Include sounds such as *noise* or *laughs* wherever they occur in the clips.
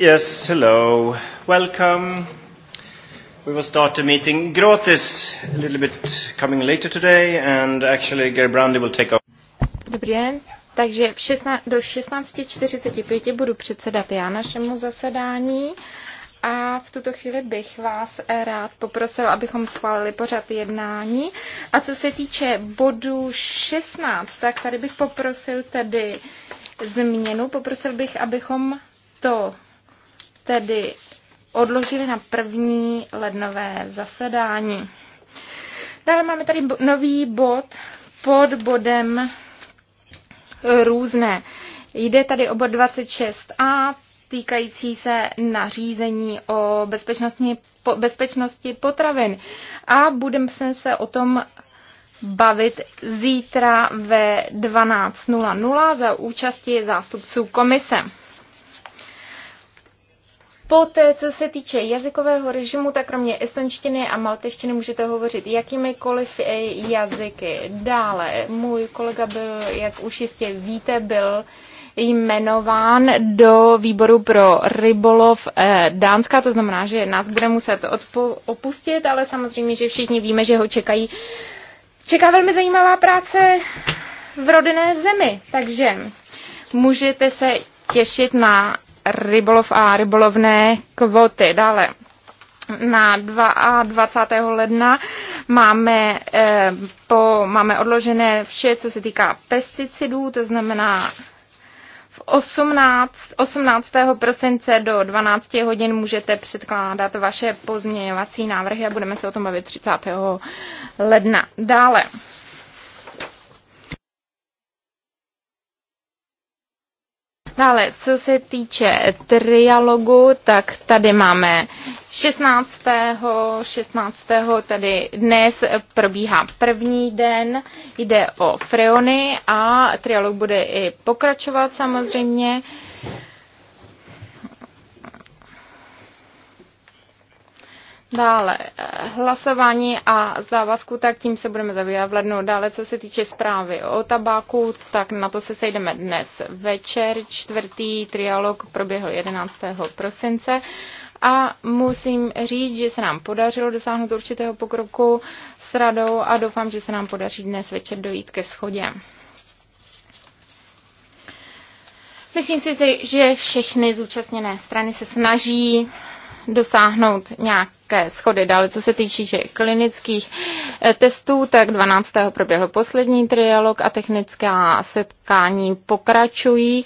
Yes, hello. Welcome. We will start the meeting. is a little bit coming later today, and actually Gerbrandy will take over. Dobrý den. Takže v šestna, do 16.45 budu předsedat já našemu zasedání. A v tuto chvíli bych vás rád poprosil, abychom schválili pořad jednání. A co se týče bodu 16, tak tady bych poprosil tedy změnu. Poprosil bych, abychom to tedy odložili na první lednové zasedání. Dále máme tady nový bod pod bodem eh, různé. Jde tady o bod 26a týkající se nařízení o bezpečnosti, po, bezpečnosti potravin. A budeme se o tom bavit zítra ve 12.00 za účasti zástupců komise. Poté, co se týče jazykového režimu, tak kromě estonštiny a malteštiny můžete hovořit jakýmikoliv eh, jazyky. Dále, můj kolega byl, jak už jistě víte, byl jmenován do výboru pro rybolov eh, Dánska, to znamená, že nás bude muset opustit, ale samozřejmě, že všichni víme, že ho čekají. Čeká velmi zajímavá práce v rodinné zemi, takže můžete se těšit na rybolov a rybolovné kvoty. Dále na 22. ledna máme, eh, po, máme odložené vše, co se týká pesticidů, to znamená v 18, 18. prosince do 12 hodin můžete předkládat vaše pozměňovací návrhy a budeme se o tom bavit 30. ledna. Dále Dále, co se týče trialogu, tak tady máme 16. 16. tady dnes probíhá první den, jde o freony a trialog bude i pokračovat samozřejmě. Dále eh, hlasování a závazku, tak tím se budeme zabývat v lednu. Dále, co se týče zprávy o tabáku, tak na to se sejdeme dnes večer. Čtvrtý trialog proběhl 11. prosince. A musím říct, že se nám podařilo dosáhnout určitého pokroku s radou a doufám, že se nám podaří dnes večer dojít ke schodě. Myslím si, že všechny zúčastněné strany se snaží dosáhnout nějak politické schody. Dále, co se týče že klinických eh, testů, tak 12. proběhl poslední trialog a technická setkání pokračují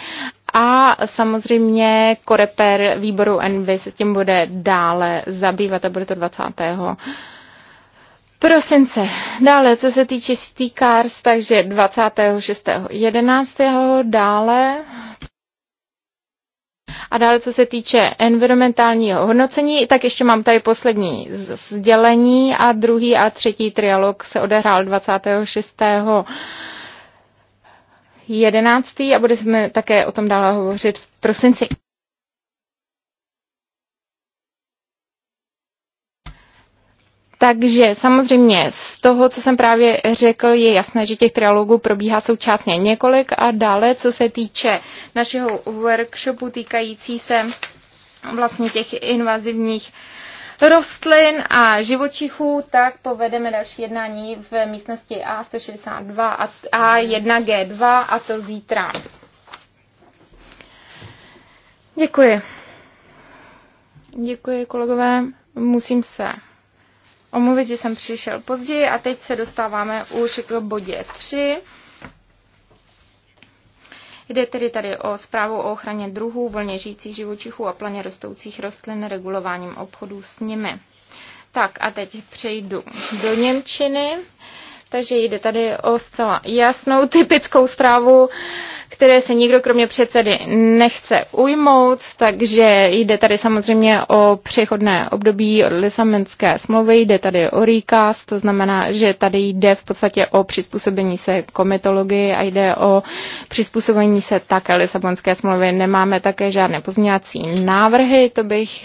a samozřejmě koreper výboru Envy se s tím bude dále zabývat a bude to 20. prosince. Dále, co se týče Steakars, takže 26.11. dále a dále, co se týče environmentálního hodnocení, tak ještě mám tady poslední sdělení a druhý a třetí trialog se odehrál 26. 11. a budeme také o tom dále hovořit v prosinci. Takže samozřejmě z toho, co jsem právě řekl, je jasné, že těch trialogů probíhá současně několik a dále, co se týče našeho workshopu týkající se vlastně těch invazivních rostlin a živočichů, tak povedeme další jednání v místnosti A162 a A1G2 a to zítra. Děkuji. Děkuji, kolegové. Musím se omluvit, že jsem přišel později a teď se dostáváme už k bodě 3. Jde tedy tady o zprávu o ochraně druhů, volně žijících živočichů a plně rostoucích rostlin regulováním obchodů s nimi. Tak a teď přejdu do Němčiny. Takže jde tady o zcela jasnou typickou zprávu, které se nikdo kromě předsedy nechce ujmout, takže jde tady samozřejmě o přechodné období od Lisamenské smlouvy, jde tady o rýkaz, to znamená, že tady jde v podstatě o přizpůsobení se komitologii a jde o přizpůsobení se také Lisabonské smlouvy. Nemáme také žádné pozměňovací návrhy, to bych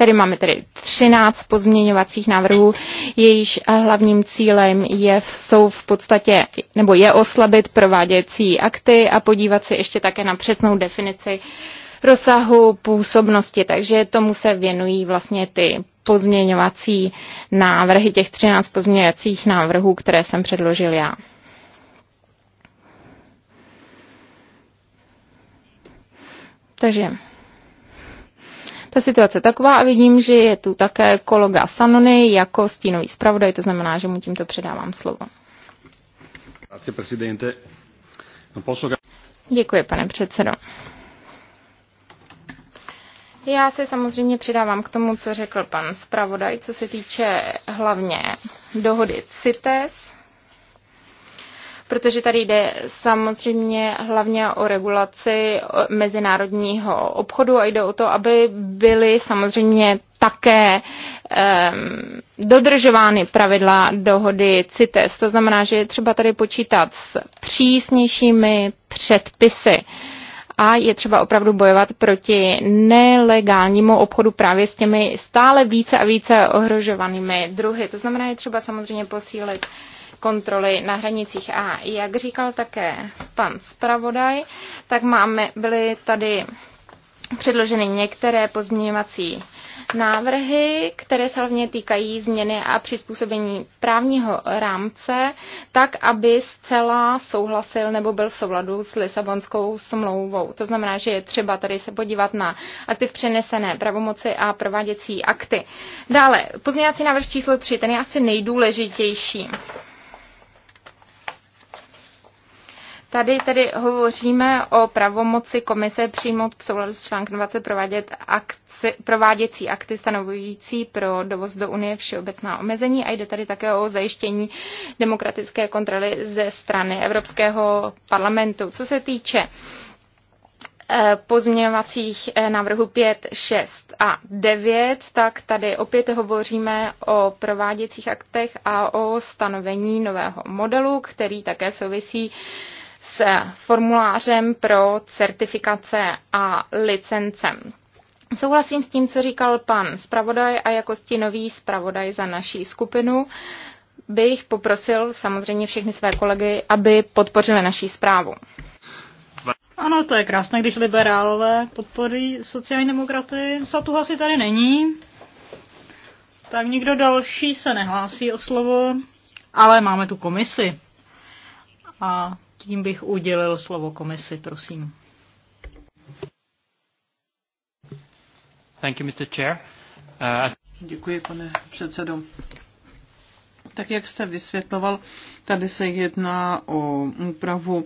Tady máme tedy 13 pozměňovacích návrhů, jejíž eh, hlavním cílem je, jsou v podstatě, nebo je oslabit prováděcí akty a podívat se ještě také na přesnou definici rozsahu působnosti, takže tomu se věnují vlastně ty pozměňovací návrhy, těch 13 pozměňovacích návrhů, které jsem předložil já. Takže ta situace taková a vidím, že je tu také kolega Sanony jako stínový zpravodaj, to znamená, že mu tímto předávám slovo. Děkuji, pane předsedo. Já se samozřejmě přidávám k tomu, co řekl pan zpravodaj, co se týče hlavně dohody CITES protože tady jde samozřejmě hlavně o regulaci mezinárodního obchodu a jde o to, aby byly samozřejmě také um, dodržovány pravidla dohody CITES. To znamená, že je třeba tady počítat s přísnějšími předpisy a je třeba opravdu bojovat proti nelegálnímu obchodu právě s těmi stále více a více ohrožovanými druhy. To znamená, je třeba samozřejmě posílit uh, kontroly na hranicích. A jak říkal také pan zpravodaj, tak máme, byly tady předloženy některé pozměňovací návrhy, které se hlavně týkají změny a přizpůsobení právního rámce, tak, aby zcela souhlasil nebo byl v souladu s Lisabonskou smlouvou. To znamená, že je třeba tady se podívat na aktiv přenesené pravomoci a prováděcí akty. Dále, pozměňovací návrh číslo 3, ten je asi nejdůležitější. Tady tedy hovoříme o pravomoci komise přijmout v souladu s článkem 20 provádět akci, prováděcí akty stanovující pro dovoz do Unie všeobecná omezení a jde tady také o zajištění demokratické kontroly ze strany Evropského parlamentu. Co se týče eh, pozměňovacích eh, návrhů 5, 6 a 9, tak tady opět hovoříme o prováděcích aktech a o stanovení nového modelu, který také souvisí s formulářem pro certifikace a licencem. Souhlasím s tím, co říkal pan zpravodaj a jako stinový zpravodaj za naší skupinu bych poprosil samozřejmě všechny své kolegy, aby podpořili naší zprávu. Ano, to je krásné, když liberálové podporí sociální demokraty. Satu asi tady není, tak nikdo další se nehlásí o slovo, ale máme tu komisi. A tím bych udělil slovo komisi, prosím. Thank you, Mr. Chair. Uh, Děkuji, pane předsedo. Tak jak jste vysvětloval, tady se jedná o úpravu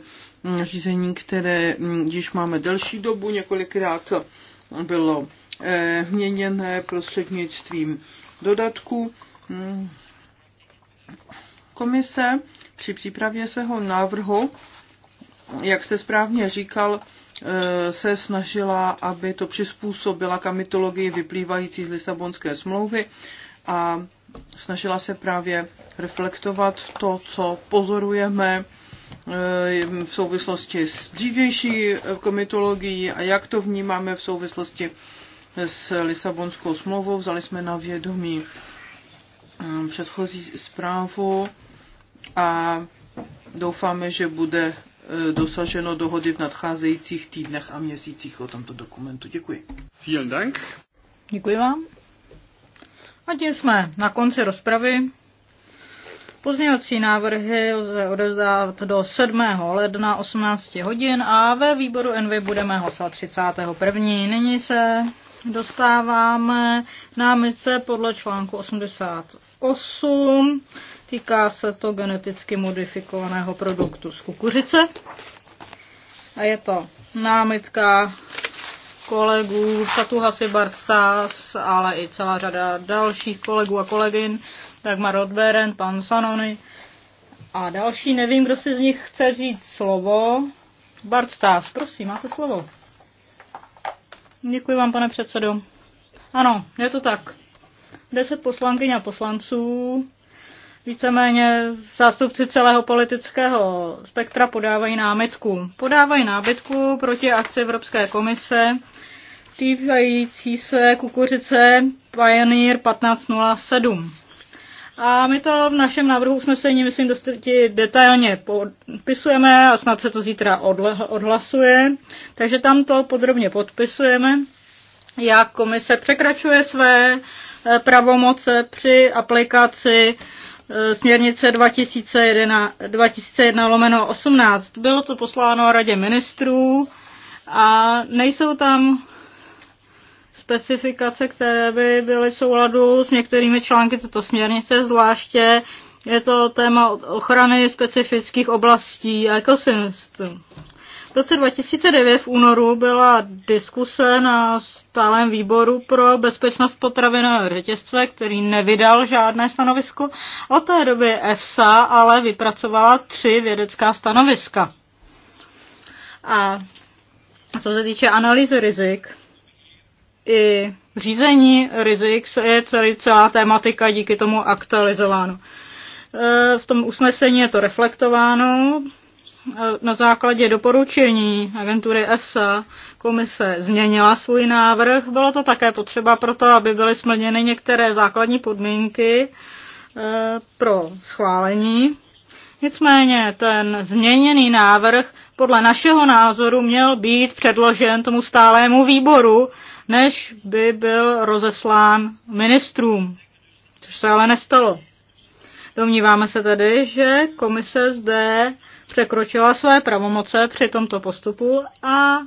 řízení, které mm, již máme delší dobu, několikrát bylo eh, měněné prostřednictvím dodatku. Mm. Komise při přípravě svého návrhu, jak se správně říkal, e, se snažila, aby to přizpůsobila kamitologii vyplývající z Lisabonské smlouvy a snažila se právě reflektovat to, co pozorujeme e, v souvislosti s dřívější komitologií a jak to vnímáme v souvislosti s Lisabonskou smlouvou. Vzali jsme na vědomí e, předchozí zprávu a doufáme, že bude e, dosaženo dohody v nadcházejících týdnech a měsících o tomto dokumentu. Děkuji. Vielen Dank. Děkuji vám. A tím jsme na konci rozpravy. Pozměňovací návrhy lze odevzdávat do 7. ledna 18 hodin a ve výboru NV budeme hlasovat 31. Nyní se dostáváme námice podle článku 88 Týká se to geneticky modifikovaného produktu z kukuřice. A je to námitka kolegů Satuhasi Bartstas, ale i celá řada dalších kolegů a kolegyn, Dagmar Odberen, pan Sanony a další. Nevím, kdo si z nich chce říct slovo. Bartstas, prosím, máte slovo. Děkuji vám, pane předsedo. Ano, je to tak. Deset poslankyň a poslanců víceméně zástupci celého politického spektra podávají námitku. Podávají námitku proti akci Evropské komise týkající se kukuřice Pioneer 1507. A my to v našem návrhu usnesení, myslím, dosti detailně podpisujeme a snad se to zítra odhlasuje. Takže tam to podrobně podpisujeme, jak komise překračuje své eh, pravomoce při aplikaci Eh, směrnice 2001, 2001 18. Bylo to posláno radě ministrů a nejsou tam specifikace, které by byly v souladu s některými články této směrnice, zvláště je to téma ochrany specifických oblastí ekosystému. V roce 2009 v únoru byla diskuse na stálem výboru pro bezpečnost potravinového řetězce, který nevydal žádné stanovisko. Od té doby EFSA ale vypracovala tři vědecká stanoviska. A co se týče analýzy rizik, i řízení rizik je celý, celá tématika díky tomu aktualizováno. E, v tom usnesení je to reflektováno, na základě doporučení agentury EFSA komise změnila svůj návrh. Bylo to také potřeba proto, aby byly splněny některé základní podmínky eh, pro schválení. Nicméně ten změněný návrh podle našeho názoru měl být předložen tomu stálému výboru, než by byl rozeslán ministrům, což se ale nestalo. Domníváme se tedy, že komise zde překročila své pravomoce při tomto postupu a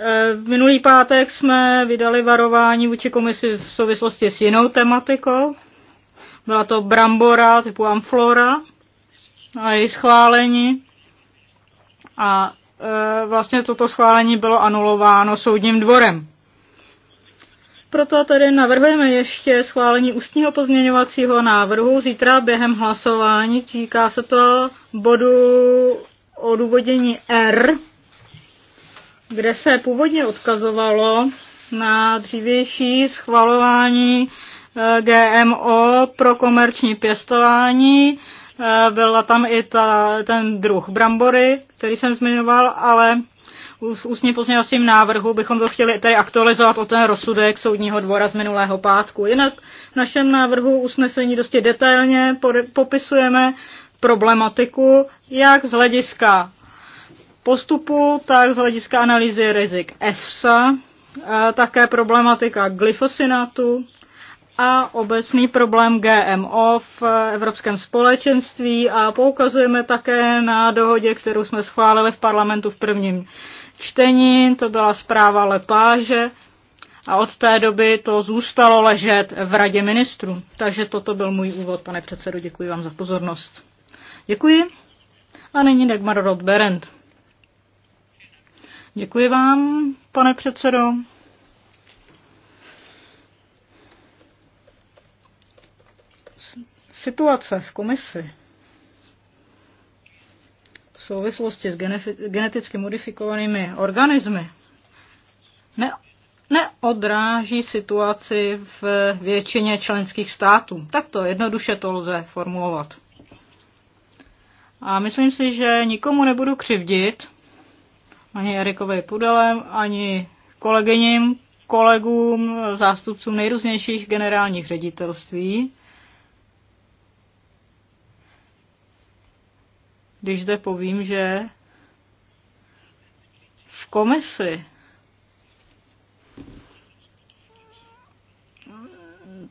e, v minulý pátek jsme vydali varování vůči komisi v souvislosti s jinou tematikou. Byla to brambora typu amflora a její schválení. A e, vlastně toto schválení bylo anulováno soudním dvorem. Proto tedy navrhujeme ještě schválení ústního pozměňovacího návrhu zítra během hlasování. Týká se to bodu o důvodění R, kde se původně odkazovalo na dřívější schvalování eh, GMO pro komerční pěstování. Eh, byla tam i ta, ten druh brambory, který jsem zmiňoval, ale v ústně pozměňovacím návrhu bychom to chtěli tady aktualizovat o ten rozsudek soudního dvora z minulého pátku. Jinak v našem návrhu usnesení dosti detailně popisujeme problematiku jak z hlediska postupu, tak z hlediska analýzy rizik EFSA, e, také problematika glyfosinatu a obecný problém GMO v Evropském společenství a poukazujeme také na dohodě, kterou jsme schválili v parlamentu v prvním čtení, to byla zpráva Lepáže a od té doby to zůstalo ležet v radě ministrů. Takže toto byl můj úvod, pane předsedo, děkuji vám za pozornost. Děkuji. A nyní Dagmar Berend. Děkuji vám, pane předsedo. Situace v komisi v souvislosti s geneticky modifikovanými organismy ne, neodráží situaci v většině členských států. Tak to jednoduše to lze formulovat. A myslím si, že nikomu nebudu křivdit, ani Erikovi Pudelem, ani kolegyním, kolegům, zástupcům nejrůznějších generálních ředitelství, když zde povím, že v komisi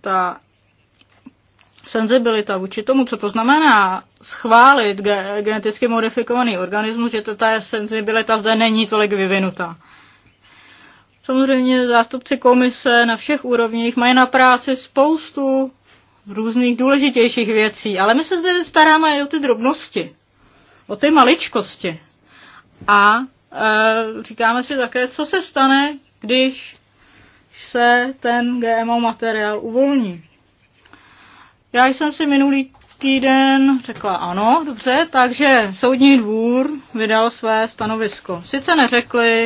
ta senzibilita vůči tomu, co to znamená schválit ge- geneticky modifikovaný organismus, že to ta senzibilita zde není tolik vyvinutá. Samozřejmě zástupci komise na všech úrovních mají na práci spoustu různých důležitějších věcí, ale my se zde staráme i o ty drobnosti o ty maličkosti. A e, říkáme si také, co se stane, když se ten GMO materiál uvolní. Já jsem si minulý týden řekla ano, dobře, takže soudní dvůr vydal své stanovisko. Sice neřekli,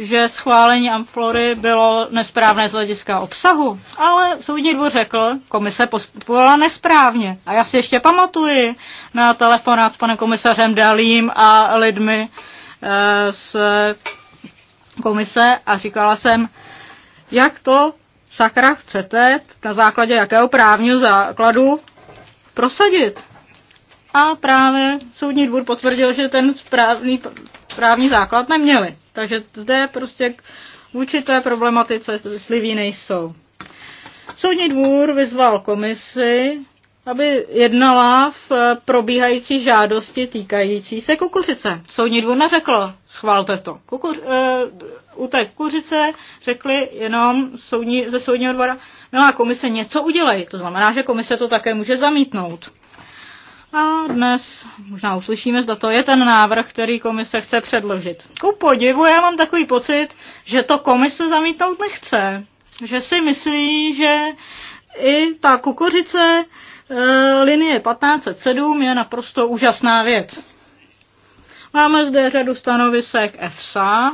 že schválení Amflory bylo nesprávné z hlediska obsahu, ale soudní dvůr řekl, komise postupovala nesprávně. A já si ještě pamatuji na telefonát s panem komisařem Dalím a lidmi eh, z komise a říkala jsem, jak to sakra chcete na základě jakého právního základu prosadit. A právě soudní dvůr potvrdil, že ten správný právní základ neměli. Takže zde prostě vůči té problematice sliví nejsou. Soudní dvůr vyzval komisi, aby jednala v eh, probíhající žádosti týkající se kukuřice. Soudní dvůr neřekl, schválte to. Kukuř, uh, u té kukuřice řekli jenom soudní, ze soudního dvora, milá no komise, něco udělej. To znamená, že komise to také může zamítnout. A dnes možná uslyšíme, zda to je ten návrh, který komise chce předložit. Ku podivu, já mám takový pocit, že to komise zamítnout nechce. Že si myslí, že i ta kukuřice e, linie 1507 je naprosto úžasná věc. Máme zde řadu stanovisek EFSA,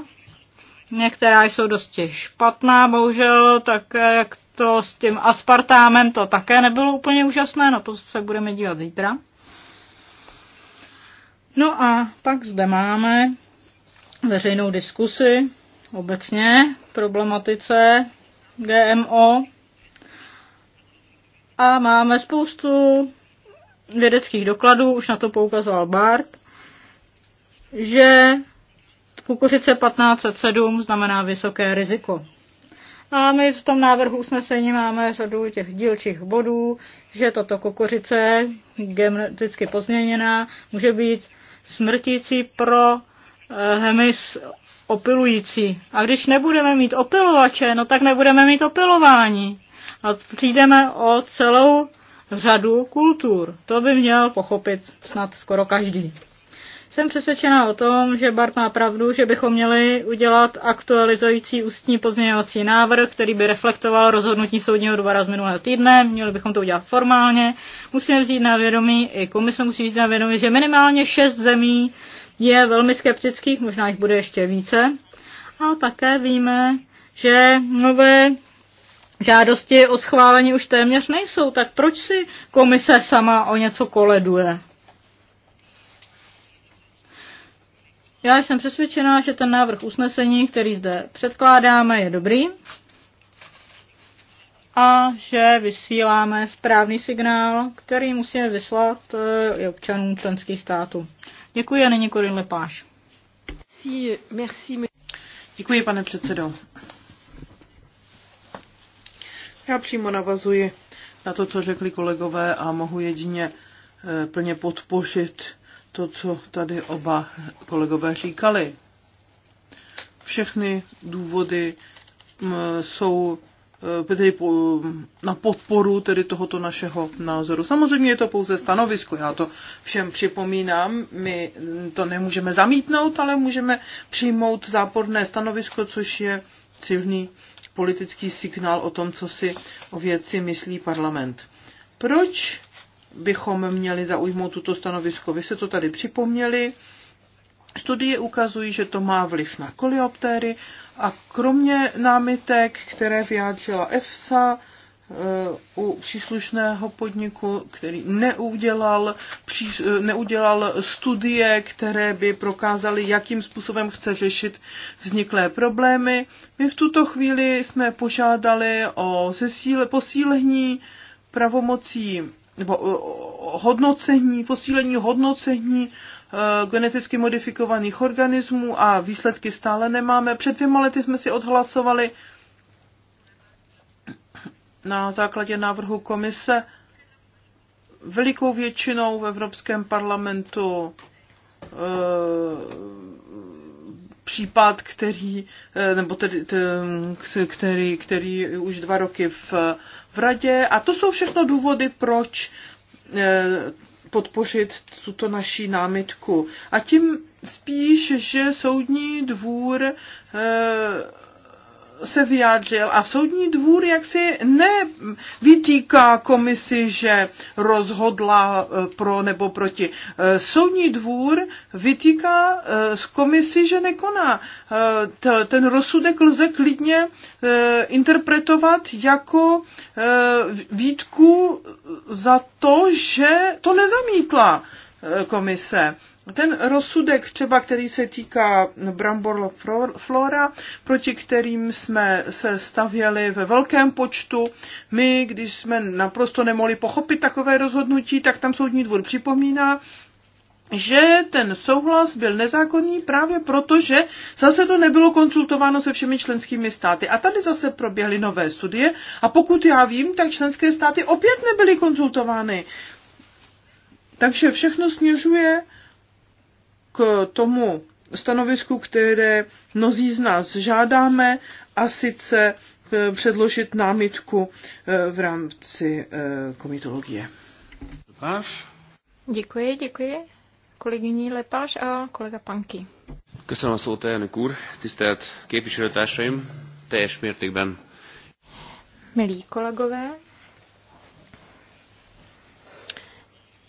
některá jsou dosti špatná, bohužel, tak jak to s tím aspartámem, to také nebylo úplně úžasné, na to se budeme dívat zítra. No a pak zde máme veřejnou diskusi obecně problematice GMO a máme spoustu vědeckých dokladů, už na to poukazoval Bart, že kukuřice 1507 znamená vysoké riziko. A my v tom návrhu usnesení máme řadu těch dílčích bodů, že tato kukuřice geneticky pozměněná může být smrtící pro eh, hemis opilující. A když nebudeme mít opilovače, no tak nebudeme mít opilování. A přijdeme o celou řadu kultur. To by měl pochopit snad skoro každý. Jsem přesvědčena o tom, že Bart má pravdu, že bychom měli udělat aktualizující ústní pozměňovací návrh, který by reflektoval rozhodnutí soudního dvora z minulého týdne. Měli bychom to udělat formálně. Musíme vzít na vědomí, i komise musí vzít na vědomí, že minimálně šest zemí je velmi skeptických, možná jich bude ještě více. A také víme, že nové žádosti o schválení už téměř nejsou, tak proč si komise sama o něco koleduje? Já jsem přesvědčená, že ten návrh usnesení, který zde předkládáme, je dobrý a že vysíláme správný signál, který musíme vyslat eh, i občanům členských států. Děkuji a nyní Korin Lepáš. Děkuji, pane předsedo. Já přímo navazuji na to, co řekli kolegové a mohu jedině eh, plně podpořit to, co tady oba kolegové říkali. Všechny důvody jsou e, tedy na podporu tedy tohoto našeho názoru. Samozřejmě je to pouze stanovisko, já to všem připomínám, my to nemůžeme zamítnout, ale můžeme přijmout záporné stanovisko, což je silný politický signál o tom, co si o věci myslí parlament. Proč bychom měli zaujmout tuto stanovisko. Vy se to tady připomněli. Studie ukazují, že to má vliv na koleoptéry a kromě námitek, které vyjádřila EFSA, eh, u příslušného podniku, který neudělal, eh, neudělal studie, které by prokázaly, jakým způsobem chce řešit vzniklé problémy. My v tuto chvíli jsme požádali o zesíle, posílení pravomocí nebo eh, hodnocení, posílení hodnocení eh, geneticky modifikovaných organismů a výsledky stále nemáme. Před dvěma lety jsme si odhlasovali na základě návrhu komise velikou většinou v Evropském parlamentu eh, případ, který, eh, nebo tedy, který, který už dva roky v, v radě. A to jsou všechno důvody, proč eh, podpořit tuto naší námitku. A tím spíš, že soudní dvůr eh, se vyjádřil a soudní dvůr jaksi nevytýká komisi, že rozhodla e, pro nebo proti. E, soudní dvůr vytýká e, z komisi, že nekoná. Ten rozsudek lze klidně interpretovat jako výtku za to, že to nezamítla komise. Ten rozsudek třeba, který se týká Brambor Flora, proti kterým jsme se stavěli ve velkém počtu, my, když jsme naprosto nemohli pochopit takové rozhodnutí, tak tam soudní dvůr připomíná, že ten souhlas byl nezákonný právě proto, že zase to nebylo konsultováno se všemi členskými státy. A tady zase proběhly nové studie a pokud já vím, tak členské státy opět nebyly konsultovány. Takže všechno směřuje k tomu stanovisku, které mnozí z nás žádáme, a sice eh, předložit námitku eh, v rámci eh, komitologie. Lepáš. Děkuji, děkuji. Kolegyní Lepáš a kolega Panky. Köszönöm a szót, elnök úr, tisztelt képviselőtársaim, teljes mértékben. Milí kolegové,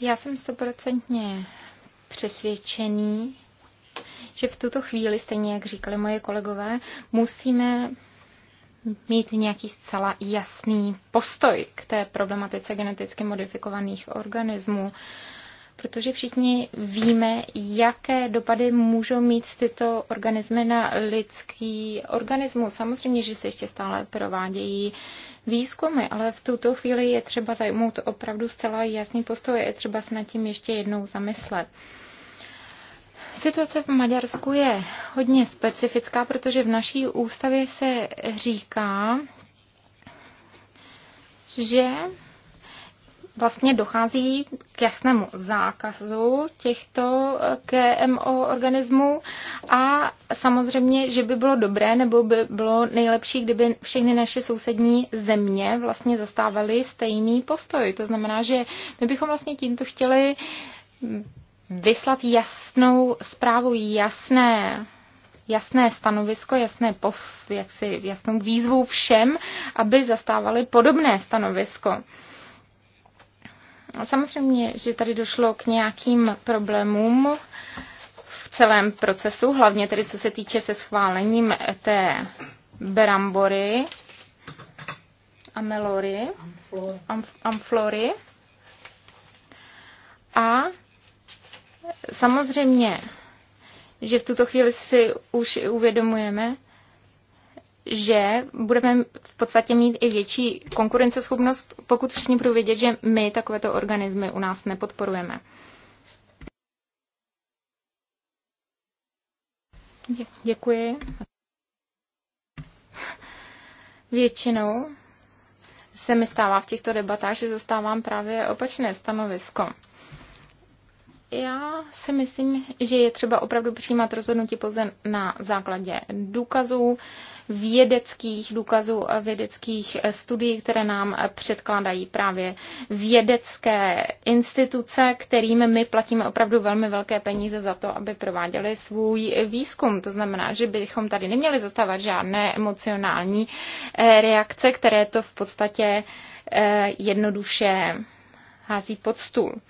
já jsem stoprocentně přesvědčený, že v tuto chvíli, stejně jak říkali moje kolegové, musíme mít nějaký zcela jasný postoj k té problematice geneticky modifikovaných organismů, protože všichni víme, jaké dopady můžou mít tyto organismy na lidský organismus. Samozřejmě, že se ještě stále provádějí výzkumy, ale v tuto chvíli je třeba zajmout opravdu zcela jasný postoj, je třeba se nad tím ještě jednou zamyslet. Situace v Maďarsku je hodně specifická, protože v naší ústavě se říká, že vlastně dochází k jasnému zákazu těchto KMO eh, organismů a samozřejmě, že by bylo dobré nebo by bylo nejlepší, kdyby všechny naše sousední země vlastně zastávaly stejný postoj. To znamená, že my bychom vlastně tímto chtěli vyslat jasnou zprávu, jasné jasné stanovisko, jasné pos, jaksi, jasnou výzvu všem, aby zastávali podobné stanovisko. Samozřejmě, že tady došlo k nějakým problémům v celém procesu, hlavně tedy co se týče se schválením té brambory, amelory, amflory. amflory. A Samozřejmě, že v tuto chvíli si už uvědomujeme, že budeme v podstatě mít i větší konkurenceschopnost, pokud všichni budou vědět, že my takovéto organismy u nás nepodporujeme. Děkuji. Většinou se mi stává v těchto debatách, že zastávám právě opačné stanovisko. Já si myslím, že je třeba opravdu přijímat rozhodnutí pouze na základě důkazů, vědeckých důkazů a vědeckých studií, které nám předkládají právě vědecké instituce, kterým my platíme opravdu velmi velké peníze za to, aby prováděli svůj výzkum. To znamená, že bychom tady neměli zastávat žádné emocionální eh, reakce, které to v podstatě eh, jednoduše hází pod stůl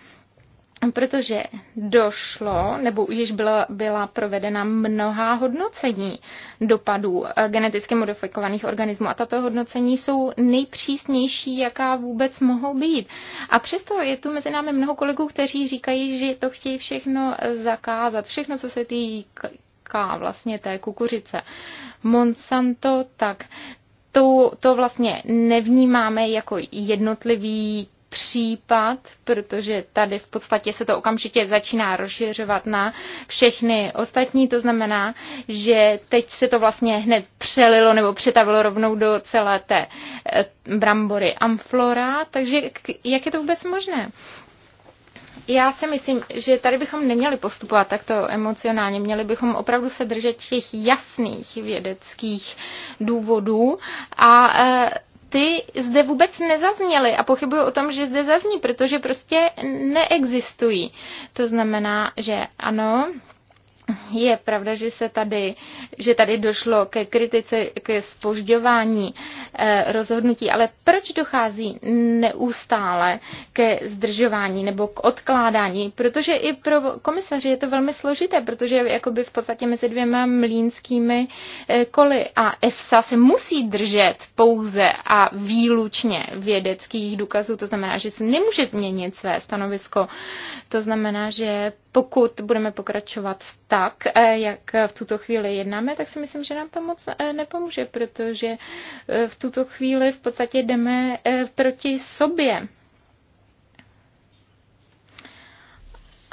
protože došlo, nebo již byla, byla provedena mnohá hodnocení dopadů eh, geneticky modifikovaných organismů a tato hodnocení jsou nejpřísnější, jaká vůbec mohou být. A přesto je tu mezi námi mnoho kolegů, kteří říkají, že to chtějí všechno eh, zakázat, všechno, co se týká vlastně té kukuřice. Monsanto, tak to, to vlastně nevnímáme jako jednotlivý případ, protože tady v podstatě se to okamžitě začíná rozšiřovat na všechny ostatní. To znamená, že teď se to vlastně hned přelilo nebo přetavilo rovnou do celé té eh, brambory amflora. Takže jak je to vůbec možné? Já si myslím, že tady bychom neměli postupovat takto emocionálně, měli bychom opravdu se držet těch jasných vědeckých důvodů a eh, ty zde vůbec nezazněly a pochybuju o tom, že zde zazní, protože prostě neexistují. To znamená, že ano, je pravda, že se tady, že tady došlo ke kritice, ke spožďování eh, rozhodnutí, ale proč dochází neustále ke zdržování nebo k odkládání? Protože i pro komisaři je to velmi složité, protože je jakoby v podstatě mezi dvěma mlínskými eh, koly a EFSA se musí držet pouze a výlučně vědeckých důkazů, to znamená, že se nemůže změnit své stanovisko. To znamená, že pokud budeme pokračovat tak, eh, jak v tuto chvíli jednáme, tak si myslím, že nám to moc eh, nepomůže, protože eh, v tuto chvíli v podstatě jdeme proti sobě.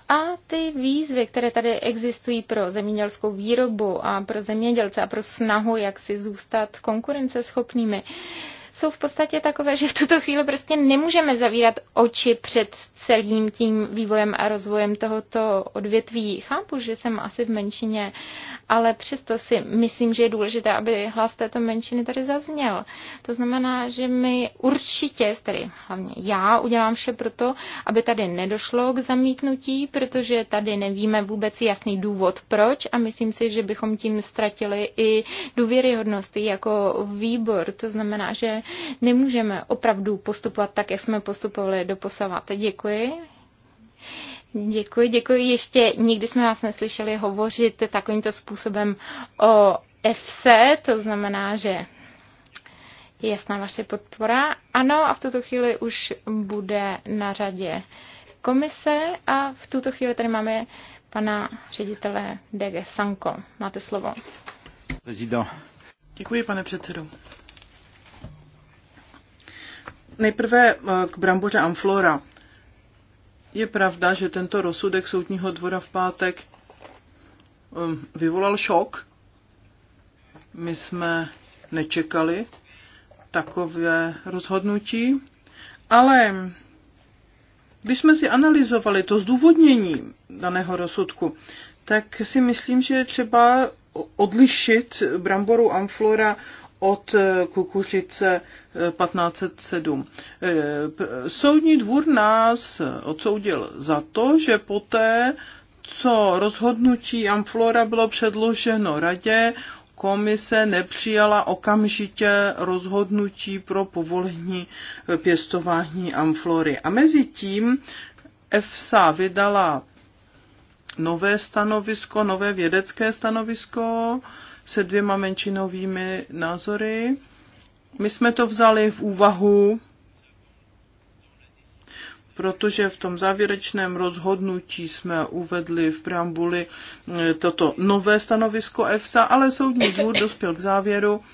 A ty výzvy, které tady existují pro zemědělskou výrobu a pro zemědělce a pro snahu, jak si zůstat konkurenceschopnými, jsou v podstatě takové, že v tuto chvíli prostě nemůžeme zavírat oči před celým tím vývojem a rozvojem tohoto odvětví. Chápu, že jsem asi v menšině, ale přesto si myslím, že je důležité, aby hlas této menšiny tady zazněl. To znamená, že my určitě, tedy hlavně já, udělám vše to, aby tady nedošlo k zamítnutí, protože tady nevíme vůbec jasný důvod, proč a myslím si, že bychom tím ztratili i důvěryhodnosti jako výbor. To znamená, že nemůžeme opravdu postupovat tak, jak jsme postupovali do posavat. Děkuji. Děkuji, děkuji. Ještě nikdy jsme vás neslyšeli hovořit takovýmto způsobem o FC, to znamená, že je jasná vaše podpora. Ano, a v tuto chvíli už bude na řadě komise a v tuto chvíli tady máme pana ředitele DG Sanko. Máte slovo. Prezident. Děkuji, pane předsedo. Nejprve eh, k bramboře Amflora. Je pravda, že tento rozsudek soudního dvora v pátek ehm, vyvolal šok. My jsme nečekali takové rozhodnutí, ale když jsme si analyzovali to zdůvodnění daného rozsudku, tak si myslím, že je třeba odlišit bramboru amflora od kukuřice 1507. Eh, eh, soudní dvůr nás odsoudil za to, že poté, co rozhodnutí Amflora bylo předloženo radě, komise nepřijala okamžitě rozhodnutí pro povolení eh, pěstování amflory. A mezi tím EFSA vydala nové stanovisko, nové vědecké stanovisko se dvěma menšinovými názory. My jsme to vzali v úvahu, protože v tom závěrečném rozhodnutí jsme uvedli v preambuli eh, toto nové stanovisko EFSA, ale soudní dvůr dospěl k závěru,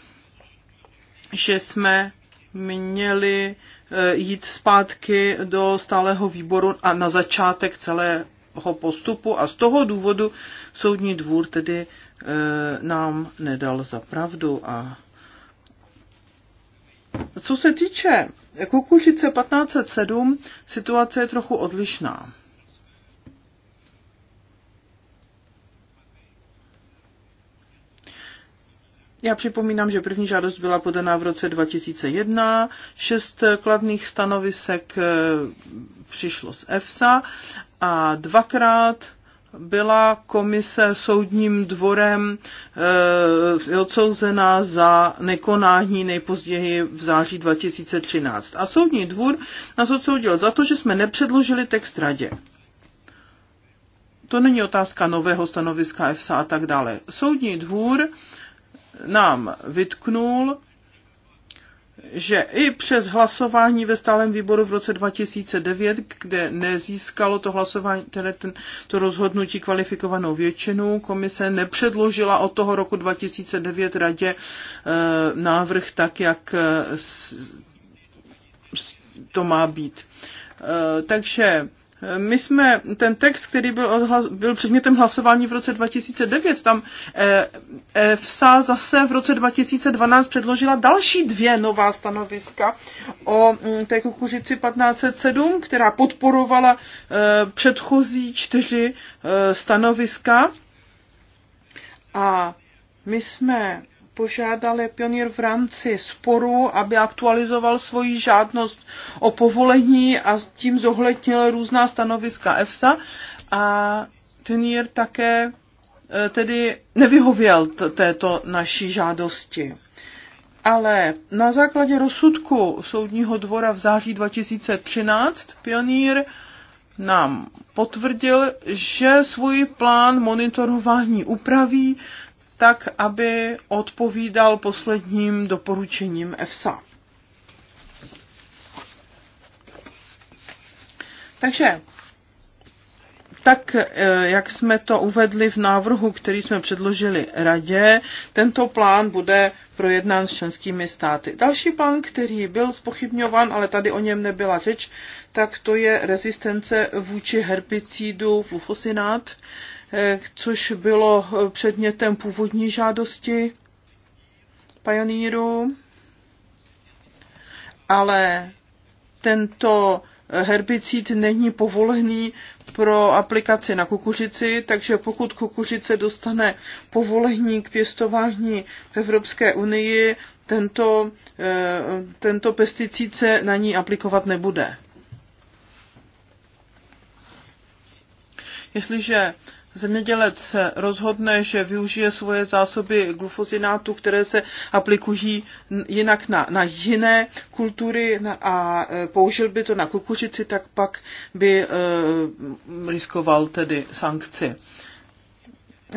že jsme měli eh, jít zpátky do stálého výboru a na začátek celé toho postupu a z toho důvodu soudní dvůr tedy e, nám nedal za pravdu a co se týče kukuřice 1507, situace je trochu odlišná. Já připomínám, že první žádost byla podaná v roce 2001, šest kladných stanovisek eh, přišlo z EFSA a dvakrát byla komise soudním dvorem e, eh, odsouzena za nekonání nejpozději v září 2013. A soudní dvůr nás odsoudil za to, že jsme nepředložili text radě. To není otázka nového stanoviska EFSA a tak dále. Soudní dvůr e, nám vytknul, že i přes hlasování ve stálem výboru v roce 2009, kde nezískalo to hlasování, tedy ten, to rozhodnutí kvalifikovanou většinu, komise nepředložila od toho roku 2009 radě e, návrh tak, jak eh, s, s, to má být. E, takže my jsme ten text, který byl, odhlas, byl předmětem hlasování v roce 2009, tam eh, EFSA zase v roce 2012 předložila další dvě nová stanoviska o mm, té kukuřici 1507, která podporovala eh, předchozí čtyři eh, stanoviska. A my jsme požádal pionýr v rámci sporu, aby aktualizoval svoji žádnost o povolení a tím zohlednil různá stanoviska EFSA a pionýr také eh, tedy nevyhověl této naší žádosti. Ale na základě rozsudku Soudního dvora v září 2013 pionýr nám potvrdil, že svůj plán monitorování upraví tak aby odpovídal posledním doporučením EFSA. Takže tak, eh, jak jsme to uvedli v návrhu, který jsme předložili radě, tento plán bude projednán s členskými státy. Další plán, který byl spochybňován, ale tady o něm nebyla řeč, tak to je rezistence vůči herbicídu glufosinát. Eh, což bylo eh, předmětem původní žádosti Pioneeru, ale tento eh, herbicid není povolený pro aplikaci na kukuřici, takže pokud kukuřice dostane povolení k pěstování v Evropské unii, tento, tento pesticid se na ní aplikovat nebude. Jestliže zemědělec se rozhodne, že využije svoje zásoby glufosinátu, které se aplikují jinak na, na jiné kultury a e, použil by to na kukuřici, tak pak by e, riskoval tedy sankci.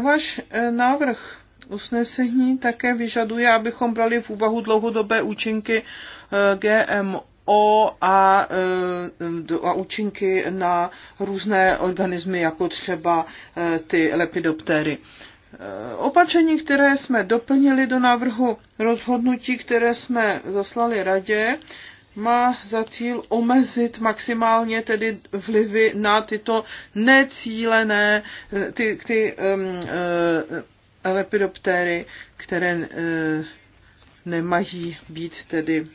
Váš e, návrh usnesení také vyžaduje, abychom brali v úvahu dlouhodobé účinky e, GMO o a, e, a účinky na různé organismy, jako třeba e, ty lepidoptéry. E, opatření, které jsme doplnili do návrhu rozhodnutí, které jsme zaslali radě, má za cíl omezit maximálně tedy vlivy na tyto necílené, ty, ty um, uh, lepidoptéry, které uh, nemají být tedy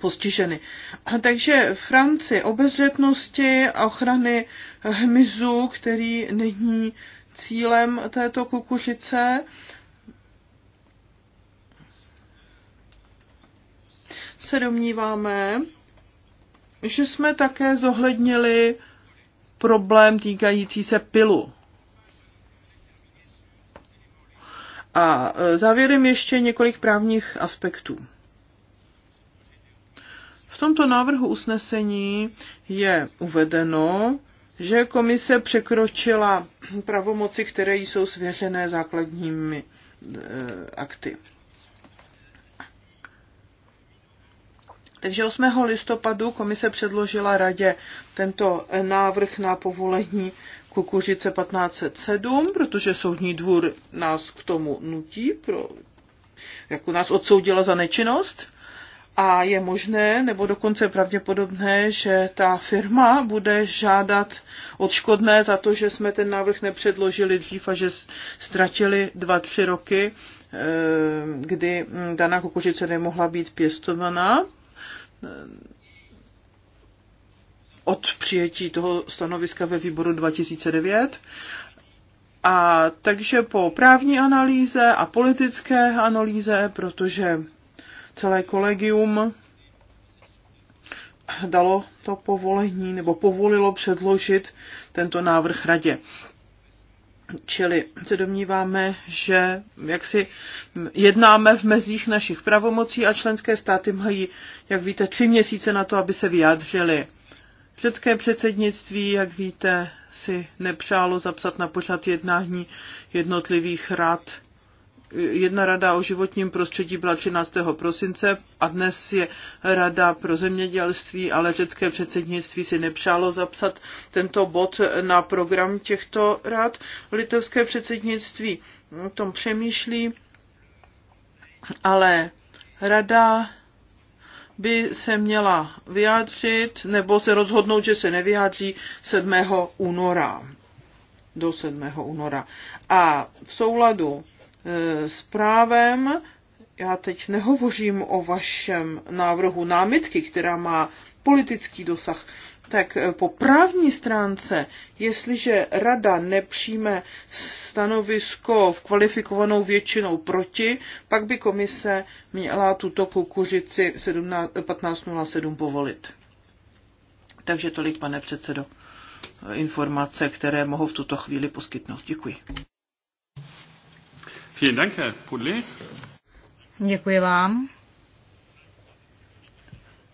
postiženy. A takže Franci obezřetnosti a ochrany hmyzu, který není cílem této kukuřice, se domníváme, že jsme také zohlednili problém týkající se pilu. A e, závěrem ještě několik právních aspektů. V tomto návrhu usnesení je uvedeno, že komise překročila pravomoci, které jsou svěřené základními eh, akty. Takže 8. listopadu komise předložila radě tento návrh na povolení kukuřice 1507, protože soudní dvůr nás k tomu nutí, pro, jako nás odsoudila za nečinnost a je možné, nebo dokonce pravděpodobné, že ta firma bude žádat odškodné za to, že jsme ten návrh nepředložili dřív a že ztratili dva, tři roky, eh, kdy hm, daná kukuřice nemohla být pěstovaná eh, od přijetí toho stanoviska ve výboru 2009. A takže po právní analýze a politické analýze, protože celé kolegium dalo to povolení nebo povolilo předložit tento návrh radě. Čili se domníváme, že jak si jednáme v mezích našich pravomocí a členské státy mají, jak víte, tři měsíce na to, aby se vyjádřili. Řecké předsednictví, jak víte, si nepřálo zapsat na pořad jednání jednotlivých rad jedna rada o životním prostředí byla 13. prosince a dnes je rada pro zemědělství, ale řecké předsednictví si nepřálo zapsat tento bod na program těchto rad. Litevské předsednictví o tom přemýšlí, ale rada by se měla vyjádřit nebo se rozhodnout, že se nevyjádří 7. února. Do 7. února. A v souladu Eh, s právem. Já teď nehovořím o vašem návrhu námitky, která má politický dosah. Tak eh, po právní stránce, jestliže rada nepřijme stanovisko v kvalifikovanou většinou proti, pak by komise měla tuto kukuřici 1507 povolit. Takže tolik, pane předsedo, informace, které mohu v tuto chvíli poskytnout. Děkuji. Vielen Dank, Herr Děkuji vám.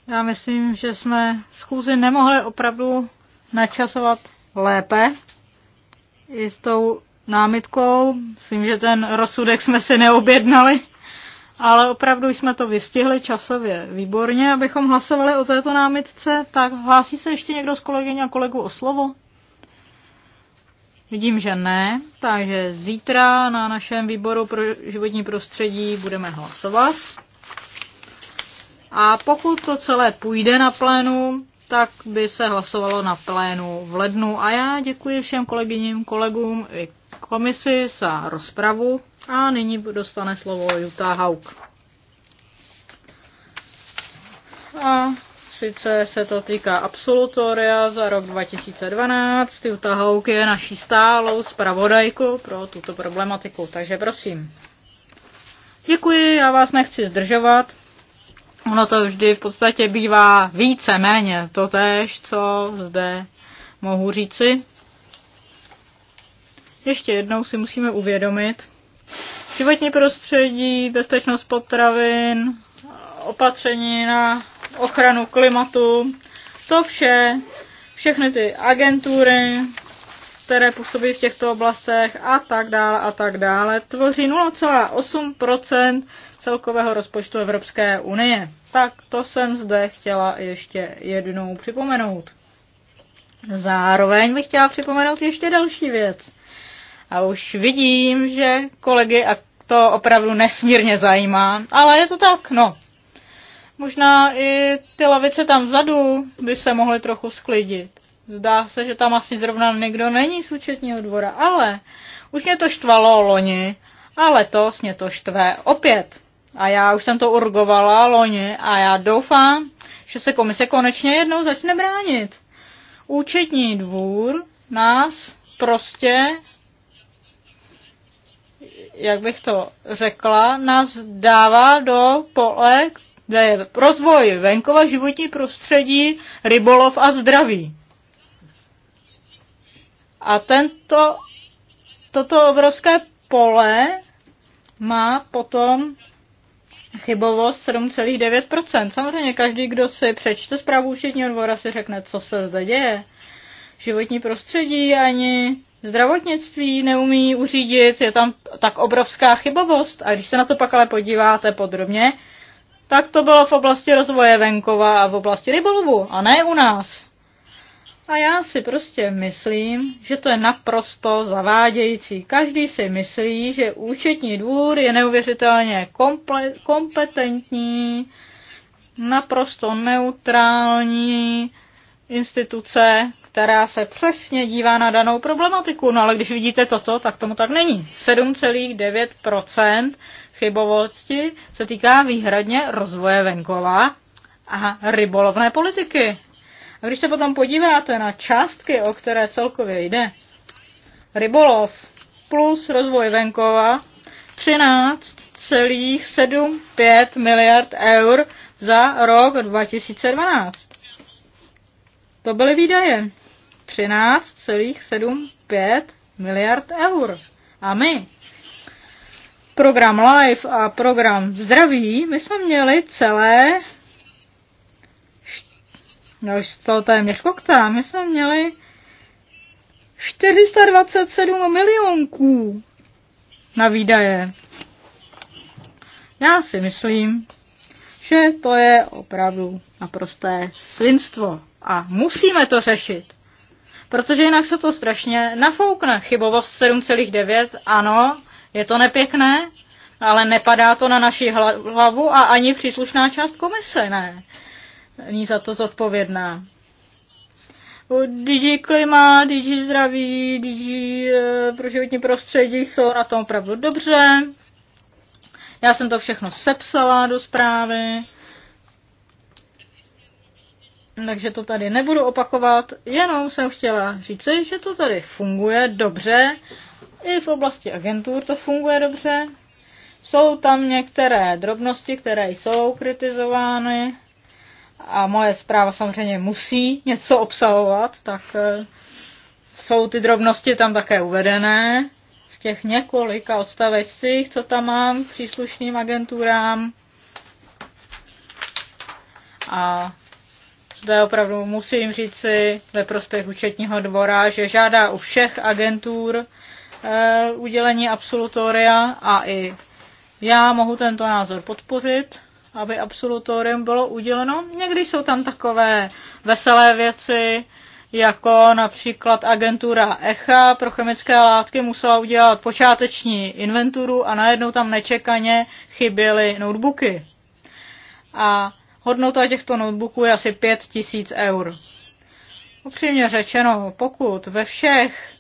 Já myslím, že jsme schůzi nemohli opravdu načasovat lépe. I s tou námitkou, myslím, že ten rozsudek jsme si neobjednali, ale opravdu jsme to vystihli časově výborně, abychom hlasovali o této námitce. Tak hlásí se ještě někdo z kolegyň a kolegu o slovo? Vidím, že ne, takže zítra na našem výboru pro životní prostředí budeme hlasovat. A pokud to celé půjde na plénu, tak by se hlasovalo na plénu v lednu. A já děkuji všem kolegyním, kolegům i komisi za rozpravu. A nyní dostane slovo Jutta Hauk. A sice se to týká absolutoria za rok 2012. ty utahouky je naší stálou zpravodajku pro tuto problematiku, takže prosím. Děkuji, já vás nechci zdržovat. Ono to vždy v podstatě bývá více méně to tež, co zde mohu říci. Ještě jednou si musíme uvědomit, životní prostředí, bezpečnost potravin, opatření na ochranu klimatu. To vše, všechny ty agentury, které působí v těchto oblastech a tak dále a tak dále, tvoří 0,8 celkového rozpočtu Evropské unie. Tak to jsem zde chtěla ještě jednou připomenout. Zároveň bych chtěla připomenout ještě další věc. A už vidím, že kolegy a to opravdu nesmírně zajímá, ale je to tak, no. Možná i ty lavice tam vzadu by se mohly trochu sklidit. Zdá se, že tam asi zrovna někdo není z účetního dvora, ale už mě to štvalo loni a letos mě to štve opět. A já už jsem to urgovala loni a já doufám, že se komise konečně jednou začne bránit. Účetní dvůr nás prostě, jak bych to řekla, nás dává do pole, kde je rozvoj venkova, životní prostředí, rybolov a zdraví. A tento, toto obrovské pole má potom chybovost 7,9%. Samozřejmě každý, kdo si přečte zprávu účetního dvora, si řekne, co se zde děje. Životní prostředí ani zdravotnictví neumí uřídit, je tam tak obrovská chybovost. A když se na to pak ale podíváte podrobně, tak to bylo v oblasti rozvoje venkova a v oblasti rybolovu, a ne u nás. A já si prostě myslím, že to je naprosto zavádějící. Každý si myslí, že účetní dvůr je neuvěřitelně komple- kompetentní, naprosto neutrální instituce, která se přesně dívá na danou problematiku. No ale když vidíte toto, tak tomu tak není. 7,9% chybovosti se týká výhradně rozvoje venkova a rybolovné politiky. A když se potom podíváte na částky, o které celkově jde, rybolov plus rozvoj venkova 13,75 miliard eur za rok 2012. To byly výdaje. 13,75 miliard eur. A my program live a program Zdraví, my jsme měli celé no už to téměř koktá, my jsme měli 427 milionků na výdaje. Já si myslím, že to je opravdu naprosté svinstvo a musíme to řešit. Protože jinak se to strašně nafoukne. Chybovost 7,9, ano, je to nepěkné, ale nepadá to na naši hlavu a ani příslušná část komise ne. Ní za to zodpovědná. Digi klima, Digi zdraví, Digi eh, pro životní prostředí jsou na tom opravdu dobře. Já jsem to všechno sepsala do zprávy. Takže to tady nebudu opakovat, jenom jsem chtěla říct, že to tady funguje dobře i v oblasti agentur to funguje dobře. Jsou tam některé drobnosti, které jsou kritizovány a moje zpráva samozřejmě musí něco obsahovat, tak eh, jsou ty drobnosti tam také uvedené v těch několika odstavecích, co tam mám k příslušným agenturám. A zde opravdu musím říci ve prospěch účetního dvora, že žádá u všech agentur Eh, udělení absolutoria a i já mohu tento názor podpořit, aby absolutorium bylo uděleno. Někdy jsou tam takové veselé věci, jako například agentura ECHA pro chemické látky musela udělat počáteční inventuru a najednou tam nečekaně chyběly notebooky. A hodnota těchto notebooků je asi 5000 eur. Upřímně řečeno, pokud ve všech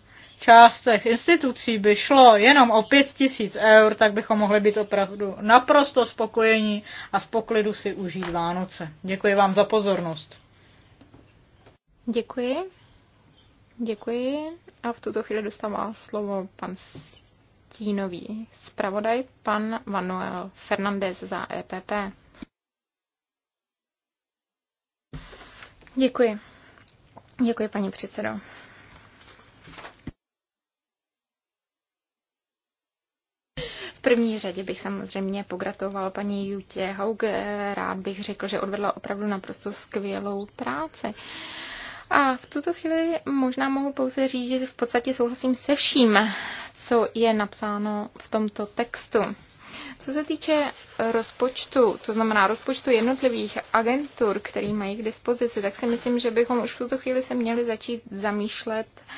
částech institucí by šlo jenom o 5 tisíc eur, tak bychom mohli být opravdu naprosto spokojení a v poklidu si užít Vánoce. Děkuji vám za pozornost. Děkuji. Děkuji. A v tuto chvíli dostává slovo pan stínový zpravodaj, pan Manuel Fernandez za EPP. Děkuji. Děkuji, paní předsedo. první řadě bych samozřejmě pogratoval paní Jutě Haug. Rád bych řekl, že odvedla opravdu naprosto skvělou práci. A v tuto chvíli možná mohu pouze říct, že v podstatě souhlasím se vším, co je napsáno v tomto textu. Co se týče rozpočtu, to znamená rozpočtu jednotlivých agentur, který mají k dispozici, tak si myslím, že bychom už v tuto chvíli se měli začít zamýšlet uh,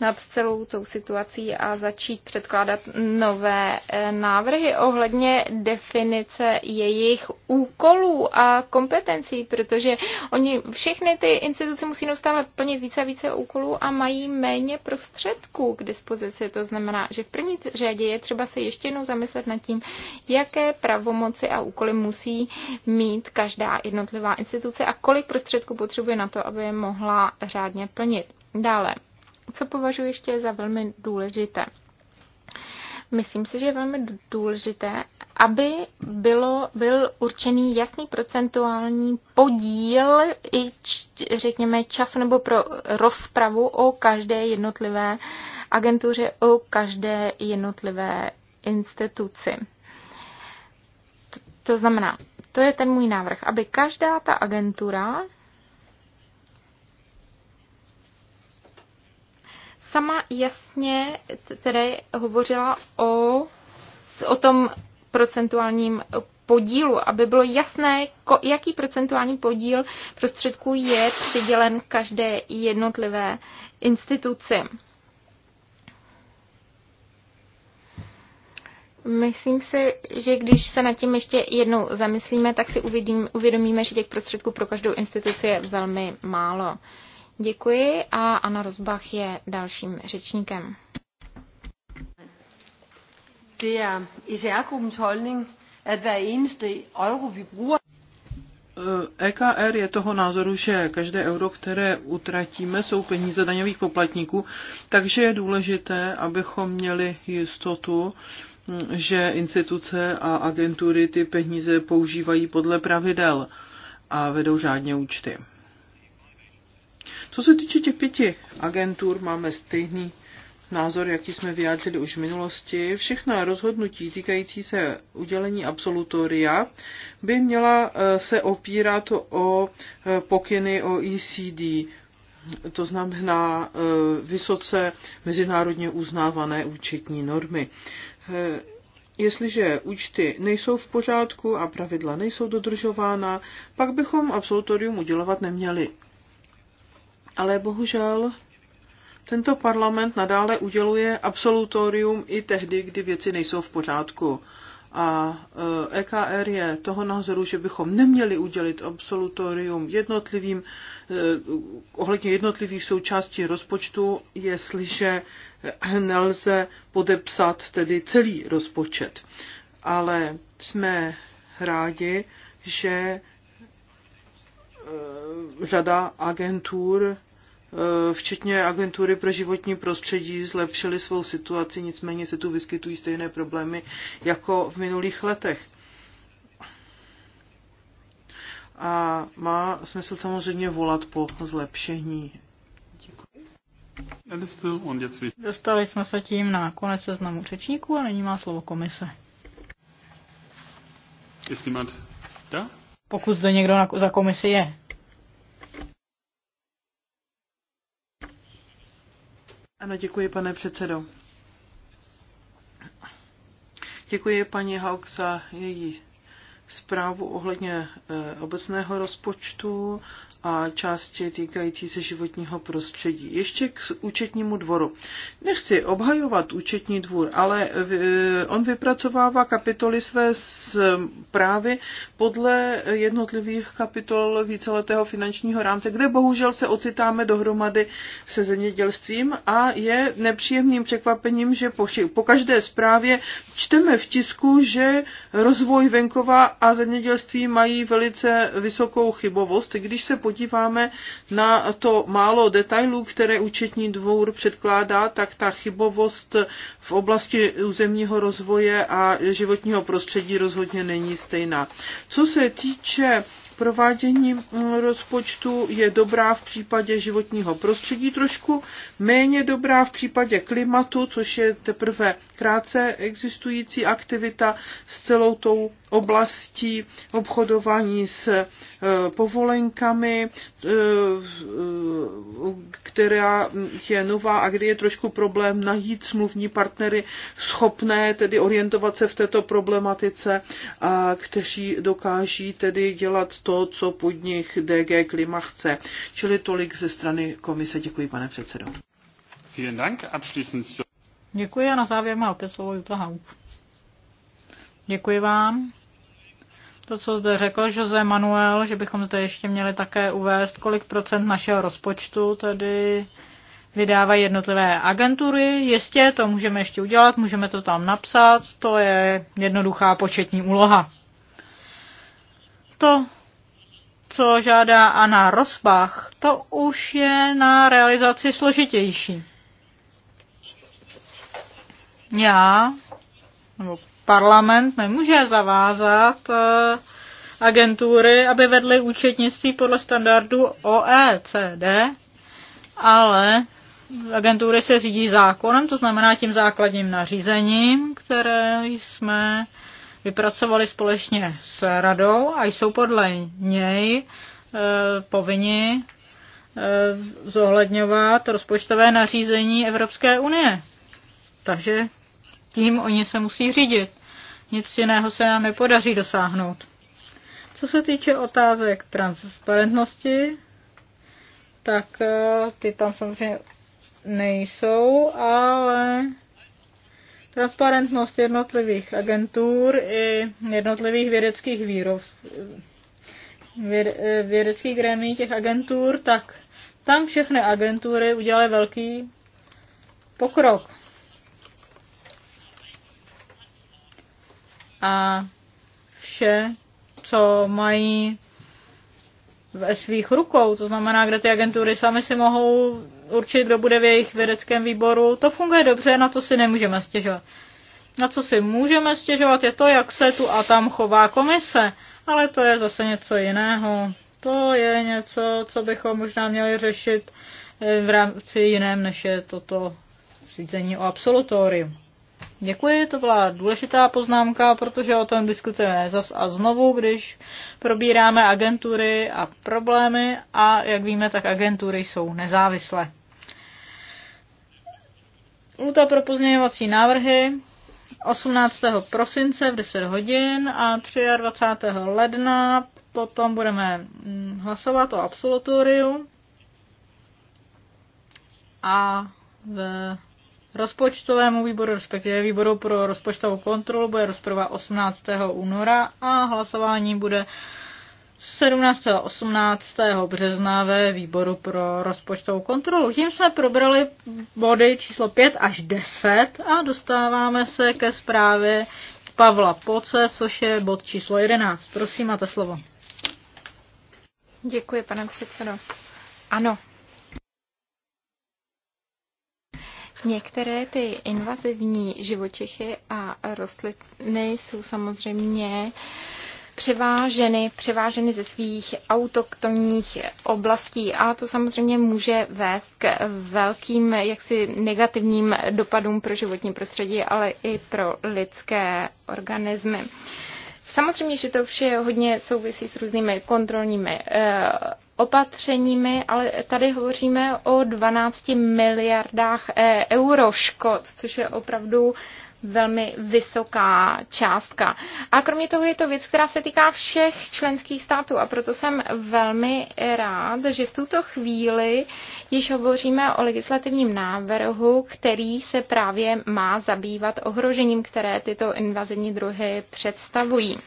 nad celou tou situací a začít předkládat nové eh, návrhy ohledně definice jejich úkolů a kompetencí, protože oni všechny ty instituce musí neustále plnit více a více úkolů a mají méně prostředků k dispozici. To znamená, že v první řadě je třeba se ještě jednou zamyslet nad tím, jaké pravomoci a úkoly musí mít každá jednotlivá instituce a kolik prostředků potřebuje na to, aby je mohla řádně plnit. Dále, co považuji ještě za velmi důležité. Myslím si, že je velmi důležité, aby bylo, byl určený jasný procentuální podíl i, řekněme, času nebo pro rozpravu o každé jednotlivé agentuře, o každé jednotlivé instituci. To, to znamená, to je ten můj návrh, aby každá ta agentura sama jasně tedy hovořila o, o tom procentuálním podílu, aby bylo jasné, jaký procentuální podíl prostředků je přidělen každé jednotlivé instituci. Myslím si, že když se nad tím ještě jednou zamyslíme, tak si uvědomíme, že těch prostředků pro každou instituci je velmi málo. Děkuji a Anna Rozbach je dalším řečníkem. EKR er eh, e je toho názoru, že každé euro, které utratíme, jsou peníze daňových poplatníků, takže je důležité, abychom měli jistotu, hm, že instituce a agentury ty peníze používají podle pravidel a vedou žádně účty. Co se týče těch pěti agentur, máme stejný názor, jaký jsme vyjádřili už v minulosti. Všechna rozhodnutí týkající se udělení absolutoria by měla eh, se opírat o eh, pokyny o ECD, to znamená eh, vysoce mezinárodně uznávané účetní normy. Jestliže účty nejsou v pořádku a pravidla nejsou dodržována, pak bychom absolutorium udělovat neměli ale bohužel tento parlament nadále uděluje absolutorium i tehdy, kdy věci nejsou v pořádku. A EKR e je toho názoru, že bychom neměli udělit absolutorium jednotlivým, e, ohledně jednotlivých součástí rozpočtu, jestliže nelze podepsat tedy celý rozpočet. Ale jsme rádi, že e, řada agentur Eh, včetně agentury pro životní prostředí, zlepšily svou situaci, nicméně se tu vyskytují stejné problémy jako v minulých letech. A má smysl samozřejmě volat po zlepšení. Děkuji. Dostali jsme se tím na konec seznamu řečníků a nyní má slovo komise. Pokud zde někdo za komisi je. Ano, děkuji, pane předsedo. Děkuji paní Hauk za její zprávu ohledně eh, obecného rozpočtu a části týkající se životního prostředí. Ještě k účetnímu dvoru. Nechci obhajovat účetní dvůr, ale e, on vypracovává kapitoly své právy podle jednotlivých kapitol víceletého finančního rámce, kde bohužel se ocitáme dohromady se zemědělstvím a je nepříjemným překvapením, že po každé zprávě čteme v tisku, že rozvoj venkova a zemědělství mají velice vysokou chybovost, když se podíváme podíváme na to málo detailů, které účetní dvůr předkládá, tak ta chybovost v oblasti územního rozvoje a životního prostředí rozhodně není stejná. Co se týče provádění rozpočtu je dobrá v případě životního prostředí trošku, méně dobrá v případě klimatu, což je teprve krátce existující aktivita s celou tou oblastí obchodování s e, povolenkami, e, e, která je nová a kde je trošku problém najít smluvní partnery schopné tedy orientovat se v této problematice a kteří dokáží tedy dělat to, co pod nich DG Klima chce. Čili tolik ze strany komise. Děkuji, pane předsedo. Děkuji a na závěr má opět slovo Jutta Haug. Děkuji vám to, co zde řekl Jose Manuel, že bychom zde ještě měli také uvést, kolik procent našeho rozpočtu tedy vydávají jednotlivé agentury. Jistě, to můžeme ještě udělat, můžeme to tam napsat, to je jednoduchá početní úloha. To, co žádá Anna Rosbach, to už je na realizaci složitější. Já, nebo parlament nemůže zavázat eh, agentury, aby vedly účetnictví podle standardu OECD, ale agentury se řídí zákonem, to znamená tím základním nařízením, které jsme vypracovali společně s radou a jsou podle něj e, povinni e, zohledňovat rozpočtové nařízení Evropské unie. Takže tím oni se musí řídit. Nic jiného se nám nepodaří dosáhnout. Co se týče otázek transparentnosti, tak eh, ty tam samozřejmě nejsou, ale transparentnost jednotlivých agentur i jednotlivých vědeckých výrov, eh, vědeckých grémí těch agentur, tak tam všechny agentury udělaly velký pokrok. a vše, co mají ve svých rukou, to znamená, kde ty agentury sami si mohou určit, kdo bude v jejich vědeckém výboru. To funguje dobře, na to si nemůžeme stěžovat. Na co si můžeme stěžovat je to, jak se tu a tam chová komise, ale to je zase něco jiného. To je něco, co bychom možná měli řešit v rámci jiném, než je toto řízení o absolutorium. Děkuji, to byla důležitá poznámka, protože o tom diskutujeme zas a znovu, když probíráme agentury a problémy a jak víme, tak agentury jsou nezávislé. Luta pro pozměňovací návrhy 18. prosince v 10 hodin a 23. ledna potom budeme mm, hlasovat o absolutoriu a v rozpočtovému výboru, respektive výboru pro rozpočtovou kontrolu, bude rozprava 18. února a hlasování bude 17. a 18. března ve výboru pro rozpočtovou kontrolu. Tím jsme probrali body číslo 5 až 10 a dostáváme se ke zprávě Pavla Poce, což je bod číslo 11. Prosím, máte slovo. Děkuji, pane předsedo. Ano, Některé ty invazivní živočichy a rostliny jsou samozřejmě převáženy, převáženy ze svých autoktonních oblastí a to samozřejmě může vést k velkým jaksi negativním dopadům pro životní prostředí, ale i pro lidské organismy. Samozřejmě, že to vše hodně souvisí s různými kontrolními eh, opatřeními, ale tady hovoříme o 12 miliardách eh, euro škod, což je opravdu velmi vysoká částka. A kromě toho je to věc, která se týká všech členských států a proto jsem velmi rád, že v tuto chvíli již hovoříme o legislativním návrhu, který se právě má zabývat ohrožením, které tyto invazivní druhy představují.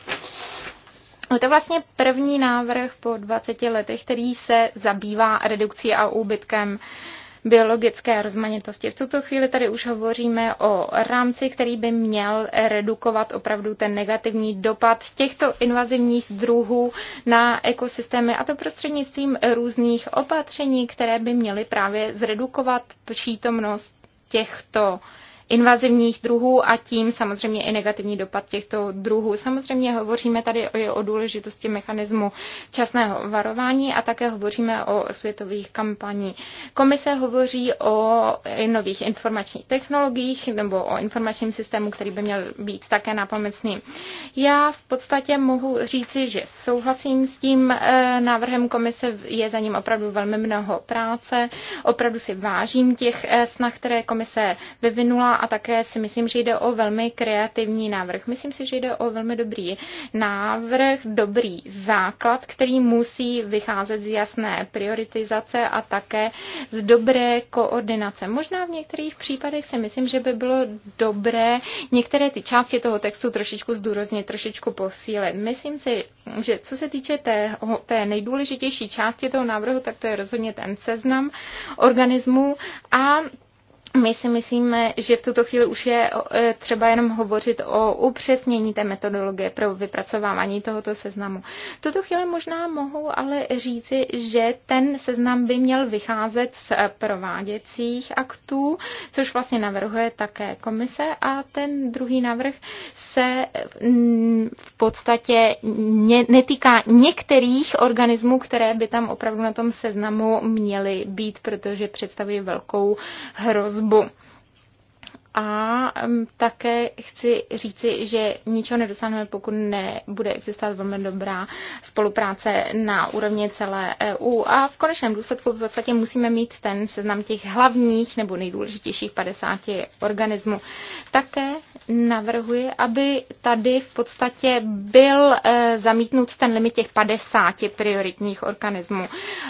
Je to vlastně první návrh po 20 letech, který se zabývá redukcí a úbytkem biologické rozmanitosti. V tuto chvíli tady už hovoříme o rámci, který by měl redukovat opravdu ten negativní dopad těchto invazivních druhů na ekosystémy a to prostřednictvím různých opatření, které by měly právě zredukovat přítomnost těchto invazivních druhů a tím samozřejmě i negativní dopad těchto druhů. Samozřejmě hovoříme tady o, o důležitosti mechanismu časného varování a také hovoříme o světových kampaní. Komise hovoří o nových informačních technologiích nebo o informačním systému, který by měl být také nápomocný. Já v podstatě mohu říci, že souhlasím s tím eh, návrhem komise, je za ním opravdu velmi mnoho práce, opravdu si vážím těch eh, snah, které komise vyvinula a také si myslím, že jde o velmi kreativní návrh. Myslím si, že jde o velmi dobrý návrh, dobrý základ, který musí vycházet z jasné prioritizace a také z dobré koordinace. Možná v některých případech si myslím, že by bylo dobré některé ty části toho textu trošičku zdůraznit, trošičku posílit. Myslím si, že co se týče té, té nejdůležitější části toho návrhu, tak to je rozhodně ten seznam organismů a my si myslíme, že v tuto chvíli už je e, třeba jenom hovořit o upřesnění té metodologie pro vypracovávání tohoto seznamu. V tuto chvíli možná mohu ale říci, že ten seznam by měl vycházet z prováděcích aktů, což vlastně navrhuje také komise a ten druhý návrh se mm, v podstatě netýká některých organismů, které by tam opravdu na tom seznamu měly být, protože představují velkou hrozbu službu. A také chci říci, že ničeho nedosáhneme, pokud nebude existovat velmi dobrá spolupráce na úrovni celé EU. A v konečném důsledku v podstatě musíme mít ten seznam těch hlavních nebo nejdůležitějších 50 organismů. Také navrhuji, aby tady v podstatě byl e, zamítnut ten limit těch 50 prioritních organismů.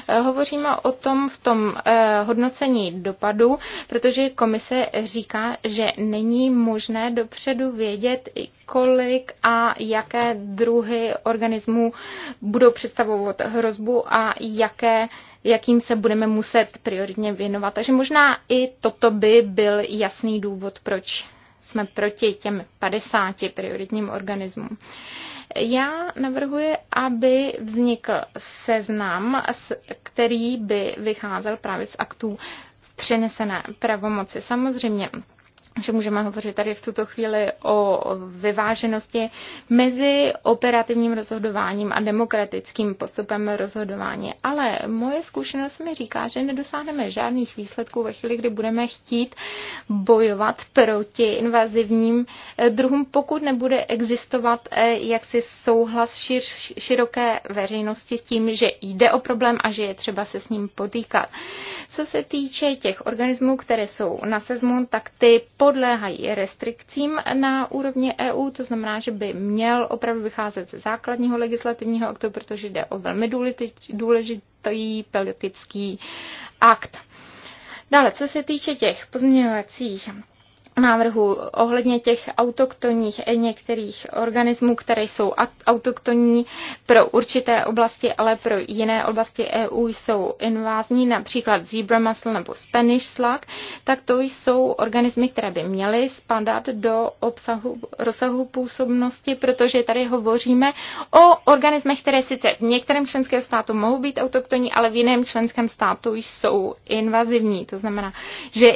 E, hovoříme o tom v tom e, hodnocení dopadu, protože komise říká, že že není možné dopředu vědět, kolik a jaké druhy organismů budou představovat hrozbu a jaké, jakým se budeme muset prioritně věnovat. Takže možná i toto by byl jasný důvod, proč jsme proti těm 50 prioritním organismům. Já navrhuji, aby vznikl seznam, který by vycházel právě z aktů přenesené pravomoci. Samozřejmě že můžeme hovořit tady v tuto chvíli o vyváženosti mezi operativním rozhodováním a demokratickým postupem rozhodování. Ale moje zkušenost mi říká, že nedosáhneme žádných výsledků ve chvíli, kdy budeme chtít bojovat proti invazivním druhům, pokud nebude existovat eh, jaksi souhlas šir, široké veřejnosti s tím, že jde o problém a že je třeba se s ním potýkat. Co se týče těch organismů, které jsou na sezmu, tak ty po podléhají restrikcím na úrovni EU, to znamená, že by měl opravdu vycházet ze základního legislativního aktu, protože jde o velmi důležitý politický akt. Dále, co se týče těch pozměňovacích Návrhu ohledně těch autoktonních některých organismů, které jsou autoktonní pro určité oblasti, ale pro jiné oblasti EU jsou invázní, například zebra mussel nebo Spanish slug, tak to jsou organismy, které by měly spadat do obsahu, rozsahu působnosti, protože tady hovoříme o organismech, které sice v některém členském státu mohou být autoktonní, ale v jiném členském státu jsou invazivní. To znamená, že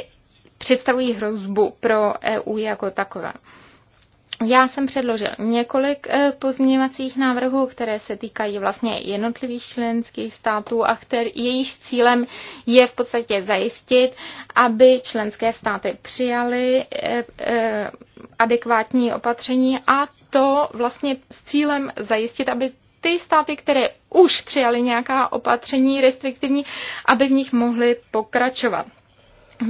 představují hrozbu pro EU jako takové. Já jsem předložil několik eh, pozměňovacích návrhů, které se týkají vlastně jednotlivých členských států a který, jejich cílem je v podstatě zajistit, aby členské státy přijaly eh, eh, adekvátní opatření a to vlastně s cílem zajistit, aby ty státy, které už přijaly nějaká opatření restriktivní, aby v nich mohly pokračovat.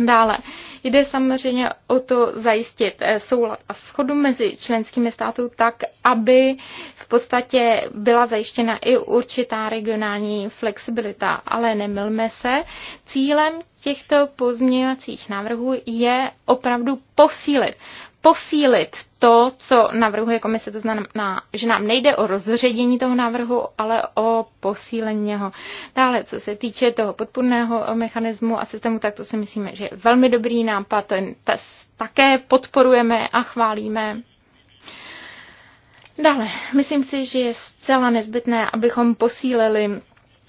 Dále jde samozřejmě o to zajistit eh, soulad a schodu mezi členskými státy tak, aby v podstatě byla zajištěna i určitá regionální flexibilita. Ale nemilme se, cílem těchto pozměňovacích návrhů je opravdu posílit posílit to, co navrhuje komise, to znamená, že nám nejde o rozředění toho návrhu, ale o posílení jeho. Dále, co se týče toho podpůrného mechanismu a systému, tak to si myslíme, že je velmi dobrý nápad, ten také podporujeme a chválíme. Dále, myslím si, že je zcela nezbytné, abychom posílili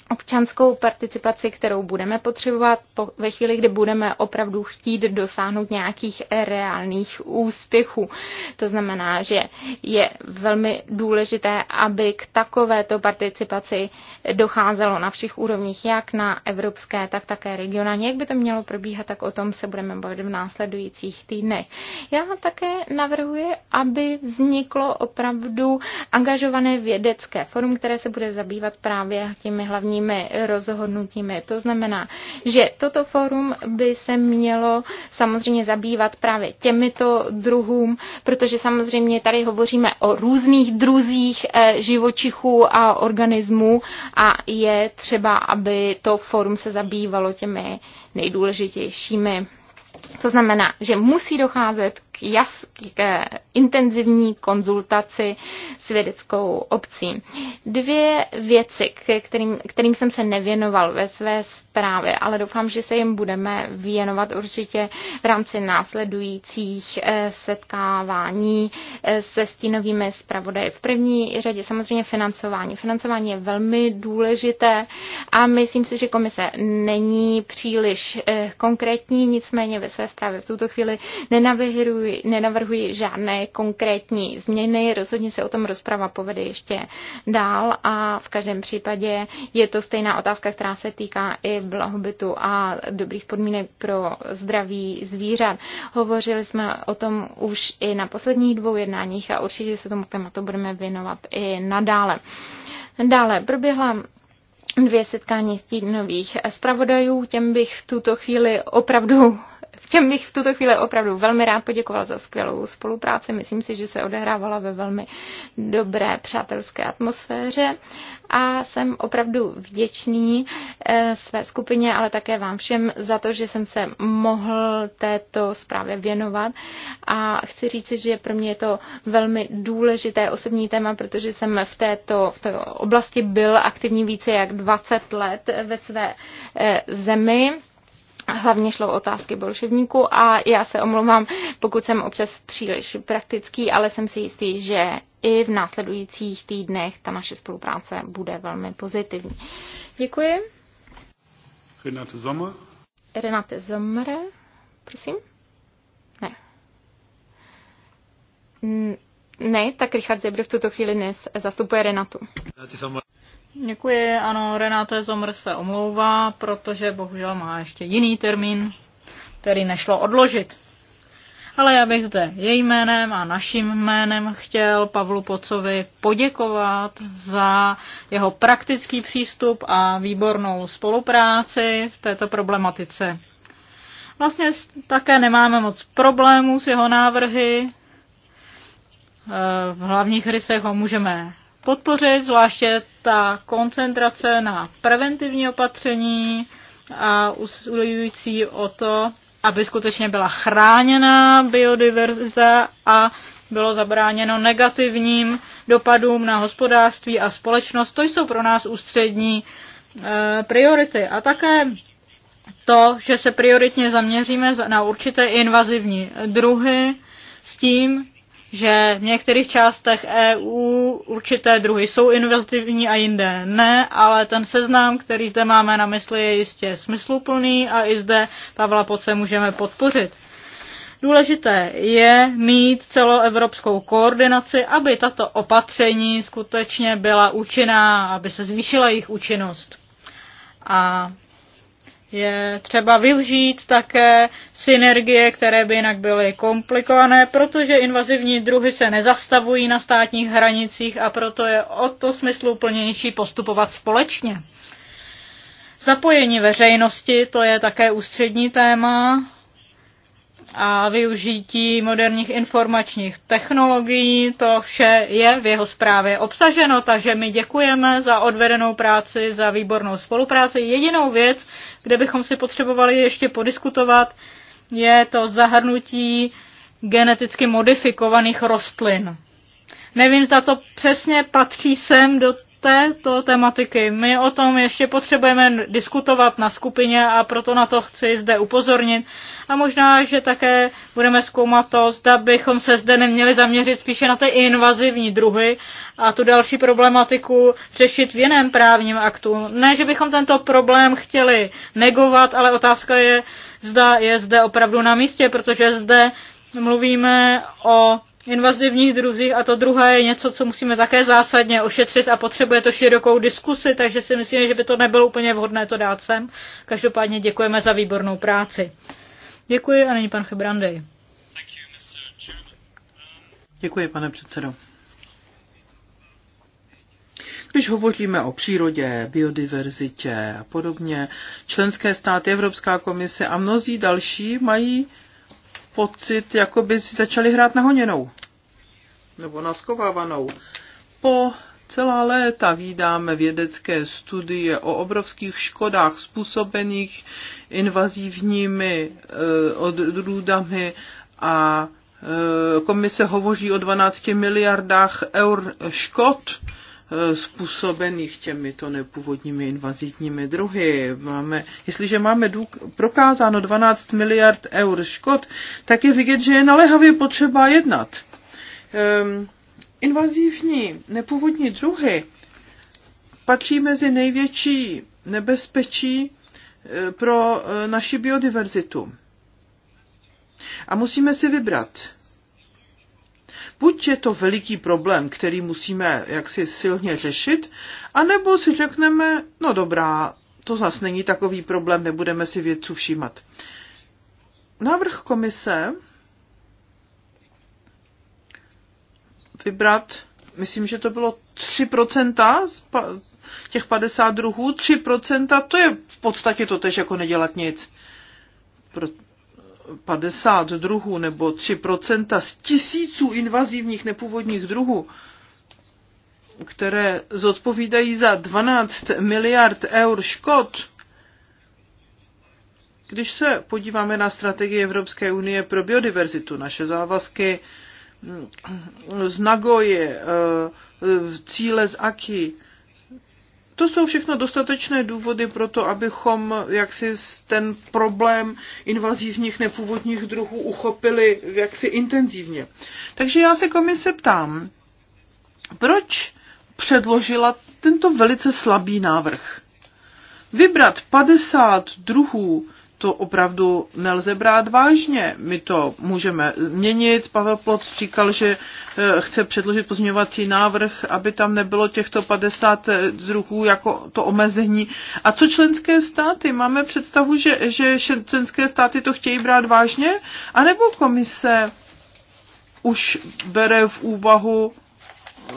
občanskou participaci, kterou budeme potřebovat po, ve chvíli, kdy budeme opravdu chtít dosáhnout nějakých reálných úspěchů. To znamená, že je velmi důležité, aby k takovéto participaci docházelo na všech úrovních, jak na evropské, tak také regionální. Jak by to mělo probíhat, tak o tom se budeme bavit v následujících týdnech. Já také navrhuji, aby vzniklo opravdu angažované vědecké forum, které se bude zabývat právě těmi hlavními konkrétními rozhodnutími. To znamená, že toto fórum by se mělo samozřejmě zabývat právě těmito druhům, protože samozřejmě tady hovoříme o různých druzích eh, živočichů a organismů a je třeba, aby to fórum se zabývalo těmi nejdůležitějšími. To znamená, že musí docházet k, jas, k eh, intenzivní konzultaci s vědeckou obcí. Dvě věci, kterým, kterým jsem se nevěnoval ve své zprávy, ale doufám, že se jim budeme věnovat určitě v rámci následujících eh, setkávání eh, se stínovými zpravodaji. V první řadě samozřejmě financování. Financování je velmi důležité a myslím si, že komise není příliš eh, konkrétní, nicméně ve své zprávě v tuto chvíli nenavrhuji, nenavrhuji žádné konkrétní změny. Rozhodně se o tom rozprava povede ještě dál a v každém případě je to stejná otázka, která se týká i blahobytu a dobrých podmínek pro zdraví zvířat. Hovořili jsme o tom už i na posledních dvou jednáních a určitě se tomu tématu budeme věnovat i nadále. Dále proběhla dvě setkání stínových zpravodajů, těm bych v tuto chvíli opravdu Těm bych v tuto chvíli opravdu velmi rád poděkoval za skvělou spolupráci. Myslím si, že se odehrávala ve velmi dobré přátelské atmosféře a jsem opravdu vděčný eh, své skupině, ale také vám všem za to, že jsem se mohl této zprávě věnovat. A chci říci, že pro mě je to velmi důležité osobní téma, protože jsem v této, v této oblasti byl aktivní více jak 20 let ve své eh, zemi. Hlavně šlo o otázky bolševníků a já se omlouvám, pokud jsem občas příliš praktický, ale jsem si jistý, že i v následujících týdnech ta naše spolupráce bude velmi pozitivní. Děkuji. Renate Sommer. Renate Sommer, prosím. Ne. Ne, tak Richard Zebr v tuto chvíli dnes zastupuje Renatu. Děkuji, ano, Renáte Zomr se omlouvá, protože bohužel má ještě jiný termín, který nešlo odložit. Ale já bych zde jejím jménem a naším jménem chtěl Pavlu Pocovi poděkovat za jeho praktický přístup a výbornou spolupráci v této problematice. Vlastně také nemáme moc problémů s jeho návrhy. Eh, v hlavních rysech ho můžeme podpořit, zvláště ta koncentrace na preventivní opatření a usilující o to, aby skutečně byla chráněna biodiverzita a bylo zabráněno negativním dopadům na hospodářství a společnost. To jsou pro nás ústřední e, priority. A také to, že se prioritně zaměříme na určité invazivní druhy s tím, že v některých částech EU určité druhy jsou inovativní a jinde ne, ale ten seznam, který zde máme na mysli, je jistě smysluplný a i zde Pavla Poce můžeme podpořit. Důležité je mít celoevropskou koordinaci, aby tato opatření skutečně byla účinná, aby se zvýšila jejich účinnost. A je třeba využít také synergie, které by jinak byly komplikované, protože invazivní druhy se nezastavují na státních hranicích a proto je o to smysluplnější postupovat společně. Zapojení veřejnosti, to je také ústřední téma a využití moderních informačních technologií. To vše je v jeho zprávě obsaženo, takže my děkujeme za odvedenou práci, za výbornou spolupráci. Jedinou věc, kde bychom si potřebovali ještě podiskutovat, je to zahrnutí geneticky modifikovaných rostlin. Nevím, zda to přesně patří sem do této tematiky. My o tom ještě potřebujeme diskutovat na skupině a proto na to chci zde upozornit. A možná, že také budeme zkoumat to, zda bychom se zde neměli zaměřit spíše na ty invazivní druhy a tu další problematiku řešit v jiném právním aktu. Ne, že bychom tento problém chtěli negovat, ale otázka je, zda je zde opravdu na místě, protože zde mluvíme o invazivních druzích a to druhé je něco, co musíme také zásadně ošetřit a potřebuje to širokou diskusi, takže si myslím, že by to nebylo úplně vhodné to dát sem. Každopádně děkujeme za výbornou práci. Děkuji a nyní pan Chebrandej. Děkuji, pane předsedo. Když hovoříme o přírodě, biodiverzitě a podobně, členské státy, Evropská komise a mnozí další mají pocit, jako by si začali hrát na honěnou. Nebo na skovávanou. Po celá léta vídáme vědecké studie o obrovských škodách způsobených invazivními e, odrůdami a eh, komise hovoří o 12 miliardách eur škod Eh, způsobených těmito nepůvodními invazitními druhy. Máme, jestliže máme důk, prokázáno 12 miliard eur škod, tak je vidět, že je naléhavě potřeba jednat. Um, invazivní nepůvodní druhy patří mezi největší nebezpečí eh, pro eh, naši biodiverzitu. A musíme si vybrat Buď je to veliký problém, který musíme jaksi silně řešit, anebo si řekneme, no dobrá, to zase není takový problém, nebudeme si vědců všímat. Návrh komise vybrat, myslím, že to bylo 3% z těch 50 druhů, 3% to je v podstatě to tež jako nedělat nic. 50 druhů nebo 3% z tisíců invazivních nepůvodních druhů, které zodpovídají za 12 miliard eur škod, když se podíváme na strategii Evropské unie pro biodiverzitu, naše závazky mm, z Nagoje, eh, cíle z Aki, to jsou všechno dostatečné důvody pro to, abychom jaksi ten problém invazivních nepůvodních druhů uchopili jaksi intenzivně. Takže já se komise ptám, proč předložila tento velice slabý návrh? Vybrat 50 druhů to opravdu nelze brát vážně. My to můžeme měnit. Pavel Plot říkal, že eh, chce předložit pozměňovací návrh, aby tam nebylo těchto 50 eh, druhů jako to omezení. A co členské státy? Máme představu, že, že členské státy to chtějí brát vážně? A nebo komise už bere v úvahu eh,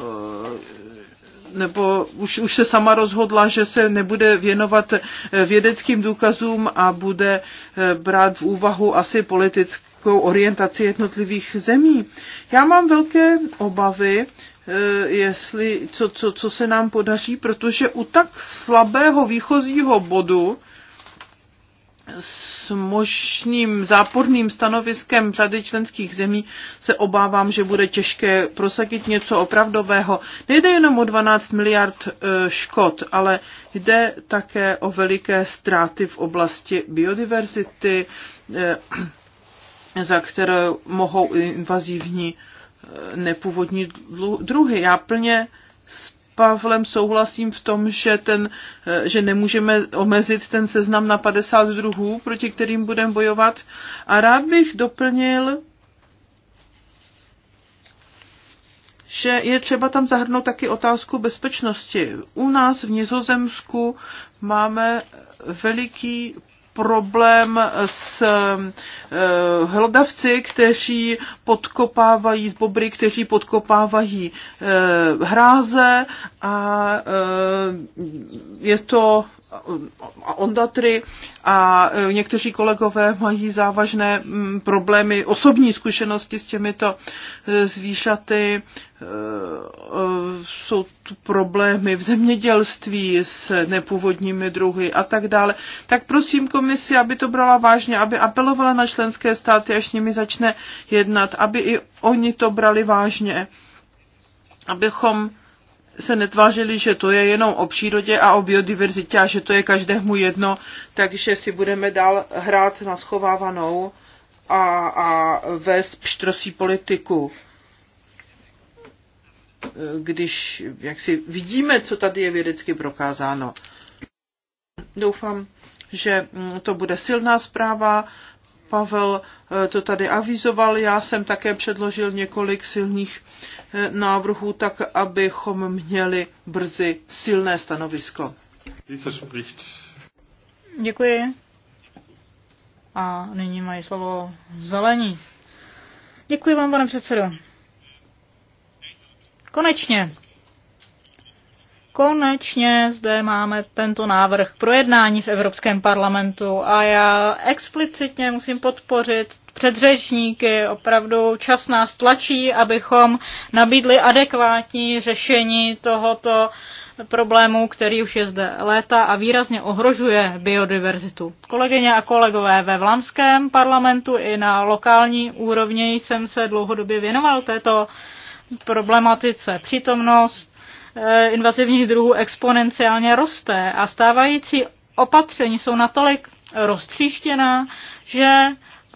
nebo už, už se sama rozhodla, že se nebude věnovat eh, vědeckým důkazům a bude eh, brát v úvahu asi politickou orientaci jednotlivých zemí. Já mám velké obavy, eh, jestli, co, co, co se nám podaří, protože u tak slabého výchozího bodu s možným záporným stanoviskem řady členských zemí se obávám, že bude těžké prosadit něco opravdového. Nejde jenom o 12 miliard e, škod, ale jde také o veliké ztráty v oblasti biodiverzity, e, *clears throat* za které mohou invazivní e, nepůvodní druhy. Já plně Pavlem souhlasím v tom, že, ten, eh, že nemůžeme omezit ten seznam na 50 druhů, proti kterým budeme bojovat. A rád bych doplnil, že je třeba tam zahrnout taky otázku bezpečnosti. U nás v Nizozemsku máme veliký problém s eh, hlodavci, kteří podkopávají, z bobry, kteří podkopávají eh, hráze a eh, je to ondatry a e, někteří kolegové mají závažné mm, problémy, osobní zkušenosti s těmito e, zvířaty. E, jsou tu problémy v zemědělství s nepůvodními druhy a tak dále. Tak prosím komisi, aby to brala vážně, aby apelovala na členské státy, až s nimi začne jednat, aby i oni to brali vážně, abychom se netvářili, že to je jenom o přírodě a o biodiverzitě a že to je každému jedno, takže si budeme dál hrát na schovávanou a, a vést pštrosí politiku. Když, jak si vidíme, co tady je vědecky prokázáno. Doufám, že mm, to bude silná zpráva, Pavel eh, to tady avizoval, já jsem také předložil několik silných eh, návrhů, tak abychom měli brzy silné stanovisko. Děkuji. A nyní mají slovo zelení. Děkuji vám, pane předsedo. Konečně konečně zde máme tento návrh projednání v Evropském parlamentu a já explicitně musím podpořit předřečníky, opravdu čas nás tlačí, abychom nabídli adekvátní řešení tohoto problému, který už je zde léta a výrazně ohrožuje biodiverzitu. Kolegyně a kolegové ve Vlamském parlamentu i na lokální úrovni jsem se dlouhodobě věnoval této problematice. Přítomnost Eh, invazivních druhů exponenciálně roste a stávající opatření jsou natolik roztříštěná, že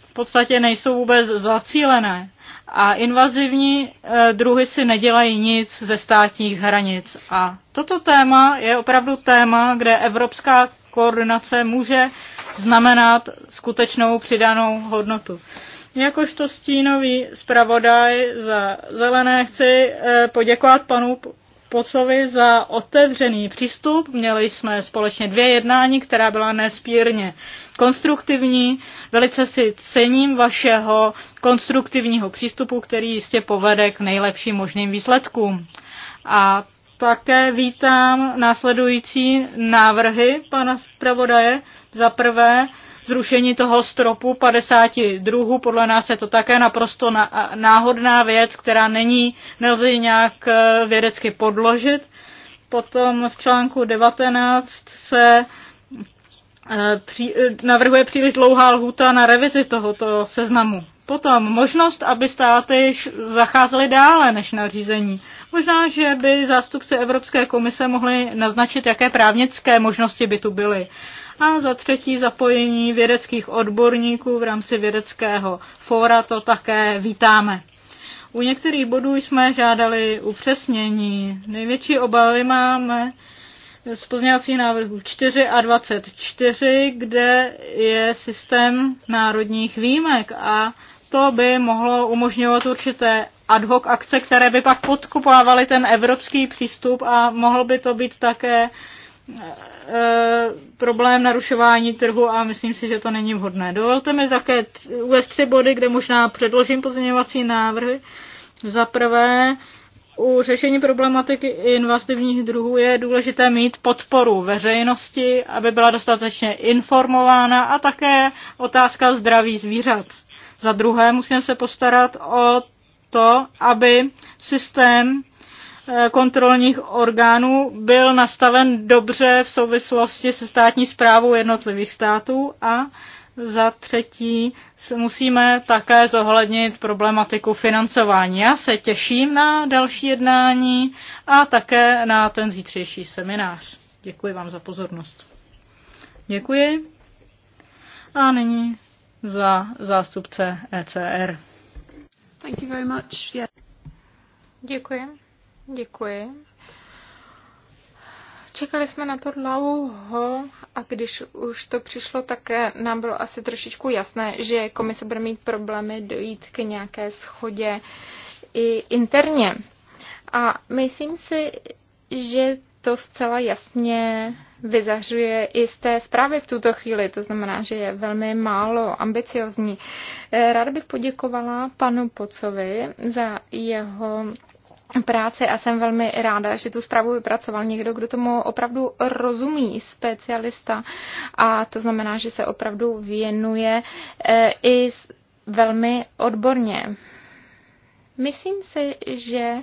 v podstatě nejsou vůbec zacílené. A invazivní eh, druhy si nedělají nic ze státních hranic. A toto téma je opravdu téma, kde evropská koordinace může znamenat skutečnou přidanou hodnotu. Jakožto stínový zpravodaj za zelené chci eh, poděkovat panu Pocovi za otevřený přístup. Měli jsme společně dvě jednání, která byla nespírně konstruktivní. Velice si cením vašeho konstruktivního přístupu, který jistě povede k nejlepším možným výsledkům. A také vítám následující návrhy pana zpravodaje. Za prvé, zrušení toho stropu 50 druhů. Podle nás je to také naprosto náhodná věc, která není, nelze nějak eh, vědecky podložit. Potom v článku 19 se eh, eh, navrhuje příliš dlouhá lhůta na revizi tohoto seznamu. Potom možnost, aby státy zacházely dále než nařízení. Možná, že by zástupci Evropské komise mohli naznačit, jaké právnické možnosti by tu byly. A za třetí zapojení vědeckých odborníků v rámci vědeckého fóra to také vítáme. U některých bodů jsme žádali upřesnění. Největší obavy máme z pozměňovacích návrhů 4 a 24, kde je systém národních výjimek a to by mohlo umožňovat určité ad hoc akce, které by pak podkupovaly ten evropský přístup a mohl by to být také Eh, problém narušování trhu a myslím si, že to není vhodné. Dovolte mi také uvést tři body, kde možná předložím pozměňovací návrhy. Za prvé, u řešení problematiky invazivních druhů je důležité mít podporu veřejnosti, aby byla dostatečně informována a také otázka zdraví zvířat. Za druhé musíme se postarat o to, aby systém Eh, kontrolních orgánů byl nastaven dobře v souvislosti se státní zprávou jednotlivých států a za třetí musíme také zohlednit problematiku financování. Já se těším na další jednání a také na ten zítřejší seminář. Děkuji vám za pozornost. Děkuji. A nyní za zástupce ECR. Thank you very much. Yeah. Děkuji. Děkuji. Čekali jsme na to dlouho a když už to přišlo, tak nám bylo asi trošičku jasné, že komise bude mít problémy dojít k nějaké schodě i interně. A myslím si, že to zcela jasně vyzařuje i z té zprávy v tuto chvíli, to znamená, že je velmi málo ambiciozní. Ráda bych poděkovala panu Pocovi za jeho práci a jsem velmi ráda, že tu zprávu vypracoval někdo, kdo tomu opravdu rozumí, specialista. A to znamená, že se opravdu věnuje eh, i velmi odborně. Myslím si, že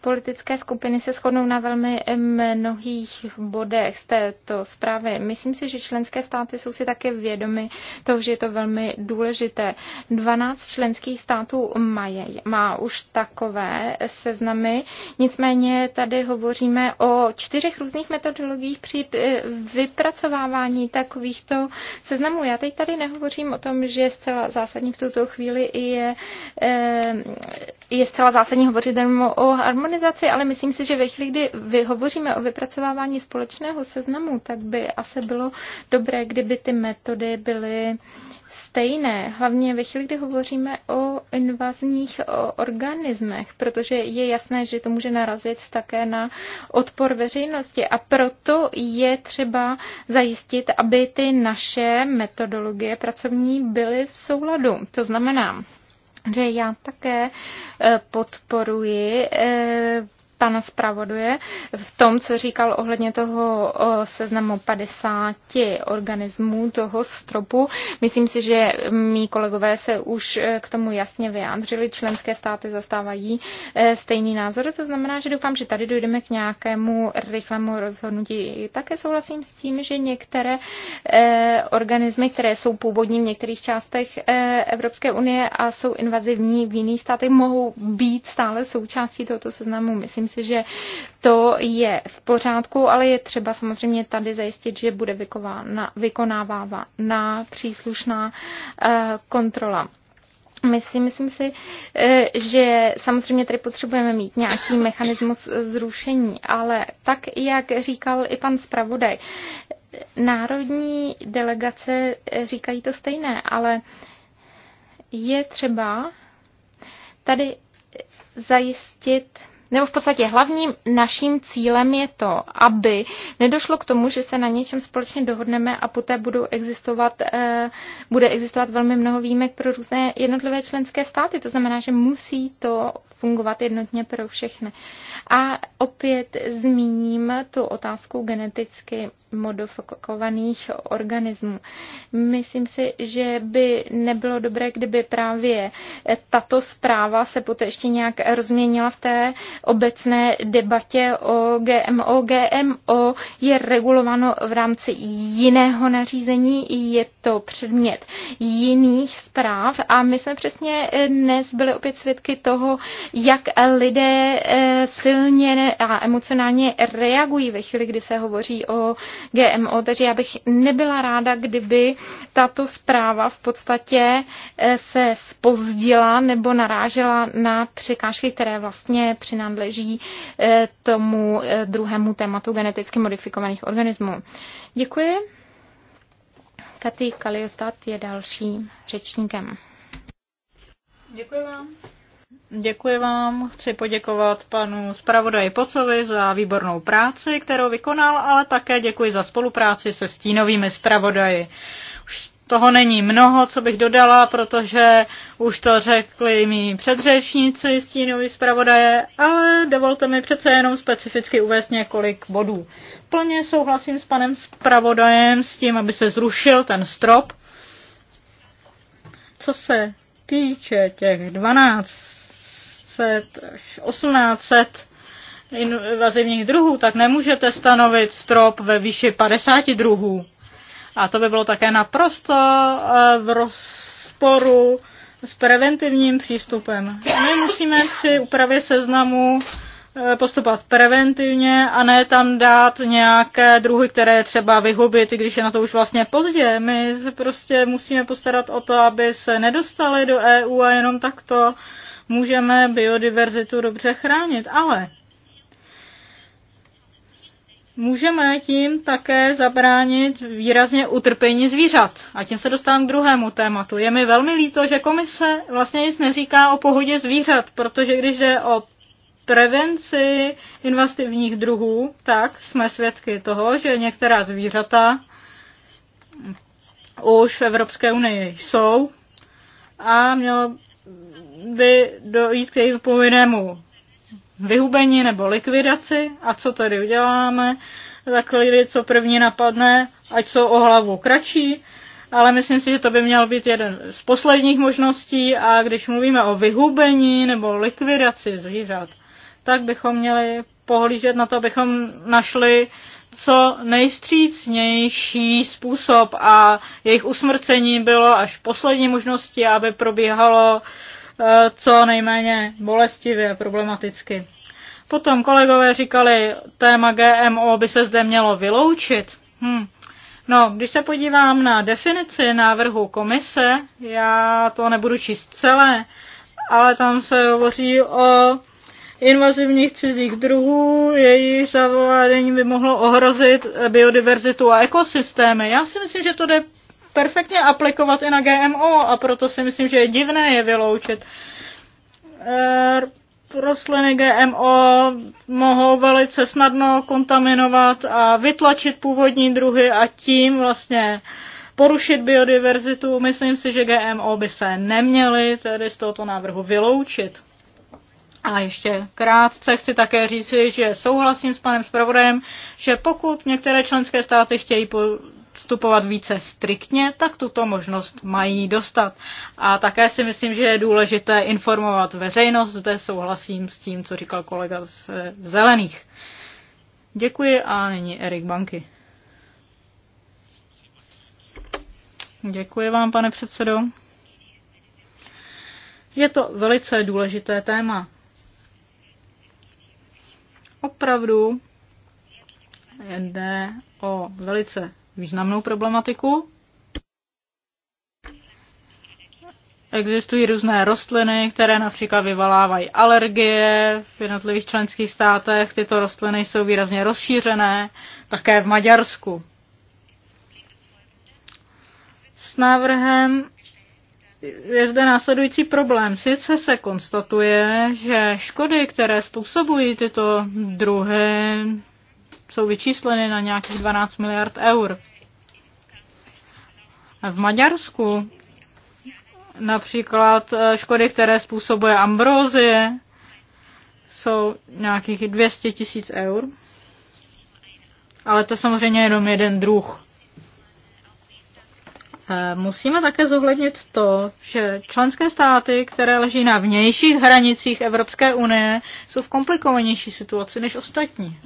politické skupiny se shodnou na velmi mnohých bodech z této zprávy. Myslím si, že členské státy jsou si také vědomy toho, že je to velmi důležité. 12 členských států je, má už takové seznamy, nicméně tady hovoříme o čtyřech různých metodologiích při eh, vypracovávání takovýchto seznamů. Já teď tady nehovořím o tom, že zcela zásadní v tuto chvíli je eh, je zcela zásadní hovořit jenom o harmonizaci, ale myslím si, že ve chvíli, kdy vy hovoříme o vypracovávání společného seznamu, tak by asi bylo dobré, kdyby ty metody byly stejné, hlavně ve chvíli, kdy hovoříme o invazních organismech, protože je jasné, že to může narazit také na odpor veřejnosti a proto je třeba zajistit, aby ty naše metodologie pracovní byly v souladu. To znamená, že já také eh, podporuji eh, pana zpravoduje v tom, co říkal ohledně toho seznamu 50 organismů, toho stropu. Myslím si, že mý kolegové se už e, k tomu jasně vyjádřili. Členské státy zastávají e, stejný názor, to znamená, že doufám, že tady dojdeme k nějakému rychlému rozhodnutí. Také souhlasím s tím, že některé e, organismy, které jsou původní v některých částech Evropské unie a jsou invazivní v jiných státech, mohou být stále součástí tohoto seznamu. Myslím Myslím si, že to je v pořádku, ale je třeba samozřejmě tady zajistit, že bude vykonávána příslušná eh, kontrola. Myslím, myslím si, eh, že samozřejmě tady potřebujeme mít nějaký mechanismus zrušení, ale tak, jak říkal i pan zpravodaj, národní delegace eh, říkají to stejné, ale je třeba tady zajistit nebo v podstatě hlavním naším cílem je to, aby nedošlo k tomu, že se na něčem společně dohodneme a poté budou existovat, eh, bude existovat velmi mnoho výjimek pro různé jednotlivé členské státy. To znamená, že musí to fungovat jednotně pro všechny. A opět zmíním tu otázku geneticky modifikovaných organismů. Myslím si, že by nebylo dobré, kdyby právě tato zpráva se poté ještě nějak rozměnila v té obecné debatě o GMO. GMO je regulováno v rámci jiného nařízení, je to předmět jiných zpráv a my jsme přesně eh, dnes byli opět svědky toho, jak lidé eh, silně a emocionálně reagují ve chvíli, kdy se hovoří o GMO, takže já bych nebyla ráda, kdyby tato zpráva v podstatě eh, se spozdila nebo narážela na překážky, které vlastně přináší náleží eh, tomu eh, druhému tématu geneticky modifikovaných organismů. Děkuji. Katy Kaliotat je dalším řečníkem. Děkuji vám. Děkuji vám. Chci poděkovat panu zpravodaji Pocovi za výbornou práci, kterou vykonal, ale také děkuji za spolupráci se stínovými zpravodaji. Už toho není mnoho, co bych dodala, protože už to řekli mý předřečníci stínoví zpravodaje, ale dovolte mi přece jenom specificky uvést několik bodů. Plně souhlasím s panem zpravodajem s tím, aby se zrušil ten strop. Co se týče těch 1200 1800 invazivních druhů, tak nemůžete stanovit strop ve výši 50 druhů a to by bylo také naprosto eh, v rozporu s preventivním přístupem. My musíme při úpravě seznamu eh, postupovat preventivně a ne tam dát nějaké druhy, které třeba vyhubit, i když je na to už vlastně pozdě. My se prostě musíme postarat o to, aby se nedostali do EU a jenom takto můžeme biodiverzitu dobře chránit. Ale Můžeme tím také zabránit výrazně utrpení zvířat. A tím se dostávám k druhému tématu. Je mi velmi líto, že komise vlastně nic neříká o pohodě zvířat, protože když jde o prevenci invazivních druhů, tak jsme svědky toho, že některá zvířata už v Evropské unii jsou a mělo by dojít k jejich povinnému vyhubení nebo likvidaci. A co tedy uděláme? Takový, co první napadne, ať jsou o hlavu kratší, ale myslím si, že to by měl být jeden z posledních možností a když mluvíme o vyhubení nebo likvidaci zvířat, tak bychom měli pohlížet na to, abychom našli co nejstřícnější způsob a jejich usmrcení bylo až poslední možností, aby probíhalo Eh, co nejméně bolestivě, problematicky. Potom kolegové říkali, téma GMO by se zde mělo vyloučit. Hm. No, když se podívám na definici návrhu komise, já to nebudu číst celé, ale tam se hovoří o invazivních cizích druhů, její zavádění by mohlo ohrozit biodiverzitu a ekosystémy. Já si myslím, že to jde perfektně aplikovat i na GMO a proto si myslím, že je divné je vyloučit. Eh, rostliny GMO mohou velice snadno kontaminovat a vytlačit původní druhy a tím vlastně porušit biodiverzitu. Myslím si, že GMO by se neměly tedy z tohoto návrhu vyloučit. A ještě krátce chci také říci, že souhlasím s panem zpravodajem, že pokud některé členské státy chtějí postupovat více striktně, tak tuto možnost mají dostat. A také si myslím, že je důležité informovat veřejnost, zde souhlasím s tím, co říkal kolega z Zelených. Děkuji a nyní Erik Banky. Děkuji vám, pane předsedo. Je to velice důležité téma. Opravdu jde o velice významnou problematiku. Existují různé rostliny, které například vyvolávají alergie v jednotlivých členských státech. Tyto rostliny jsou výrazně rozšířené, také v Maďarsku. S návrhem je zde následující problém. Sice se konstatuje, že škody, které způsobují tyto druhy, jsou vyčísleny na nějakých 12 miliard eur. V Maďarsku například eh, škody, které způsobuje ambrozie, jsou nějakých 200 tisíc eur. Ale to samozřejmě jenom jeden druh. Eh, musíme také zohlednit to, že členské státy, které leží na vnějších hranicích Evropské unie, jsou v komplikovanější situaci než ostatní.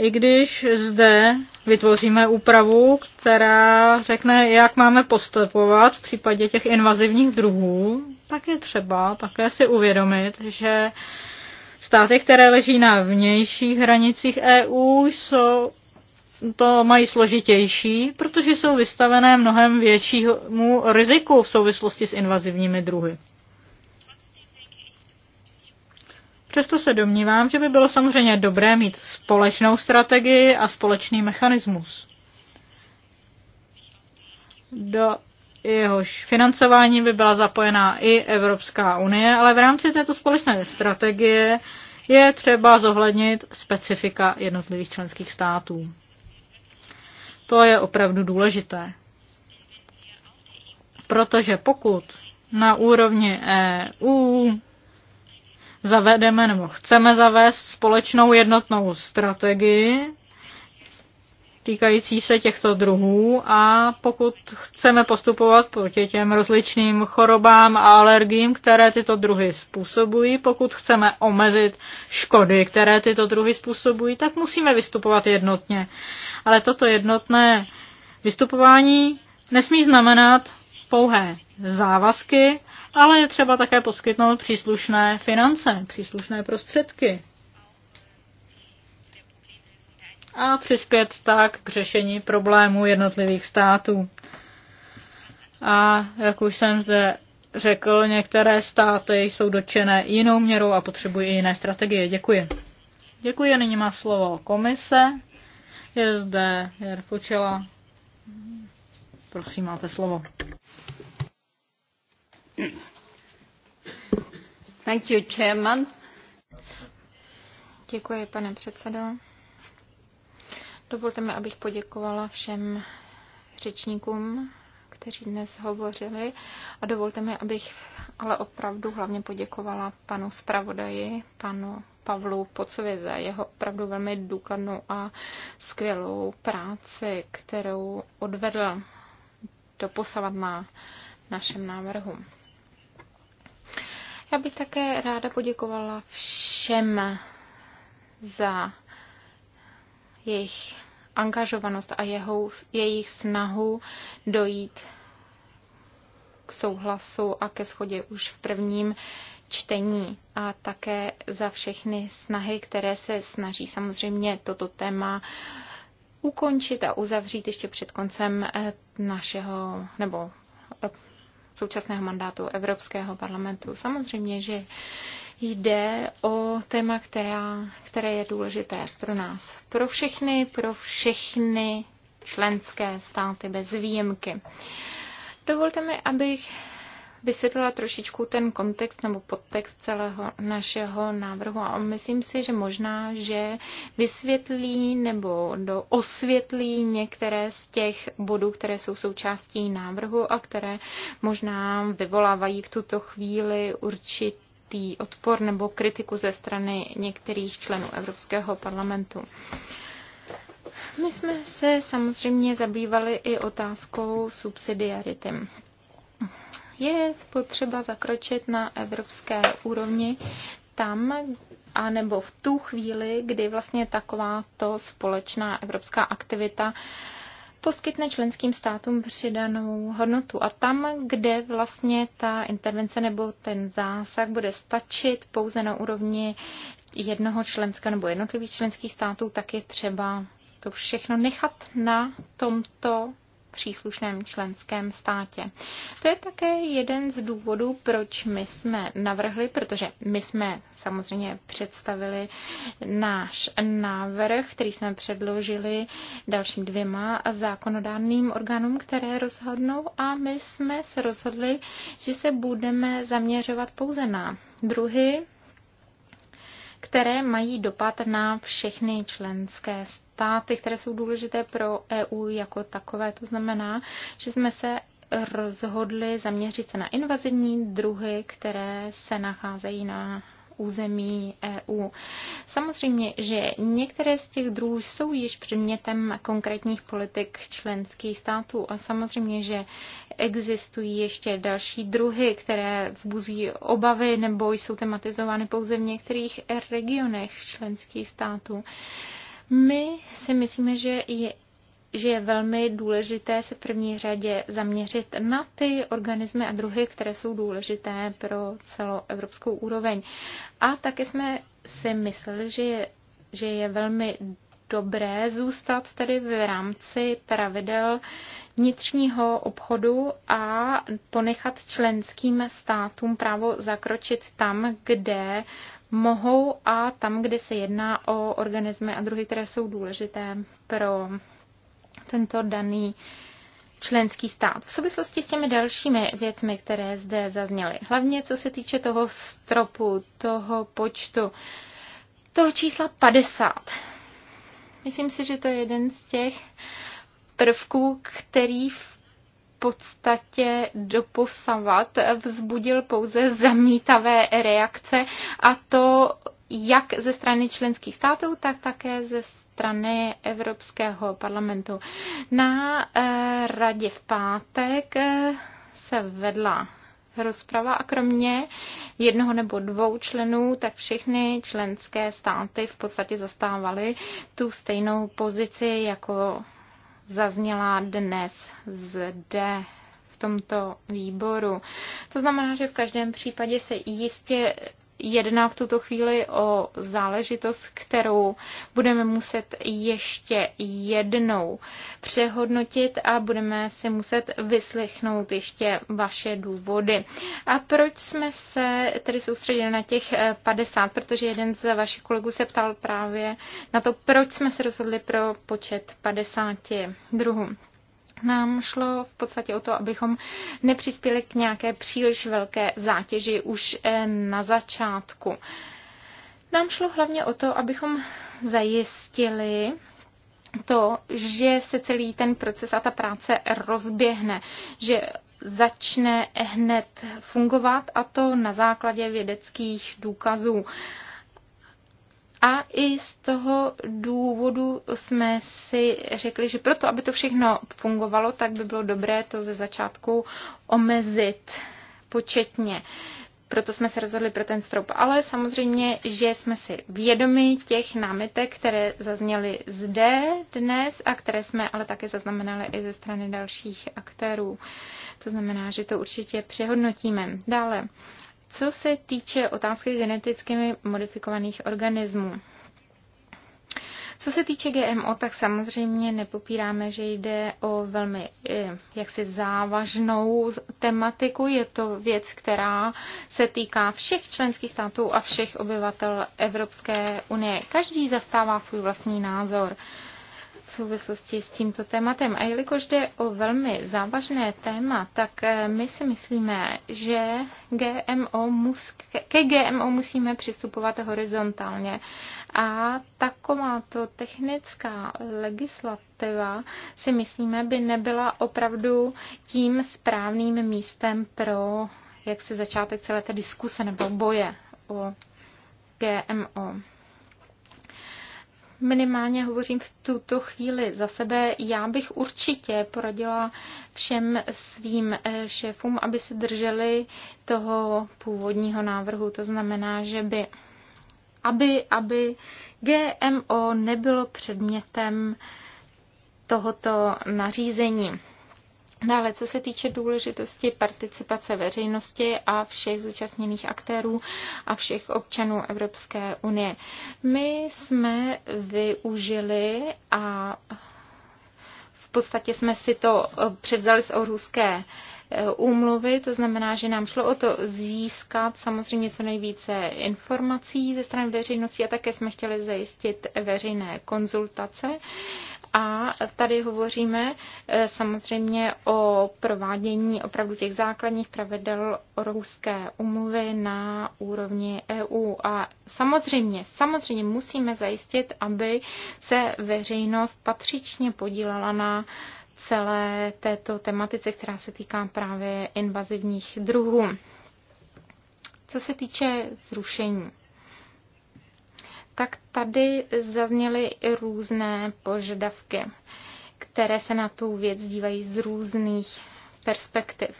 I když zde vytvoříme úpravu, která řekne, jak máme postupovat v případě těch invazivních druhů, tak je třeba také si uvědomit, že státy, které leží na vnějších hranicích EU, jsou to mají složitější, protože jsou vystavené mnohem většímu riziku v souvislosti s invazivními druhy. Přesto se domnívám, že by bylo samozřejmě dobré mít společnou strategii a společný mechanismus. Do jehož financování by byla zapojená i Evropská unie, ale v rámci této společné strategie je třeba zohlednit specifika jednotlivých členských států. To je opravdu důležité. Protože pokud na úrovni EU zavedeme nebo chceme zavést společnou jednotnou strategii týkající se těchto druhů a pokud chceme postupovat proti těm rozličným chorobám a alergím, které tyto druhy způsobují, pokud chceme omezit škody, které tyto druhy způsobují, tak musíme vystupovat jednotně. Ale toto jednotné vystupování nesmí znamenat pouhé závazky, ale je třeba také poskytnout příslušné finance, příslušné prostředky. A přispět tak k řešení problémů jednotlivých států. A jak už jsem zde řekl, některé státy jsou dotčené jinou měrou a potřebují jiné strategie. Děkuji. Děkuji, nyní má slovo komise. Je zde Jarfučela. Prosím, máte slovo. Děkuji, pane předsedající Dovolte mi, abych poděkovala všem řečníkům, kteří dnes hovořili a dovolte mi, abych ale opravdu hlavně poděkovala panu zpravodaji, panu Pavlu Pocovi za jeho opravdu velmi důkladnou a skvělou práci, kterou odvedl doposavat na našem návrhu. Já bych také ráda poděkovala všem za jejich angažovanost a jeho, jejich snahu dojít k souhlasu a ke schodě už v prvním čtení a také za všechny snahy, které se snaží samozřejmě toto téma ukončit a uzavřít ještě před koncem eh, našeho nebo eh, současného mandátu Evropského parlamentu. Samozřejmě, že jde o téma, která, které je důležité pro nás, pro všechny, pro všechny členské státy bez výjimky. Dovolte mi, abych vysvětlila trošičku ten kontext nebo podtext celého našeho návrhu a myslím si, že možná, že vysvětlí nebo do osvětlí některé z těch bodů, které jsou součástí návrhu a které možná vyvolávají v tuto chvíli určitý odpor nebo kritiku ze strany některých členů Evropského parlamentu. My jsme se samozřejmě zabývali i otázkou subsidiarity je potřeba zakročit na evropské úrovni tam, anebo v tu chvíli, kdy vlastně takováto společná evropská aktivita poskytne členským státům přidanou hodnotu. A tam, kde vlastně ta intervence nebo ten zásah bude stačit pouze na úrovni jednoho členského nebo jednotlivých členských států, tak je třeba to všechno nechat na tomto příslušném členském státě. To je také jeden z důvodů, proč my jsme navrhli, protože my jsme samozřejmě představili náš návrh, který jsme předložili dalším dvěma zákonodárným orgánům, které rozhodnou a my jsme se rozhodli, že se budeme zaměřovat pouze na druhy které mají dopad na všechny členské státy, které jsou důležité pro EU jako takové. To znamená, že jsme se rozhodli zaměřit se na invazivní druhy, které se nacházejí na území EU. Samozřejmě, že některé z těch druhů jsou již předmětem konkrétních politik členských států a samozřejmě, že existují ještě další druhy, které vzbuzují obavy nebo jsou tematizovány pouze v některých regionech členských států. My si myslíme, že je že je velmi důležité se v první řadě zaměřit na ty organismy a druhy, které jsou důležité pro celou evropskou úroveň. A také jsme si mysleli, že je, že je velmi dobré zůstat tedy v rámci pravidel vnitřního obchodu a ponechat členským státům právo zakročit tam, kde mohou a tam, kde se jedná o organismy a druhy, které jsou důležité pro tento daný členský stát. V souvislosti s těmi dalšími věcmi, které zde zazněly, hlavně co se týče toho stropu, toho počtu, toho čísla 50. Myslím si, že to je jeden z těch prvků, který v podstatě doposavat vzbudil pouze zamítavé reakce a to jak ze strany členských států, tak také ze strany strany Evropského parlamentu. Na eh, radě v pátek eh, se vedla rozprava a kromě jednoho nebo dvou členů, tak všechny členské státy v podstatě zastávaly tu stejnou pozici, jako zazněla dnes zde v tomto výboru. To znamená, že v každém případě se jistě jedná v tuto chvíli o záležitost, kterou budeme muset ještě jednou přehodnotit a budeme si muset vyslechnout ještě vaše důvody. A proč jsme se tedy soustředili na těch 50, protože jeden z vašich kolegů se ptal právě na to, proč jsme se rozhodli pro počet 50 druhů nám šlo v podstatě o to, abychom nepřispěli k nějaké příliš velké zátěži už eh, na začátku. Nám šlo hlavně o to, abychom zajistili, to, že se celý ten proces a ta práce rozběhne, že začne hned fungovat a to na základě vědeckých důkazů. A i z toho důvodu jsme si řekli, že proto, aby to všechno fungovalo, tak by bylo dobré to ze začátku omezit početně. Proto jsme se rozhodli pro ten strop. Ale samozřejmě, že jsme si vědomi těch námitek, které zazněly zde dnes a které jsme ale také zaznamenali i ze strany dalších aktérů. To znamená, že to určitě přehodnotíme. Dále, co se týče otázky geneticky modifikovaných organismů, co se týče GMO, tak samozřejmě nepopíráme, že jde o velmi eh, jaksi závažnou tematiku. Je to věc, která se týká všech členských států a všech obyvatel Evropské unie. Každý zastává svůj vlastní názor v souvislosti s tímto tématem. A jelikož jde o velmi závažné téma, tak eh, my si myslíme, že GMO mus, ke GMO musíme přistupovat horizontálně. A taková to technická legislativa si myslíme, by nebyla opravdu tím správným místem pro jak se začátek celé té diskuse nebo boje o GMO minimálně hovořím v tuto chvíli za sebe. Já bych určitě poradila všem svým eh, šéfům, aby se drželi toho původního návrhu. To znamená, že by, aby, aby GMO nebylo předmětem tohoto nařízení. Dále, co se týče důležitosti participace veřejnosti a všech zúčastněných aktérů a všech občanů Evropské unie. My jsme využili a v podstatě jsme si to eh, převzali z ruské eh, úmluvy, to znamená, že nám šlo o to získat samozřejmě co nejvíce informací ze strany veřejnosti a také jsme chtěli zajistit veřejné konzultace a tady hovoříme eh, samozřejmě o provádění opravdu těch základních pravidel Ruské umluvy na úrovni EU. A samozřejmě, samozřejmě musíme zajistit, aby se veřejnost patřičně podílela na celé této tematice, která se týká právě invazivních druhů. Co se týče zrušení tak tady zazněly i různé požadavky, které se na tu věc dívají z různých perspektiv.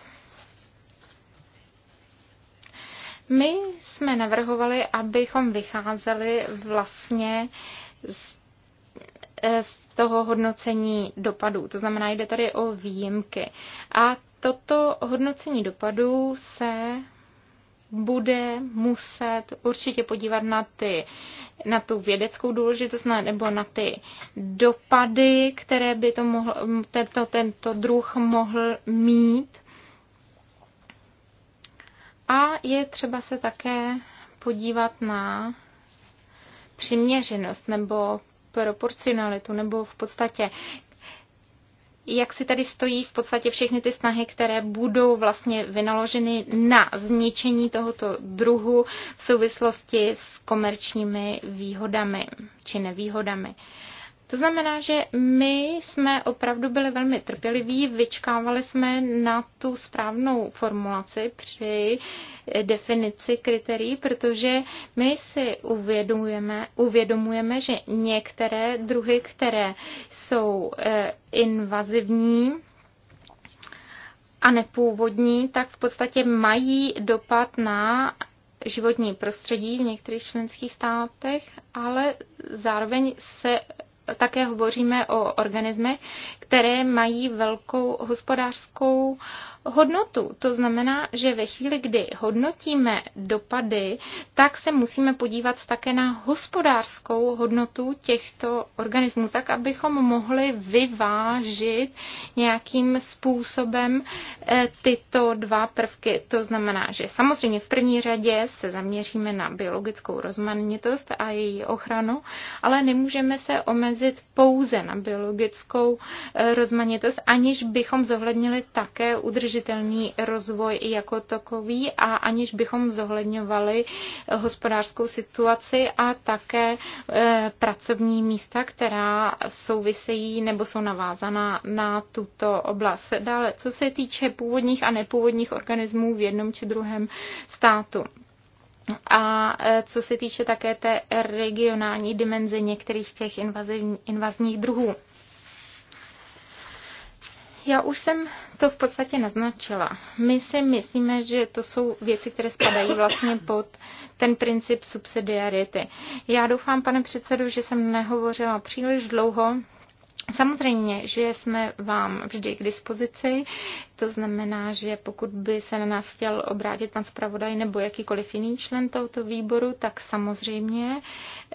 My jsme navrhovali, abychom vycházeli vlastně z, eh, z toho hodnocení dopadů. To znamená, jde tady o výjimky. A toto hodnocení dopadů se bude muset určitě podívat na, ty, na tu vědeckou důležitost nebo na ty dopady, které by to mohl, tento, tento druh mohl mít. A je třeba se také podívat na přiměřenost nebo proporcionalitu nebo v podstatě jak si tady stojí v podstatě všechny ty snahy, které budou vlastně vynaloženy na zničení tohoto druhu v souvislosti s komerčními výhodami či nevýhodami. To znamená, že my jsme opravdu byli velmi trpěliví, vyčkávali jsme na tu správnou formulaci při definici kritérií, protože my si uvědomujeme, uvědomujeme že některé druhy, které jsou eh, invazivní, a nepůvodní, tak v podstatě mají dopad na životní prostředí v některých členských státech, ale zároveň se také hovoříme o organismech, které mají velkou hospodářskou hodnotu. To znamená, že ve chvíli, kdy hodnotíme dopady, tak se musíme podívat také na hospodářskou hodnotu těchto organismů, tak abychom mohli vyvážit nějakým způsobem eh, tyto dva prvky. To znamená, že samozřejmě v první řadě se zaměříme na biologickou rozmanitost a její ochranu, ale nemůžeme se omezit pouze na biologickou eh, rozmanitost, aniž bychom zohlednili také udržení udržitelný rozvoj jako takový a aniž bychom zohledňovali hospodářskou situaci a také e, pracovní místa, která souvisejí nebo jsou navázaná na tuto oblast. Dále, co se týče původních a nepůvodních organismů v jednom či druhém státu. A e, co se týče také té regionální dimenze některých těch invazivní, invazních druhů. Já už jsem to v podstatě naznačila. My si myslíme, že to jsou věci, které spadají vlastně pod ten princip subsidiarity. Já doufám, pane předsedu, že jsem nehovořila příliš dlouho, Samozřejmě, že jsme vám vždy k dispozici, to znamená, že pokud by se na nás chtěl obrátit pan zpravodaj nebo jakýkoliv jiný člen tohoto výboru, tak samozřejmě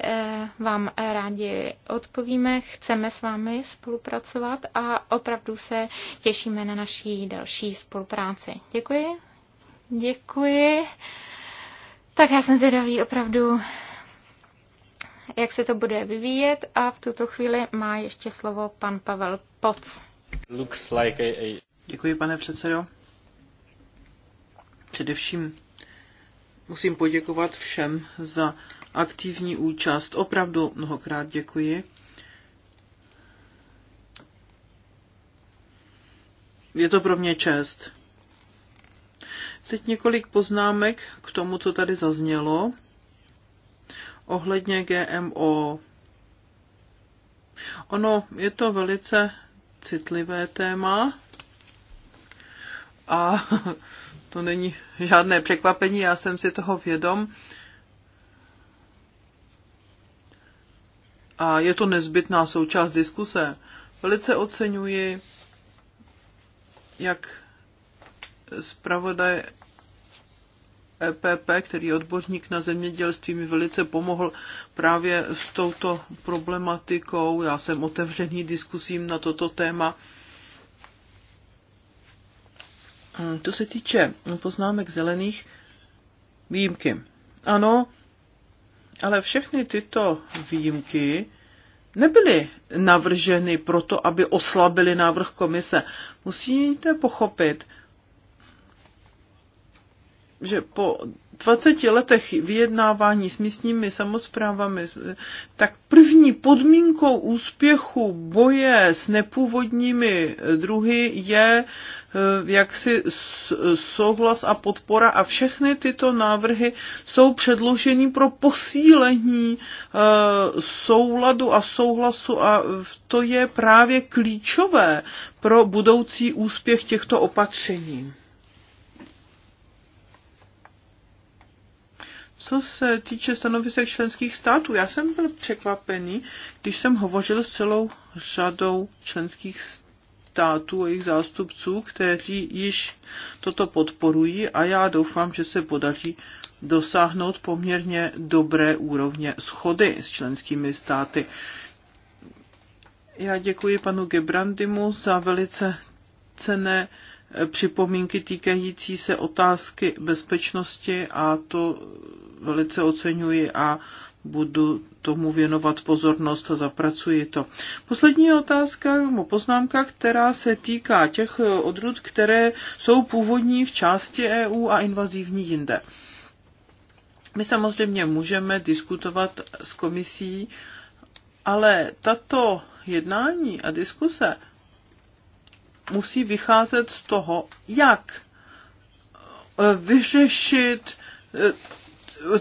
eh, vám rádi odpovíme, chceme s vámi spolupracovat a opravdu se těšíme na naší další spolupráci. Děkuji. Děkuji. Tak já jsem zvědavý opravdu, jak se to bude vyvíjet a v tuto chvíli má ještě slovo pan Pavel Poc. Looks like a, a... Děkuji, pane předsedo. Především musím poděkovat všem za aktivní účast. Opravdu mnohokrát děkuji. Je to pro mě čest. Teď několik poznámek k tomu, co tady zaznělo ohledně GMO. Ono je to velice citlivé téma a *laughs* to není žádné překvapení, já jsem si toho vědom. A je to nezbytná součást diskuse. Velice oceňuji, jak zpravodaj EPP, který je odborník na zemědělství, mi velice pomohl právě s touto problematikou. Já jsem otevřený diskusím na toto téma. To se týče poznámek zelených, výjimky. Ano, ale všechny tyto výjimky nebyly navrženy proto, aby oslabili návrh komise. Musíte pochopit, že po 20 letech vyjednávání s místními samozprávami, tak první podmínkou úspěchu boje s nepůvodními druhy je eh, jaksi souhlas a podpora a všechny tyto návrhy jsou předloženy pro posílení eh, souladu a souhlasu a to je právě klíčové pro budoucí úspěch těchto opatření. Co se týče stanovisek členských států, já jsem byl překvapený, když jsem hovořil s celou řadou členských států a jejich zástupců, kteří již toto podporují a já doufám, že se podaří dosáhnout poměrně dobré úrovně schody s členskými státy. Já děkuji panu Gebrandimu za velice cené eh, připomínky týkající se otázky bezpečnosti a to velice oceňuji a budu tomu věnovat pozornost a zapracuji to. Poslední otázka, poznámka, která se týká těch odrůd, které jsou původní v části EU a invazivní jinde. My samozřejmě můžeme diskutovat s komisí, ale tato jednání a diskuse musí vycházet z toho, jak vyřešit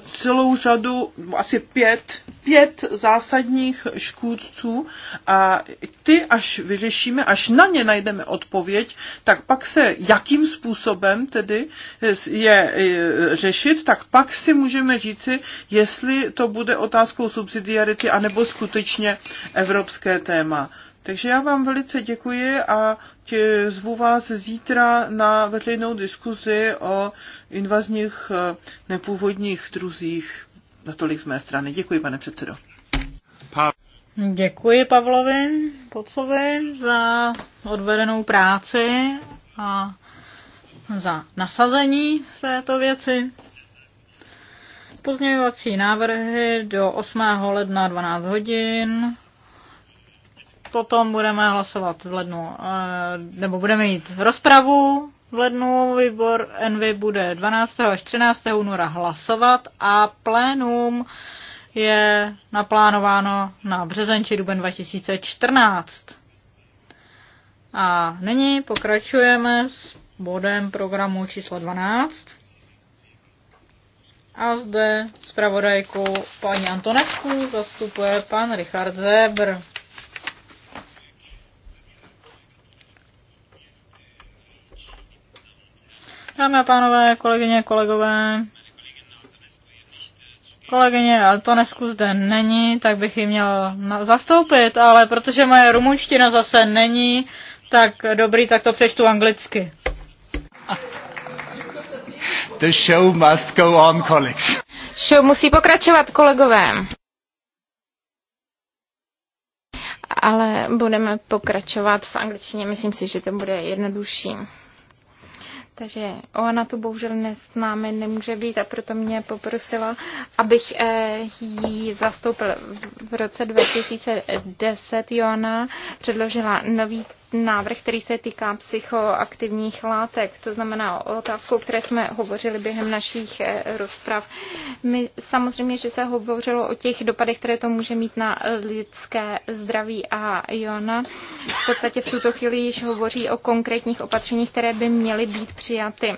celou řadu, asi pět, pět zásadních škůdců a ty až vyřešíme, až na ně najdeme odpověď, tak pak se jakým způsobem tedy je řešit, tak pak si můžeme říci, jestli to bude otázkou subsidiarity anebo skutečně evropské téma. Takže já vám velice děkuji a tě zvu vás zítra na veřejnou diskuzi o invazních eh, nepůvodních druzích. Na tolik z mé strany. Děkuji, pane předsedo. Děkuji Pavlovi Pocovi za odvedenou práci a za nasazení této věci. Pozměňovací návrhy do 8. ledna 12 hodin potom budeme hlasovat v lednu, eh, nebo budeme mít rozpravu v lednu, výbor Envy bude 12. až 13. února hlasovat a plénum je naplánováno na březen či duben 2014. A nyní pokračujeme s bodem programu číslo 12. A zde zpravodajku paní Antonesku zastupuje pan Richard Zebr. Dámy a pánové, kolegyně, kolegové, kolegyně Antonesku zde není, tak bych ji měl zastoupit, ale protože moje rumunština zase není, tak dobrý, tak to přečtu anglicky. The show must go on, colleagues. Show musí pokračovat, kolegové. Ale budeme pokračovat v angličtině, myslím si, že to bude jednodušší. Takže ona tu bohužel ne, s námi nemůže být a proto mě poprosila, abych jí eh, ji zastoupil. V roce 2010 Joana předložila nový návrh, který se týká psychoaktivních látek. To znamená otázkou, které jsme hovořili během našich eh, rozprav. My samozřejmě, že se hovořilo o těch dopadech, které to může mít na lidské zdraví a Jona. V podstatě v tuto chvíli již hovoří o konkrétních opatřeních, které by měly být přijaty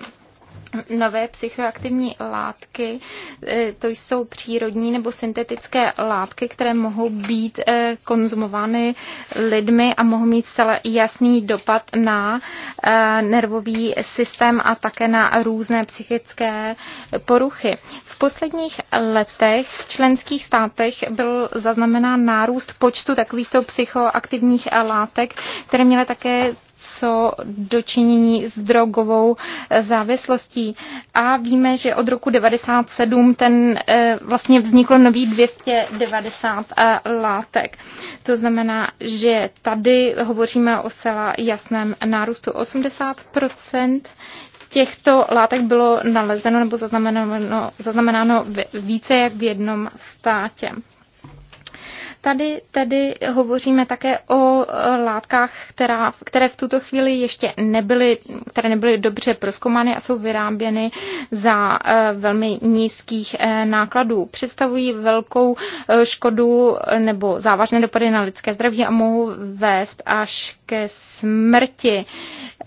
nové psychoaktivní látky, e, to jsou přírodní nebo syntetické látky, které mohou být e, konzumovány lidmi a mohou mít celé jasný dopad na e, nervový systém a také na různé psychické poruchy. V posledních letech v členských státech byl zaznamenán nárůst počtu takovýchto psychoaktivních látek, které měly také co dočinění s drogovou eh, závislostí. A víme, že od roku 97 ten eh, vlastně vzniklo nový 290 eh, látek. To znamená, že tady hovoříme o celá jasném nárůstu 80% těchto látek bylo nalezeno nebo zaznamenáno, zaznamenáno více jak v jednom státě. Tady tedy hovoříme také o e, látkách, která, které v tuto chvíli ještě nebyly, které nebyly dobře proskomány a jsou vyráběny za e, velmi nízkých e, nákladů. Představují velkou škodu nebo závažné dopady na lidské zdraví a mohou vést až ke smrti.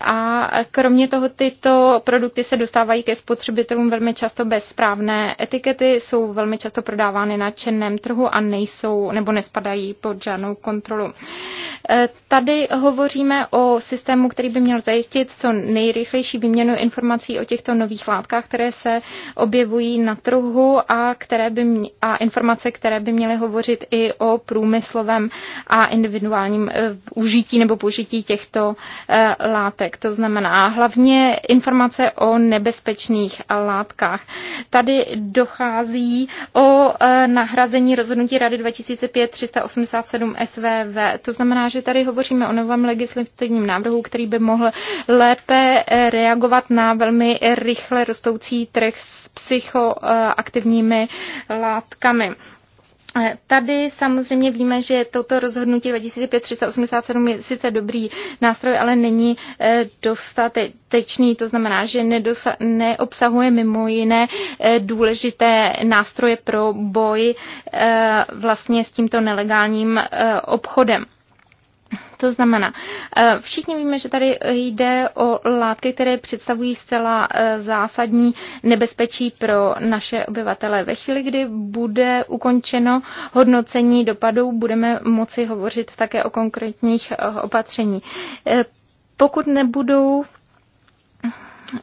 A kromě toho tyto produkty se dostávají ke spotřebitelům velmi často bez správné etikety, jsou velmi často prodávány na černém trhu a nejsou nebo nespadají pod žádnou kontrolu. E, tady hovoříme o systému, který by měl zajistit co nejrychlejší výměnu informací o těchto nových látkách, které se objevují na trhu a, které by mě, a informace, které by měly hovořit i o průmyslovém a individuálním e, užití nebo použití použití těchto eh, látek. To znamená hlavně informace o nebezpečných látkách. Tady dochází o eh, nahrazení rozhodnutí Rady 2005-387 SVV. To znamená, že tady hovoříme o novém legislativním návrhu, který by mohl lépe eh, reagovat na velmi rychle rostoucí trh s psychoaktivními látkami. Eh, tady samozřejmě víme, že toto rozhodnutí 2587 je sice dobrý nástroj, ale není eh, dostatečný, to znamená, že nedosa- neobsahuje mimo jiné eh, důležité nástroje pro boj vlastně s tímto nelegálním obchodem. To znamená, eh, všichni víme, že tady jde o látky, které představují zcela eh, zásadní nebezpečí pro naše obyvatele. Ve chvíli, kdy bude ukončeno hodnocení dopadů, budeme moci hovořit také o konkrétních eh, opatření. Pokud nebudou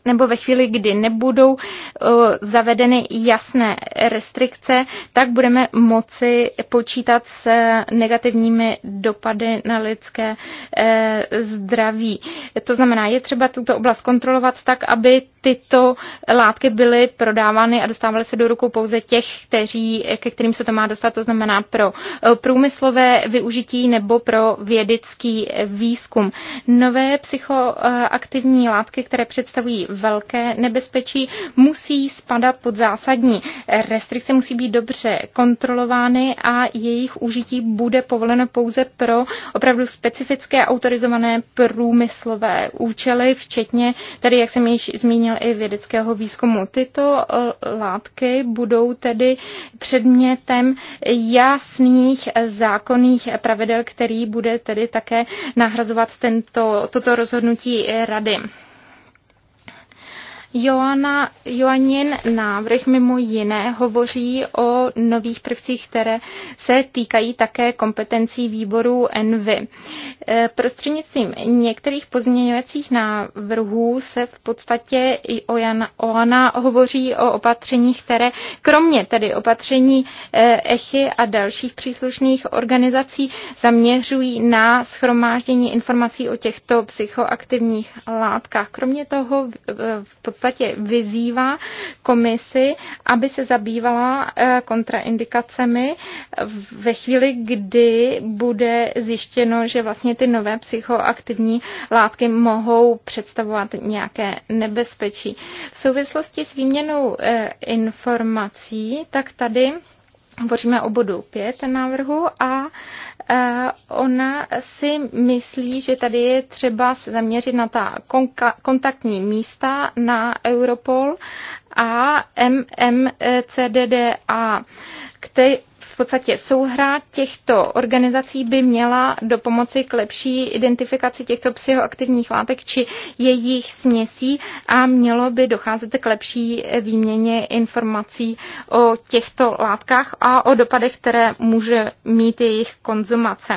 nebo ve chvíli, kdy nebudou uh, zavedeny jasné restrikce, tak budeme moci počítat s eh, negativními dopady na lidské eh, zdraví. To znamená, je třeba tuto oblast kontrolovat tak, aby tyto látky byly prodávány a dostávaly se do rukou pouze těch, kteří, eh, ke kterým se to má dostat, to znamená pro průmyslové využití nebo pro vědecký výzkum. Nové psychoaktivní látky, které představují hrozí velké nebezpečí, musí spadat pod zásadní restrikce, musí být dobře kontrolovány a jejich užití bude povoleno pouze pro opravdu specifické autorizované průmyslové účely, včetně tady, jak jsem již zmínil, i vědeckého výzkumu. Tyto eh, látky budou tedy předmětem jasných eh, zákonných pravidel, který bude tedy také nahrazovat tento, toto rozhodnutí rady. Joana, Joanin návrh mimo jiné hovoří o nových prvcích, které se týkají také kompetencí výboru ENVY. E, prostřednictvím některých pozměňovacích návrhů se v podstatě i o Jana, Oana hovoří o opatřeních, které kromě tedy opatření e, ECHY a dalších příslušných organizací zaměřují na schromáždění informací o těchto psychoaktivních látkách. Kromě toho v podstatě podstatě vyzývá komisi, aby se zabývala eh, kontraindikacemi ve chvíli, kdy bude zjištěno, že vlastně ty nové psychoaktivní látky mohou představovat nějaké nebezpečí. V souvislosti s výměnou eh, informací, tak tady Hovoříme o bodu 5 návrhu a e, ona si myslí, že tady je třeba se zaměřit na ta kontaktní místa na Europol a MMCDDA, v podstatě souhra těchto organizací by měla do pomoci k lepší identifikaci těchto psychoaktivních látek či jejich směsí a mělo by docházet k lepší výměně informací o těchto látkách a o dopadech, které může mít jejich konzumace.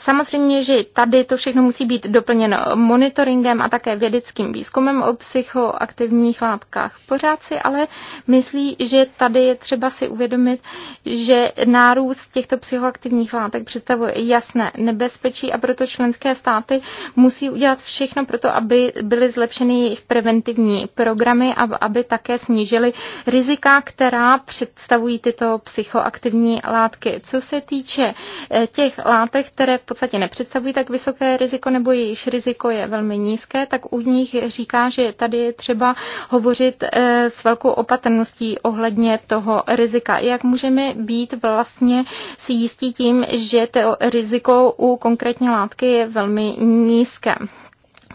Samozřejmě, že tady to všechno musí být doplněno monitoringem a také vědeckým výzkumem o psychoaktivních látkách. Pořád si ale myslí, že tady je třeba si uvědomit, že nárůst těchto psychoaktivních látek představuje jasné nebezpečí a proto členské státy musí udělat všechno pro to, aby byly zlepšeny jejich preventivní programy a aby také snížily rizika, která představují tyto psychoaktivní látky. Co se týče eh, těch látek, které podstatě nepředstavují tak vysoké riziko nebo jejich riziko je velmi nízké, tak u nich říká, že tady je třeba hovořit eh, s velkou opatrností ohledně toho rizika. Jak můžeme být vlastně si jistí tím, že to riziko u konkrétní látky je velmi nízké.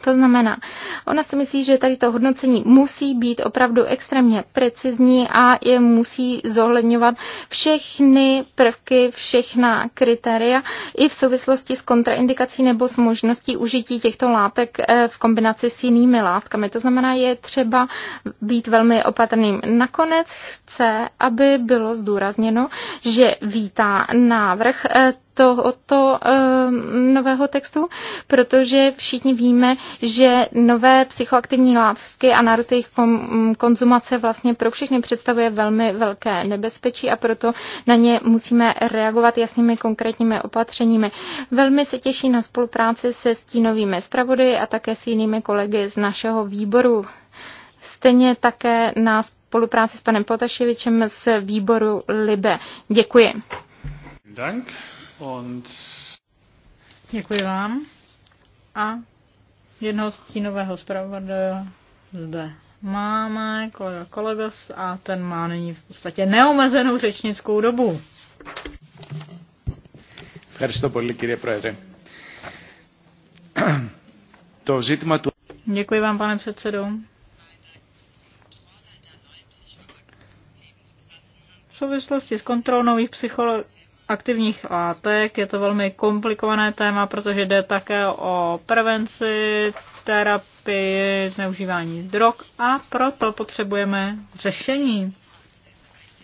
To znamená, ona si myslí, že tady to hodnocení musí být opravdu extrémně precizní a je musí zohledňovat všechny prvky, všechna kritéria i v souvislosti s kontraindikací nebo s možností užití těchto látek eh, v kombinaci s jinými látkami. To znamená, je třeba být velmi opatrným. Nakonec chce, aby bylo zdůrazněno, že vítá návrh eh, tohoto uh, ehm, nového textu, protože všichni víme, že nové psychoaktivní látky a nárůst jejich mm, konzumace vlastně pro všechny představuje velmi velké nebezpečí a proto na ně musíme reagovat jasnými konkrétními opatřeními. Velmi se těší na spolupráci se stínovými zpravody a také s jinými kolegy z našeho výboru. Stejně také na spolupráci s panem Potaševičem z výboru LIBE. Děkuji. Dank. Und Děkuji vám. A jednoho stínového zpravodaje zde máme, kolega Kolegos, a ten má nyní v podstatě neomezenou řečnickou dobu. Děkuji vám, pane předsedo. V souvislosti s kontrolou nových psycholo- aktivních látek. Je to velmi komplikované téma, protože jde také o prevenci, terapii, zneužívání drog a proto potřebujeme řešení,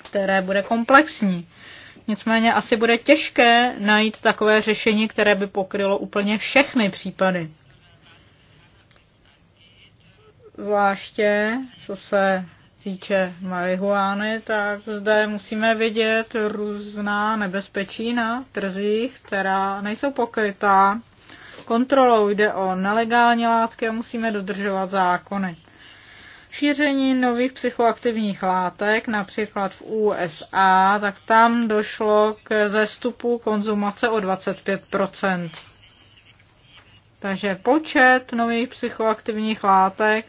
které bude komplexní. Nicméně asi bude těžké najít takové řešení, které by pokrylo úplně všechny případy. Zvláště, co se týče marihuány, tak zde musíme vidět různá nebezpečí na trzích, která nejsou pokrytá kontrolou. Jde o nelegální látky a musíme dodržovat zákony. Šíření nových psychoaktivních látek, například v USA, tak tam došlo k zestupu konzumace o 25 Takže počet nových psychoaktivních látek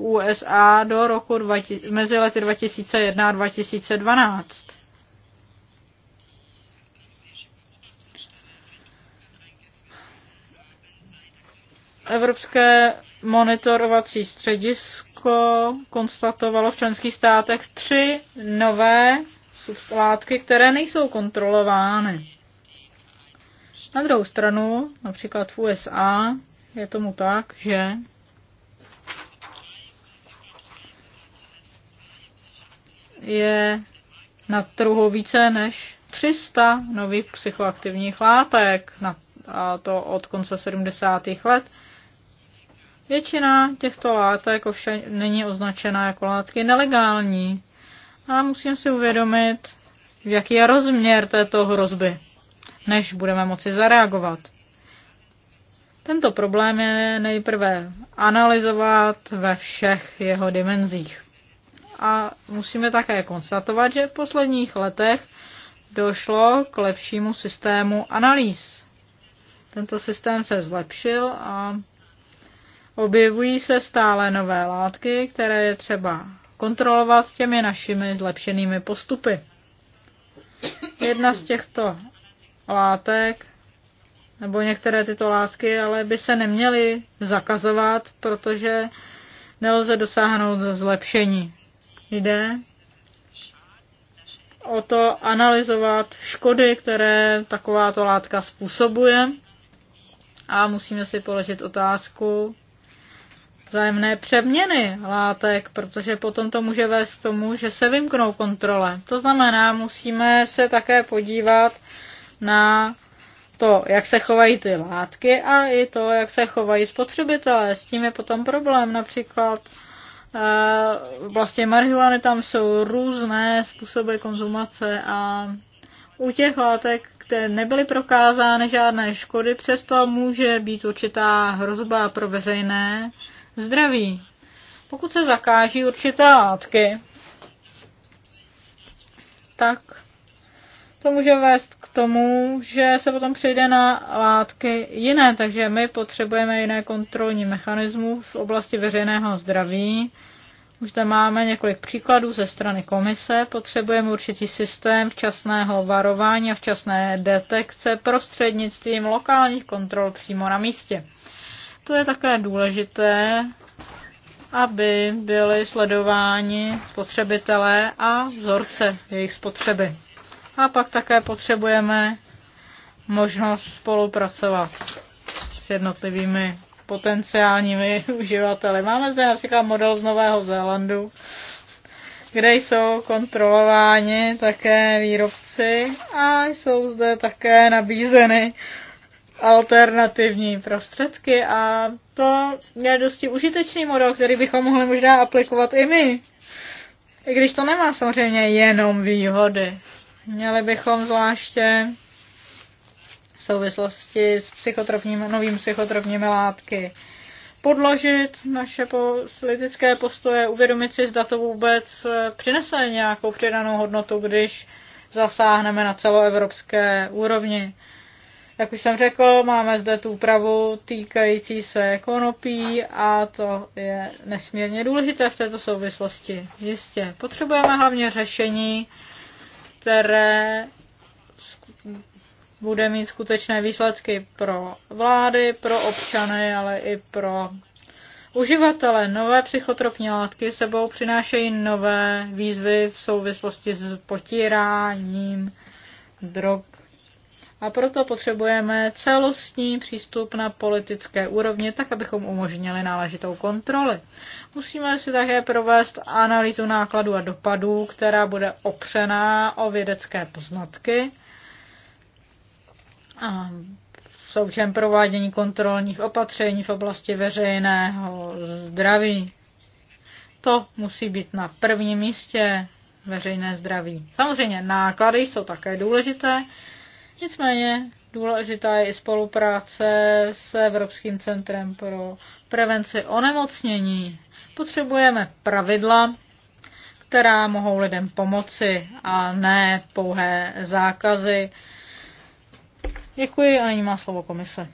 USA do roku 20, mezi lety 2001 a 2012. Evropské monitorovací středisko konstatovalo v členských státech tři nové látky, které nejsou kontrolovány. Na druhou stranu, například v USA, je tomu tak, že je na trhu více než 300 nových psychoaktivních látek, na, a to od konce 70. let. Většina těchto látek ovšem není označena jako látky nelegální. A musím si uvědomit, jaký je rozměr této hrozby, než budeme moci zareagovat. Tento problém je nejprve analyzovat ve všech jeho dimenzích a musíme také konstatovat, že v posledních letech došlo k lepšímu systému analýz. Tento systém se zlepšil a objevují se stále nové látky, které je třeba kontrolovat s těmi našimi zlepšenými postupy. Jedna z těchto látek, nebo některé tyto látky, ale by se neměly zakazovat, protože nelze dosáhnout zlepšení. Jde o to analyzovat škody, které takováto látka způsobuje a musíme si položit otázku vzájemné přeměny látek, protože potom to může vést k tomu, že se vymknou kontrole. To znamená, musíme se také podívat na to, jak se chovají ty látky a i to, jak se chovají spotřebitelé. S tím je potom problém. Například vlastně marihuany tam jsou různé způsoby konzumace a u těch látek, které nebyly prokázány žádné škody, přesto může být určitá hrozba pro veřejné zdraví. Pokud se zakáží určité látky, tak to může vést k tomu, že se potom přejde na látky jiné, takže my potřebujeme jiné kontrolní mechanismu v oblasti veřejného zdraví. Už tam máme několik příkladů ze strany komise. Potřebujeme určitý systém včasného varování a včasné detekce prostřednictvím lokálních kontrol přímo na místě. To je také důležité, aby byly sledováni spotřebitelé a vzorce jejich spotřeby a pak také potřebujeme možnost spolupracovat s jednotlivými potenciálními *laughs* uživateli. Máme zde například model z Nového Zélandu, kde jsou kontrolováni také výrobci a jsou zde také nabízeny alternativní prostředky a to je dosti užitečný model, který bychom mohli možná aplikovat i my. I když to nemá samozřejmě jenom výhody. Měli bychom zvláště v souvislosti s psychotropními, novým psychotropními látky podložit naše politické postoje, uvědomit si, zda to vůbec eh, přinese nějakou přidanou hodnotu, když zasáhneme na celoevropské úrovni. Jak už jsem řekl, máme zde tu úpravu týkající se konopí a to je nesmírně důležité v této souvislosti. Jistě, potřebujeme hlavně řešení, které bude mít skutečné výsledky pro vlády, pro občany, ale i pro uživatele. Nové psychotropní látky sebou přinášejí nové výzvy v souvislosti s potíráním drog a proto potřebujeme celostní přístup na politické úrovni, tak abychom umožnili náležitou kontroli. Musíme si také provést analýzu nákladů a dopadů, která bude opřená o vědecké poznatky. A součem provádění kontrolních opatření v oblasti veřejného zdraví. To musí být na prvním místě veřejné zdraví. Samozřejmě náklady jsou také důležité, Nicméně důležitá je i spolupráce s Evropským centrem pro prevenci onemocnění. Potřebujeme pravidla, která mohou lidem pomoci a ne pouhé zákazy. Děkuji a nyní má slovo komise.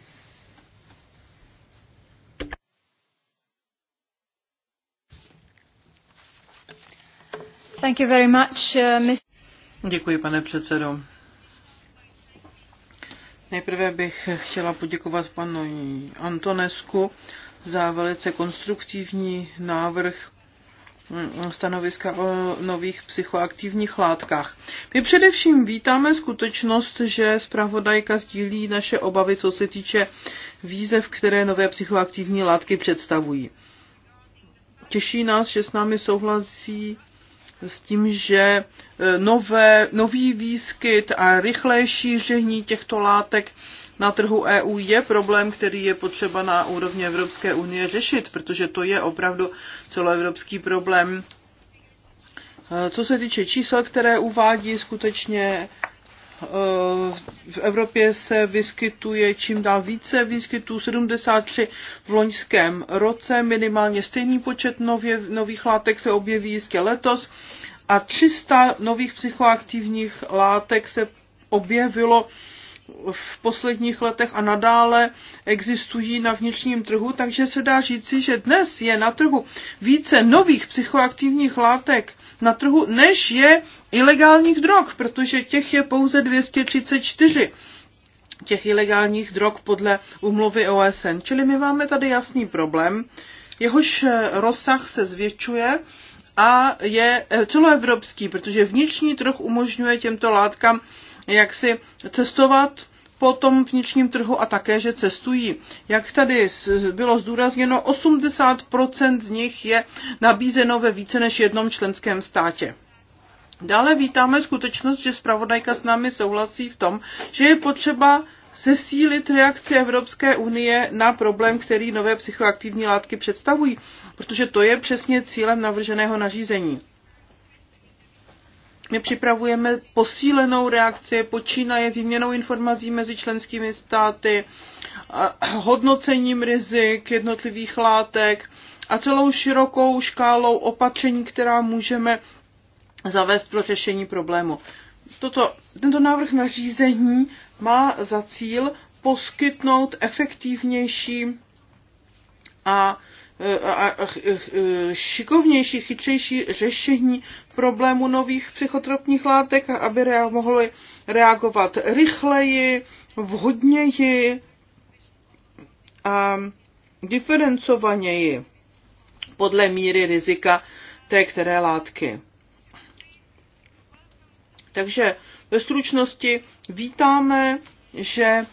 Thank you very much, uh, Děkuji, pane předsedo. Nejprve bych chtěla poděkovat panu Antonesku za velice konstruktivní návrh mm, stanoviska o nových psychoaktivních látkách. My především vítáme skutečnost, že zpravodajka sdílí naše obavy, co se týče výzev, které nové psychoaktivní látky představují. Těší nás, že s námi souhlasí s tím, že e, nové, nový výskyt a rychlé šíření těchto látek na trhu EU je problém, který je potřeba na úrovni Evropské unie řešit, protože to je opravdu celoevropský problém. E, co se týče čísel, které uvádí, skutečně Eh, v Evropě se vyskytuje čím dál více výskytů, 73 v loňském roce, minimálně stejný počet nově, nových látek se objeví jistě letos a 300 nových psychoaktivních látek se objevilo v posledních letech a nadále existují na vnitřním trhu, takže se dá říci, že dnes je na trhu více nových psychoaktivních látek na trhu, než je ilegálních drog, protože těch je pouze 234 těch ilegálních drog podle umluvy OSN. Čili my máme tady jasný problém, jehož eh, rozsah se zvětšuje a je eh, celoevropský, protože vnitřní trh umožňuje těmto látkám jaksi cestovat po tom vnitřním trhu a také, že cestují. Jak tady bylo zdůrazněno, 80% z nich je nabízeno ve více než jednom členském státě. Dále vítáme skutečnost, že zpravodajka s námi souhlasí v tom, že je potřeba zesílit reakci Evropské unie na problém, který nové psychoaktivní látky představují, protože to je přesně cílem navrženého nařízení. My připravujeme posílenou reakci, počínaje výměnou informací mezi členskými státy, hodnocením rizik jednotlivých látek a celou širokou škálou opatření, která můžeme zavést pro řešení problému. Toto, tento návrh nařízení má za cíl poskytnout efektivnější a Eh, a eh, eh, šikovnější, chytřejší řešení problému nových psychotropních látek, aby rea- mohly reagovat rychleji, vhodněji a diferencovaněji podle míry rizika té které látky. Takže ve stručnosti vítáme, že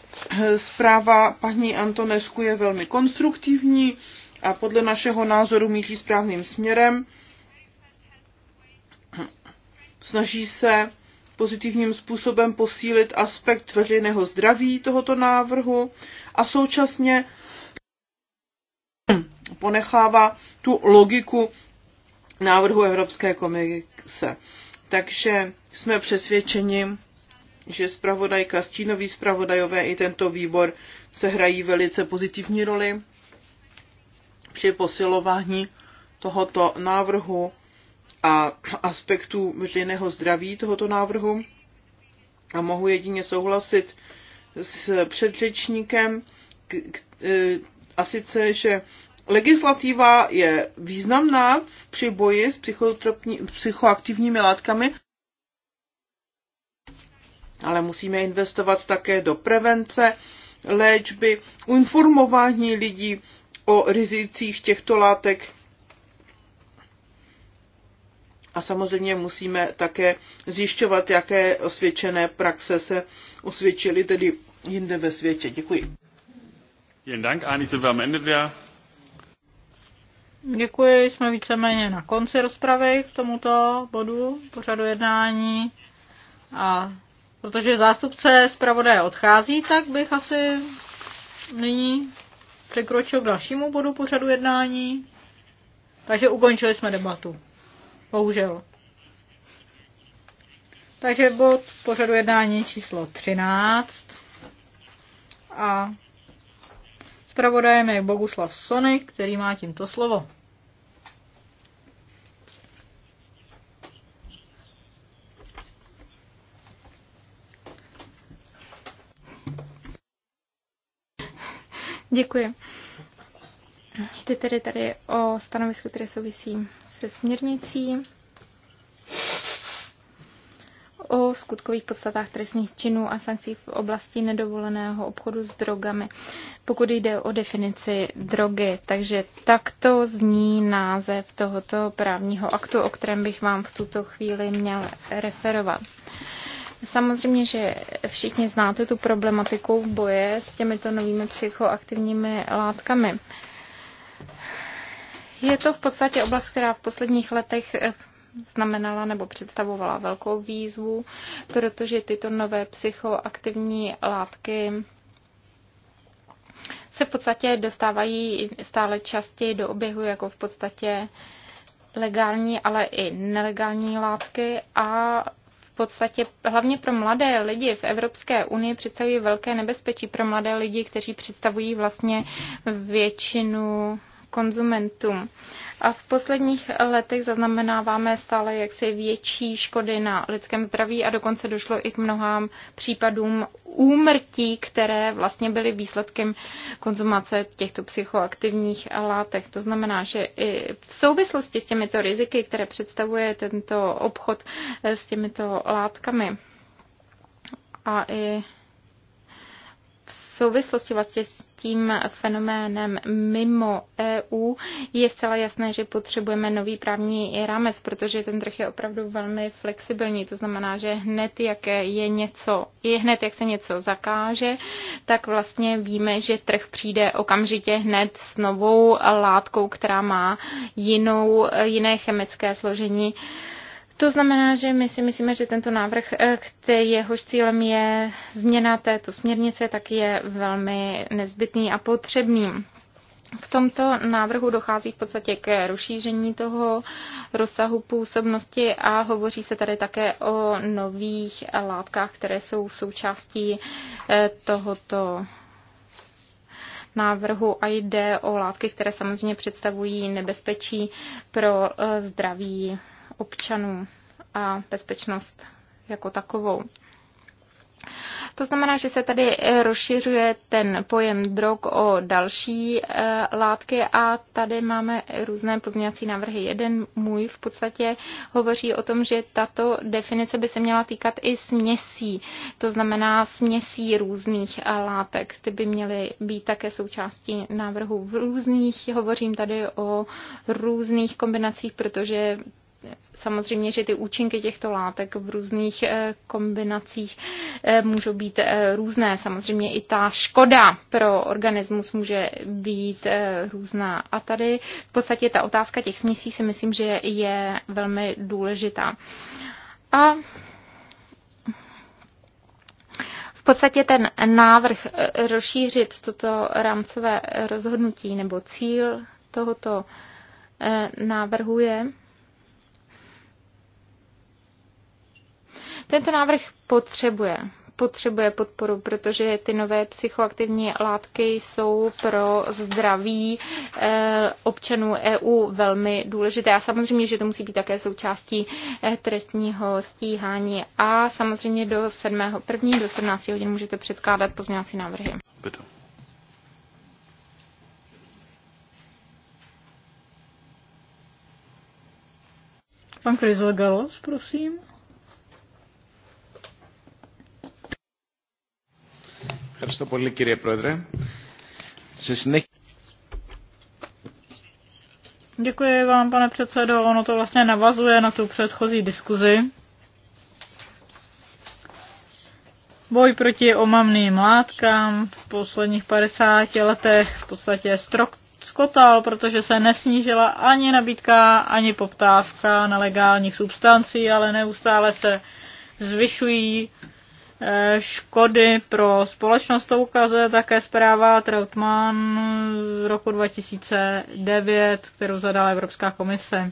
zpráva paní Antonesku je velmi konstruktivní, a podle našeho názoru míří správným směrem. Snaží se pozitivním způsobem posílit aspekt veřejného zdraví tohoto návrhu a současně ponechává tu logiku návrhu Evropské komise. Takže jsme přesvědčeni, že zpravodajka, stínový zpravodajové i tento výbor se hrají velice pozitivní roli při posilování tohoto návrhu a aspektů veřejného zdraví tohoto návrhu. A mohu jedině souhlasit s předřečníkem, e, a sice, že legislativa je významná v boji s psychoaktivními látkami, ale musíme investovat také do prevence, léčby, informování lidí o rizicích těchto látek. A samozřejmě musíme také zjišťovat, jaké osvědčené praxe se osvědčily tedy jinde ve světě. Děkuji. Děkuji, jsme víceméně na konci rozpravy k tomuto bodu pořadu jednání. A protože zástupce zpravodaje odchází, tak bych asi nyní překročil k dalšímu bodu pořadu jednání, takže ukončili jsme debatu. Bohužel. Takže bod pořadu jednání číslo 13. A zpravodajem je Boguslav Sony, který má tímto slovo. Děkuji. Ty tedy tady o stanovisku, které souvisí se směrnicí o skutkových podstatách trestních činů a sankcí v oblasti nedovoleného obchodu s drogami, pokud jde o definici drogy. Takže takto zní název tohoto právního aktu, o kterém bych vám v tuto chvíli měl referovat. Samozřejmě, že všichni znáte tu problematiku v boje s těmito novými psychoaktivními látkami. Je to v podstatě oblast, která v posledních letech eh, znamenala nebo představovala velkou výzvu, protože tyto nové psychoaktivní látky se v podstatě dostávají stále častěji do oběhu jako v podstatě legální, ale i nelegální látky a v podstatě hlavně pro mladé lidi v Evropské unii představují velké nebezpečí pro mladé lidi, kteří představují vlastně většinu konzumentům. A v posledních letech zaznamenáváme stále jaksi větší škody na lidském zdraví a dokonce došlo i k mnoha případům úmrtí, které vlastně byly výsledkem konzumace těchto psychoaktivních látek. To znamená, že i v souvislosti s těmito riziky, které představuje tento obchod s těmito látkami a i v souvislosti vlastně s tím fenoménem mimo EU je zcela jasné, že potřebujeme nový právní rámec, protože ten trh je opravdu velmi flexibilní. To znamená, že hned, jak je něco, je hned, jak se něco zakáže, tak vlastně víme, že trh přijde okamžitě hned s novou látkou, která má jinou, jiné chemické složení to znamená, že my si myslíme, že tento návrh, eh, který jehož cílem je změna této směrnice, tak je velmi nezbytný a potřebný. V tomto návrhu dochází v podstatě k rozšíření toho rozsahu působnosti a hovoří se tady také o nových látkách, které jsou součástí eh, tohoto návrhu a jde o látky, které samozřejmě představují nebezpečí pro eh, zdraví občanů a bezpečnost jako takovou. To znamená, že se tady eh, rozšiřuje ten pojem drog o další eh, látky a tady máme různé pozměňovací návrhy. Jeden můj v podstatě hovoří o tom, že tato definice by se měla týkat i směsí, to znamená směsí různých eh, látek. Ty by měly být také součástí návrhu v různých, hovořím tady o různých kombinacích, protože samozřejmě, že ty účinky těchto látek v různých eh, kombinacích eh, můžou být eh, různé. Samozřejmě i ta škoda pro organismus může být různá. A tady v podstatě ta otázka těch směsí si myslím, že je velmi důležitá. A v podstatě ten návrh rozšířit toto rámcové rozhodnutí nebo cíl tohoto návrhu je, Tento návrh potřebuje potřebuje podporu, protože ty nové psychoaktivní látky jsou pro zdraví eh, občanů EU velmi důležité. A samozřejmě, že to musí být také součástí eh, trestního stíhání. A samozřejmě do 7.1. do 17 hodin můžete předkládat pozměňovací návrhy. Pan Krizel Galos, prosím. Ευχαριστώ πολύ κύριε Πρόεδρε. συνέχεια... Děkuji vám, pane předsedo. Ono to vlastně navazuje na tu předchozí diskuzi. Boj proti omamným látkám v posledních 50 letech v podstatě strok skotal, protože se nesnížila ani nabídka, ani poptávka legálních substancí, ale neustále se zvyšují Eh, škody pro společnost to ukazuje také zpráva Trautmann z roku 2009, kterou zadala Evropská komise.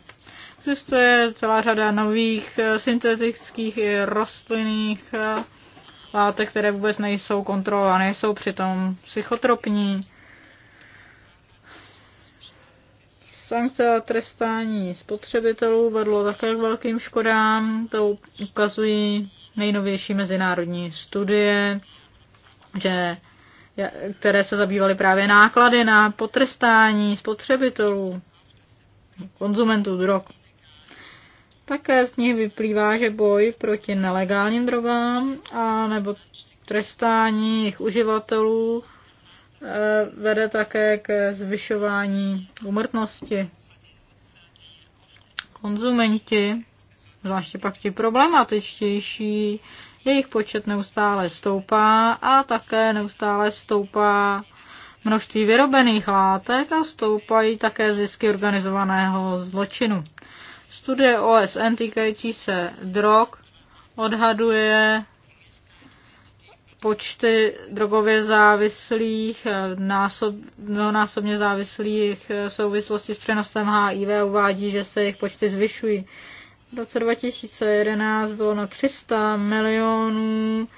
Existuje celá řada nových eh, syntetických i rostlinných eh, látek, které vůbec nejsou kontrolovány, jsou přitom psychotropní. Sankce a trestání spotřebitelů vedlo také k velkým škodám, to ukazují nejnovější mezinárodní studie, že, které se zabývaly právě náklady na potrestání spotřebitelů, konzumentů drog. Také z nich vyplývá, že boj proti nelegálním drogám a nebo trestání jejich uživatelů Eh, vede také k zvyšování umrtnosti. Konzumenti, zvláště pak ti problematičtější, jejich počet neustále stoupá a také neustále stoupá množství vyrobených látek a stoupají také zisky organizovaného zločinu. Studie OSN týkající se drog odhaduje počty drogově závislých, eh, násob, mnohonásobně závislých eh, v souvislosti s přenosem HIV uvádí, že se jejich počty zvyšují. V roce 2011 bylo na 300 milionů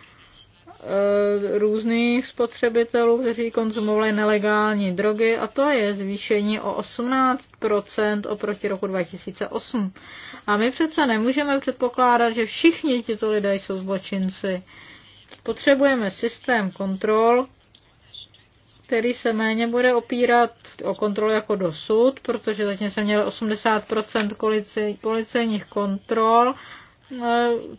e, různých spotřebitelů, kteří konzumovali nelegální drogy a to je zvýšení o 18% oproti roku 2008. A my přece nemůžeme předpokládat, že všichni tito lidé jsou zločinci. Potřebujeme systém kontrol, který se méně bude opírat o kontrolu jako dosud, protože zatím jsem měl 80% policejních kontrol, e,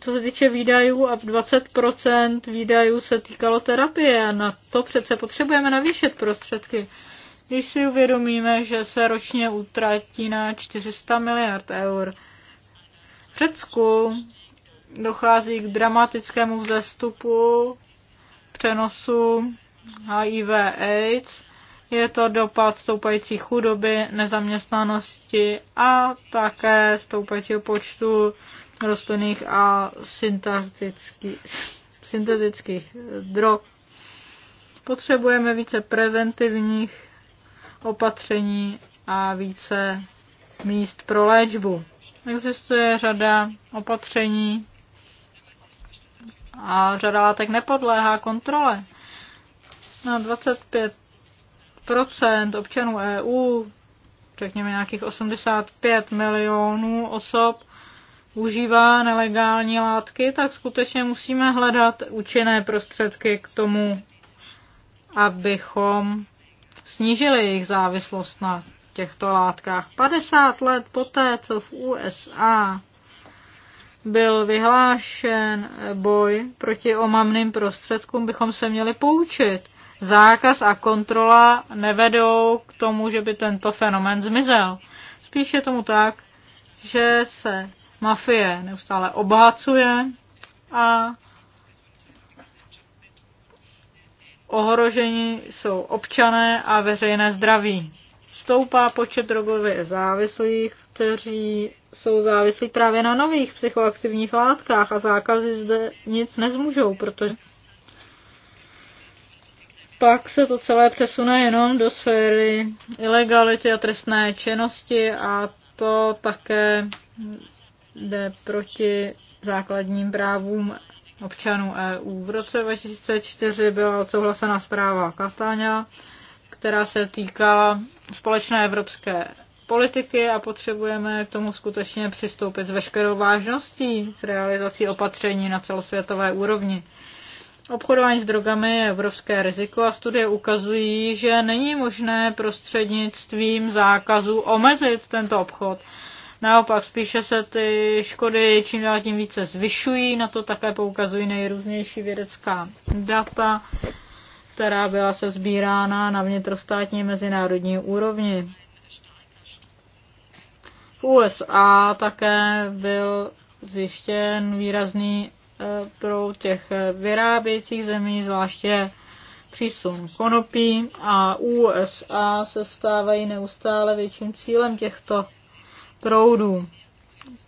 co se týče výdajů a 20% výdajů se týkalo terapie a na to přece potřebujeme navýšit prostředky. Když si uvědomíme, že se ročně utratí na 400 miliard eur. V Řecku dochází k dramatickému vzestupu přenosu HIV AIDS. Je to dopad stoupající chudoby, nezaměstnanosti a také stoupajícího počtu rostlinných a syntetických drog. Potřebujeme více preventivních opatření a více míst pro léčbu. Existuje řada opatření, a řada látek nepodléhá kontrole. Na 25 občanů EU, řekněme nějakých 85 milionů osob, užívá nelegální látky, tak skutečně musíme hledat účinné prostředky k tomu, abychom snížili jejich závislost na těchto látkách. 50 let poté, co v USA byl vyhlášen boj proti omamným prostředkům, bychom se měli poučit. Zákaz a kontrola nevedou k tomu, že by tento fenomen zmizel. Spíš je tomu tak, že se mafie neustále obohacuje a ohrožení jsou občané a veřejné zdraví stoupá počet drogově závislých, kteří jsou závislí právě na nových psychoaktivních látkách a zákazy zde nic nezmůžou, protože pak se to celé přesune jenom do sféry ilegality a trestné činnosti a to také jde proti základním právům občanů EU. V roce 2004 byla odsouhlasena zpráva Katáňa, která se týká společné evropské politiky a potřebujeme k tomu skutečně přistoupit s veškerou vážností s realizací opatření na celosvětové úrovni. Obchodování s drogami je obrovské riziko a studie ukazují, že není možné prostřednictvím zákazu omezit tento obchod. Naopak spíše se ty škody čím dál tím více zvyšují, na to také poukazují nejrůznější vědecká data která byla se sbírána na vnitrostátní mezinárodní úrovni. V USA také byl zjištěn výrazný eh, pro těch vyrábějících zemí, zvláště přísun konopí a USA se stávají neustále větším cílem těchto proudů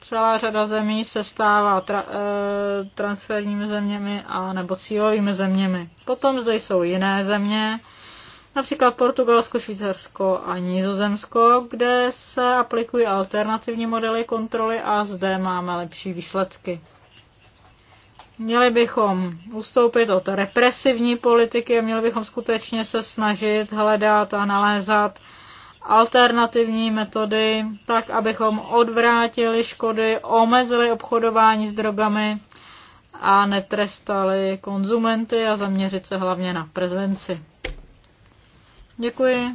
celá řada zemí se stává tra- eh, transferními zeměmi a nebo cílovými zeměmi. Potom zde jsou jiné země, například Portugalsko, Švýcarsko a Nizozemsko, kde se aplikují alternativní modely kontroly a zde máme lepší výsledky. Měli bychom ustoupit od represivní politiky a měli bychom skutečně se snažit hledat a nalézat alternativní metody, tak abychom odvrátili škody, omezili obchodování s drogami a netrestali konzumenty a zaměřit se hlavně na prezenci. Děkuji.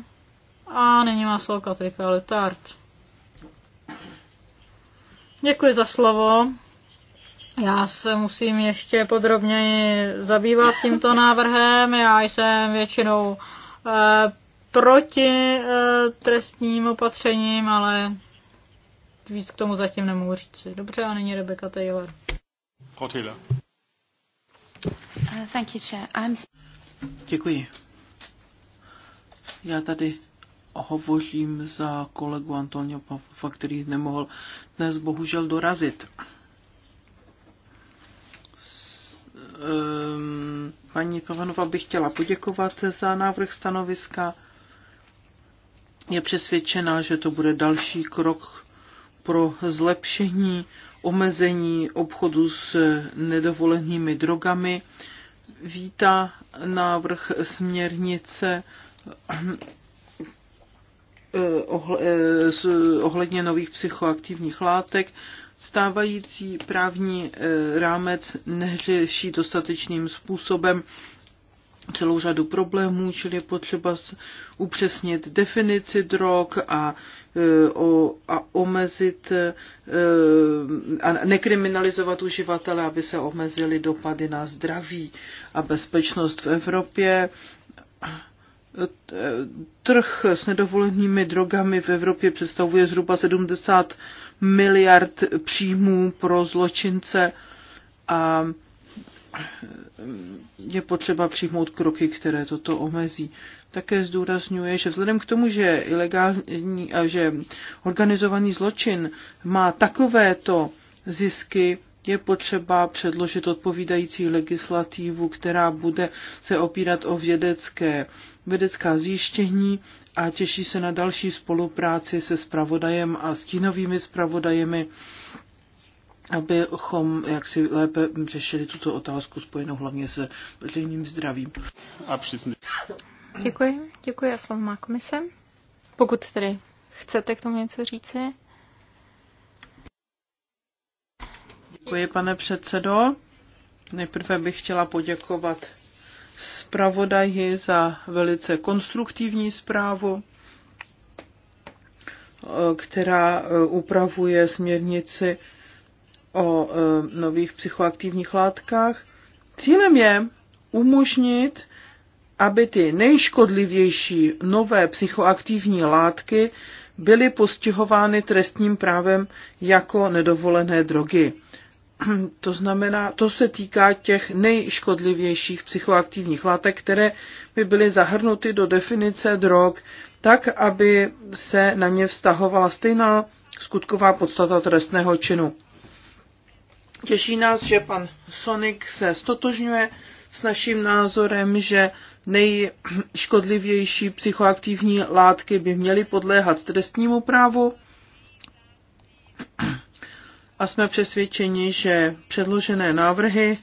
A nyní má slovo Katrika Letard. Děkuji za slovo. Já se musím ještě podrobněji zabývat tímto návrhem. Já jsem většinou eh, proti eh, trestním opatřením, ale víc k tomu zatím nemohu říct. Dobře, a nyní Rebecca Taylor. Frau Taylor. Uh, thank you, Chair. I'm... Děkuji. Já tady hovořím za kolegu Antonio Pavlova, který nemohl dnes bohužel dorazit. Ehm, paní Pavanova bych chtěla poděkovat za návrh stanoviska je přesvědčena, že to bude další krok pro zlepšení omezení obchodu s nedovolenými drogami. Vítá návrh směrnice eh, eh, ohledně nových psychoaktivních látek. Stávající právní eh, rámec neřeší dostatečným způsobem celou řadu problémů, čili je potřeba upřesnit definici drog a, e, o, a omezit e, a nekriminalizovat uživatele, aby se omezily dopady na zdraví a bezpečnost v Evropě. Trh s nedovolenými drogami v Evropě představuje zhruba 70 miliard příjmů pro zločince a je potřeba přijmout kroky, které toto omezí. Také zdůrazňuje, že vzhledem k tomu, že ilegální a že organizovaný zločin má takovéto zisky, je potřeba předložit odpovídající legislativu, která bude se opírat o vědecké, vědecká zjištění a těší se na další spolupráci se spravodajem a stínovými spravodajemi abychom jaksi lépe řešili tuto otázku spojenou hlavně s veřejným zdravím. A přesně. Děkuji, děkuji a slovo má komise. Pokud tedy chcete k tomu něco říci. Děkuji, pane předsedo. Nejprve bych chtěla poděkovat zpravodaji za velice konstruktivní zprávu, eh, která eh, upravuje směrnici o e, nových psychoaktivních látkách. Cílem je umožnit, aby ty nejškodlivější nové psychoaktivní látky byly postihovány trestním právem jako nedovolené drogy. To znamená, to se týká těch nejškodlivějších psychoaktivních látek, které by byly zahrnuty do definice drog, tak, aby se na ně vztahovala stejná skutková podstata trestného činu. Těší nás, že pan Sonik se stotožňuje s naším názorem, že nejškodlivější psychoaktivní látky by měly podléhat trestnímu právu. A jsme přesvědčeni, že předložené návrhy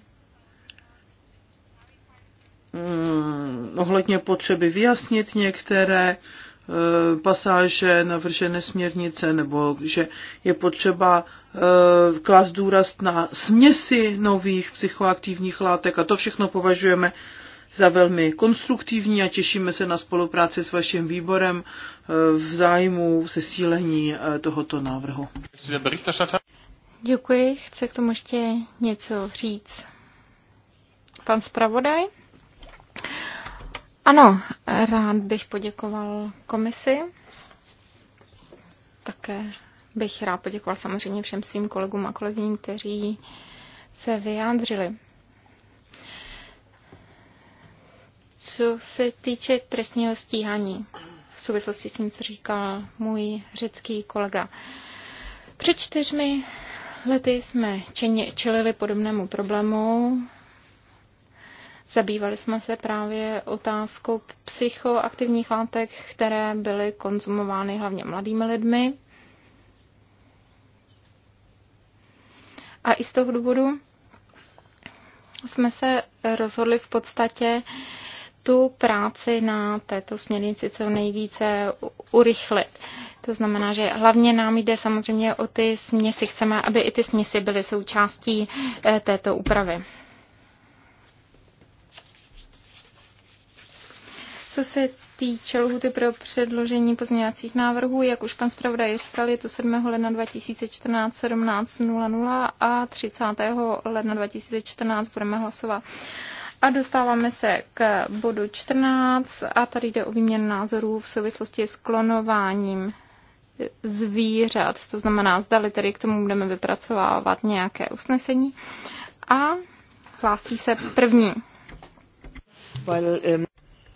mm, ohledně potřeby vyjasnit některé Eh, pasáže navržené směrnice, nebo že je potřeba eh, klást důraz na směsi nových psychoaktivních látek a to všechno považujeme za velmi konstruktivní a těšíme se na spolupráci s vaším výborem eh, v zájmu zesílení tohoto návrhu. Děkuji. Chce k tomu ještě něco říct? Pan zpravodaj? Ano, rád bych poděkoval komisi. Také bych rád poděkoval samozřejmě všem svým kolegům a kolegyním, kteří se vyjádřili. Co se týče trestního stíhání, v souvislosti s tím, co říkal můj řecký kolega. Před čtyřmi lety jsme čelili podobnému problému Zabývali jsme se právě otázkou psychoaktivních látek, které byly konzumovány hlavně mladými lidmi. A i z toho důvodu jsme se rozhodli v podstatě tu práci na této směrnici co nejvíce urychlit. To znamená, že hlavně nám jde samozřejmě o ty směsi. Chceme, aby i ty směsi byly součástí eh, této úpravy. Co se týče lhuty pro předložení pozměňovacích návrhů, jak už pan zpravodaj říkal, je to 7. ledna 2014 17.00 a 30. ledna 2014 budeme hlasovat. A dostáváme se k bodu 14 a tady jde o výměnu názorů v souvislosti s klonováním zvířat. To znamená, zdali tedy k tomu budeme vypracovávat nějaké usnesení. A hlásí se první. Well, um...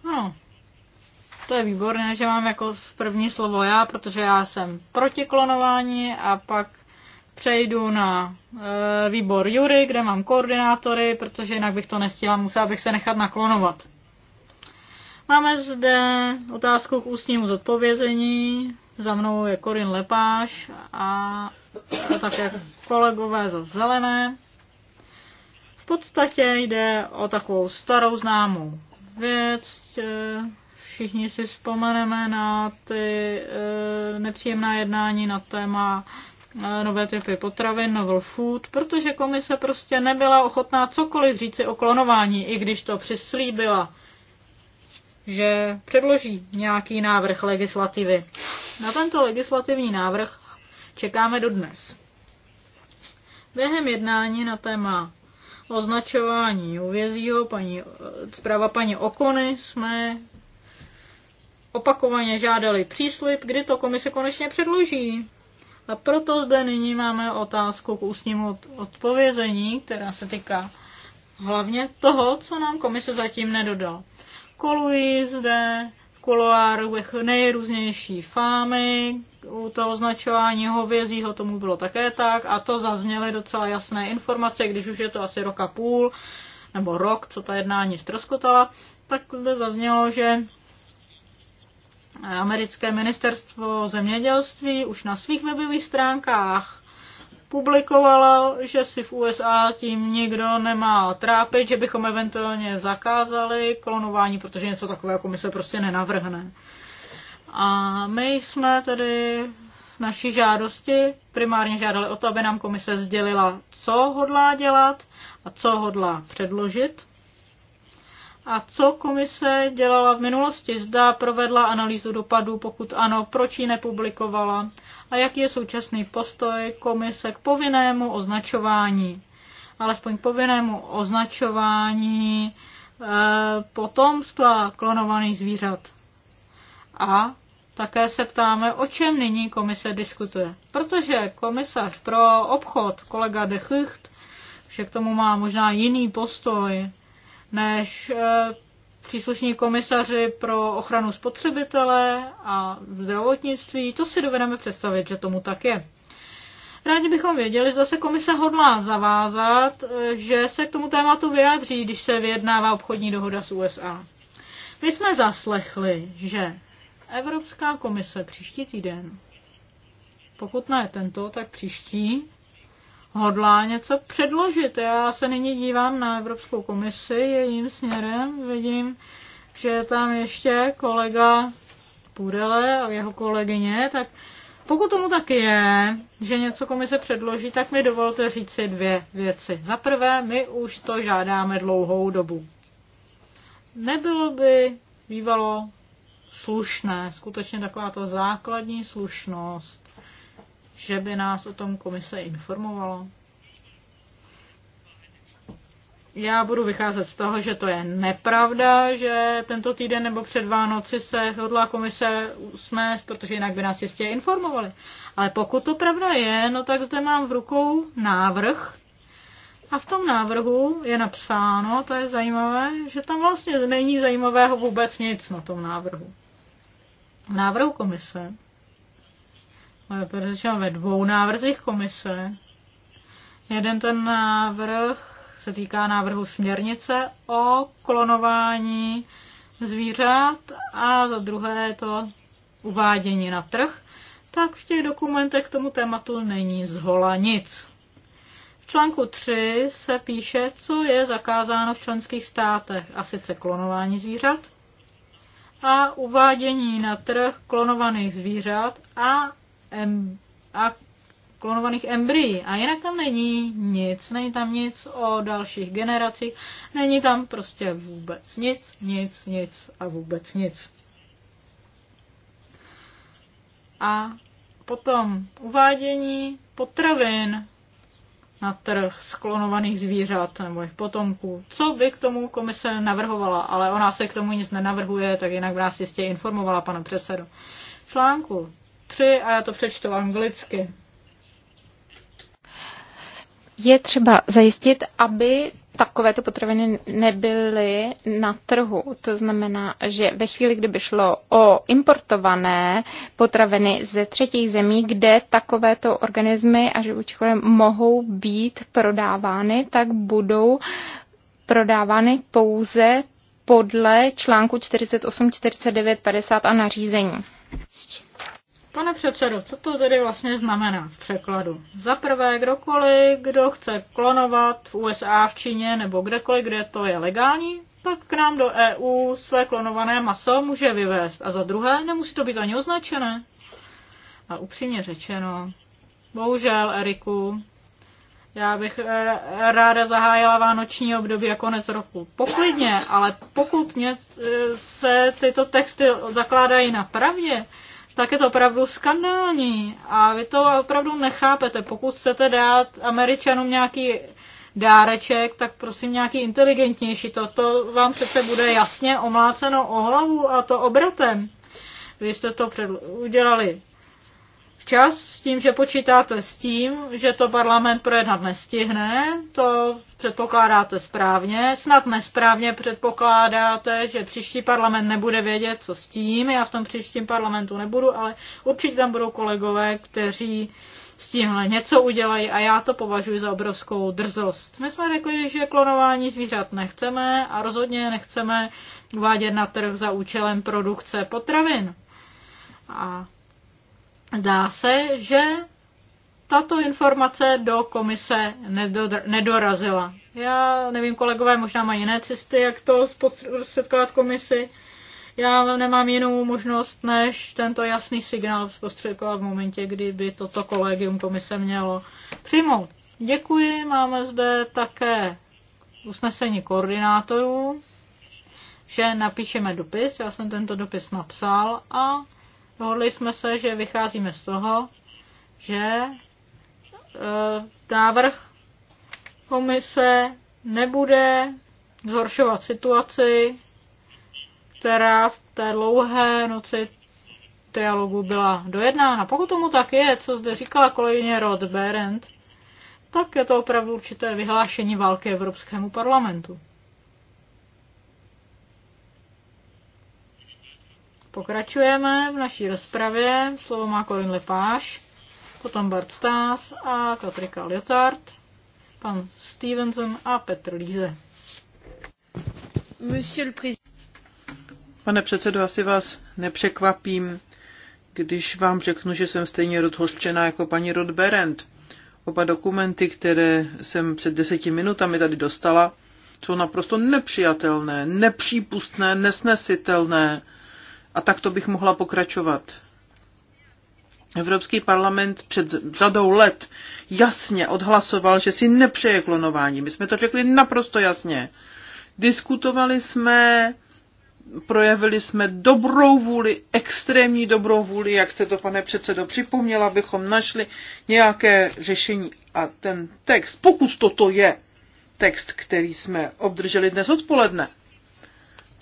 No, to je výborné, že mám jako první slovo já, protože já jsem proti klonování a pak přejdu na e, výbor Jury, kde mám koordinátory, protože jinak bych to nestihla, musela bych se nechat naklonovat. Máme zde otázku k ústnímu zodpovězení. Za mnou je Korin Lepáš a, a také kolegové za zelené. V podstatě jde o takovou starou známou věc. E, Všichni si vzpomeneme na ty e, nepříjemná jednání na téma e, nové typy potravin, novel food, protože komise prostě nebyla ochotná cokoliv říci o klonování, i když to přislíbila, že předloží nějaký návrh legislativy. Na tento legislativní návrh čekáme do dnes. Během jednání na téma označování uvězího, paní, e, zpráva paní Okony, jsme opakovaně žádali příslip, kdy to komise konečně předloží. A proto zde nyní máme otázku k ústnímu odpovězení, která se týká hlavně toho, co nám komise zatím nedodal. Kolují zde v kuloáru nejrůznější fámy, u toho označování hovězího tomu bylo také tak a to zazněly docela jasné informace, když už je to asi roka půl, nebo rok, co ta jednání ztroskotala, tak zde zaznělo, že americké ministerstvo zemědělství už na svých webových stránkách publikovalo, že si v USA tím nikdo nemá trápit, že bychom eventuálně zakázali klonování, protože něco takového komise prostě nenavrhne. A my jsme tedy v naší žádosti primárně žádali o to, aby nám komise sdělila, co hodlá dělat a co hodlá předložit a co komise dělala v minulosti? Zda provedla analýzu dopadů, pokud ano, proč ji nepublikovala? A jaký je současný postoj komise k povinnému označování? Alespoň povinnému označování e, potomstva klonovaných zvířat. A také se ptáme, o čem nyní komise diskutuje. Protože komisař pro obchod, kolega de Chucht, že k tomu má možná jiný postoj, než eh, příslušní komisaři pro ochranu spotřebitele a zdravotnictví, to si dovedeme představit, že tomu tak je. Rádi bychom věděli, zda se komise hodlá zavázat, eh, že se k tomu tématu vyjádří, když se vyjednává obchodní dohoda s USA. My jsme zaslechli, že Evropská komise příští týden, pokud ne tento, tak příští, hodlá něco předložit. Já se nyní dívám na Evropskou komisi jejím směrem. Vidím, že je tam ještě kolega Pudele a jeho kolegyně, tak pokud tomu tak je, že něco komise předloží, tak mi dovolte říct si dvě věci. Za prvé, my už to žádáme dlouhou dobu. Nebylo by bývalo slušné, skutečně taková ta základní slušnost, že by nás o tom komise informovalo? Já budu vycházet z toho, že to je nepravda, že tento týden nebo před Vánoci se hodlá komise usnést, protože jinak by nás jistě informovali. Ale pokud to pravda je, no tak zde mám v rukou návrh. A v tom návrhu je napsáno, to je zajímavé, že tam vlastně není zajímavého vůbec nic na tom návrhu. V návrhu komise řečeno eh, ve dvou návrzích komise. Jeden ten návrh se týká návrhu směrnice o klonování zvířat a za druhé to uvádění na trh, tak v těch dokumentech k tomu tématu není zhola nic. V článku 3 se píše, co je zakázáno v členských státech, a sice klonování zvířat a uvádění na trh klonovaných zvířat a em, a klonovaných embryí. A jinak tam není nic, není tam nic o dalších generacích, není tam prostě vůbec nic, nic, nic a vůbec nic. A potom uvádění potravin na trh klonovaných zvířat nebo jejich potomků. Co by k tomu komise navrhovala? Ale ona se k tomu nic nenavrhuje, tak jinak by nás jistě informovala, pane předsedo. V článku 3 a já to přečtu anglicky. Je třeba zajistit, aby takovéto potraviny nebyly na trhu. To znamená, že ve chvíli, kdyby šlo o importované potraviny ze třetích zemí, kde takovéto organismy a živočichové mohou být prodávány, tak budou prodávány pouze podle článku 48, 49, 50 a nařízení. Pane předsedo, co to tedy vlastně znamená v překladu? Za prvé, kdokoliv, kdo chce klonovat v USA, v Číně nebo kdekoliv, kde to je legální, pak k nám do EU své klonované maso může vyvést. A za druhé, nemusí to být ani označené. A upřímně řečeno, bohužel, Eriku, já bych eh, ráda zahájila vánoční období a konec roku. Poklidně, ale pokud eh, se tyto texty zakládají na pravdě, tak je to opravdu skandální. A vy to opravdu nechápete. Pokud chcete dát Američanům nějaký dáreček, tak prosím nějaký inteligentnější. Toto vám přece bude jasně omláceno o hlavu a to obratem. Vy jste to udělali včas s tím, že počítáte s tím, že to parlament projednat nestihne, to předpokládáte správně, snad nesprávně předpokládáte, že příští parlament nebude vědět, co s tím, já v tom příštím parlamentu nebudu, ale určitě tam budou kolegové, kteří s tímhle něco udělají a já to považuji za obrovskou drzost. My jsme řekli, že klonování zvířat nechceme a rozhodně nechceme uvádět na trh za účelem produkce potravin. A Zdá se, že tato informace do komise nedorazila. Já nevím, kolegové možná mají jiné cesty, jak to zprostředkovat komisi. Já nemám jinou možnost, než tento jasný signál zprostředkovat v momentě, kdy by toto kolegium komise mělo přijmout. Děkuji, máme zde také usnesení koordinátorů, že napíšeme dopis, já jsem tento dopis napsal a Dohodli jsme se, že vycházíme z toho, že e, návrh komise nebude zhoršovat situaci, která v té dlouhé noci dialogu byla dojednána. Pokud tomu tak je, co zde říkala kolegyně Rod Berendt, tak je to opravdu určité vyhlášení války Evropskému parlamentu. Pokračujeme v naší rozpravě. Slovo má Colin Lepáš, potom Bart Stás a Katrika Lyotard, pan Stevenson a Petr Líze. Pane předsedo, asi vás nepřekvapím, když vám řeknu, že jsem stejně rozhořčená jako paní Berend. Oba dokumenty, které jsem před deseti minutami tady dostala, jsou naprosto nepřijatelné, nepřípustné, nesnesitelné. A tak to bych mohla pokračovat. Evropský parlament před řadou let jasně odhlasoval, že si nepřeje klonování. My jsme to řekli naprosto jasně. Diskutovali jsme, projevili jsme dobrou vůli, extrémní dobrou vůli, jak jste to, pane předsedo, připomněla, abychom našli nějaké řešení. A ten text, pokud toto je text, který jsme obdrželi dnes odpoledne,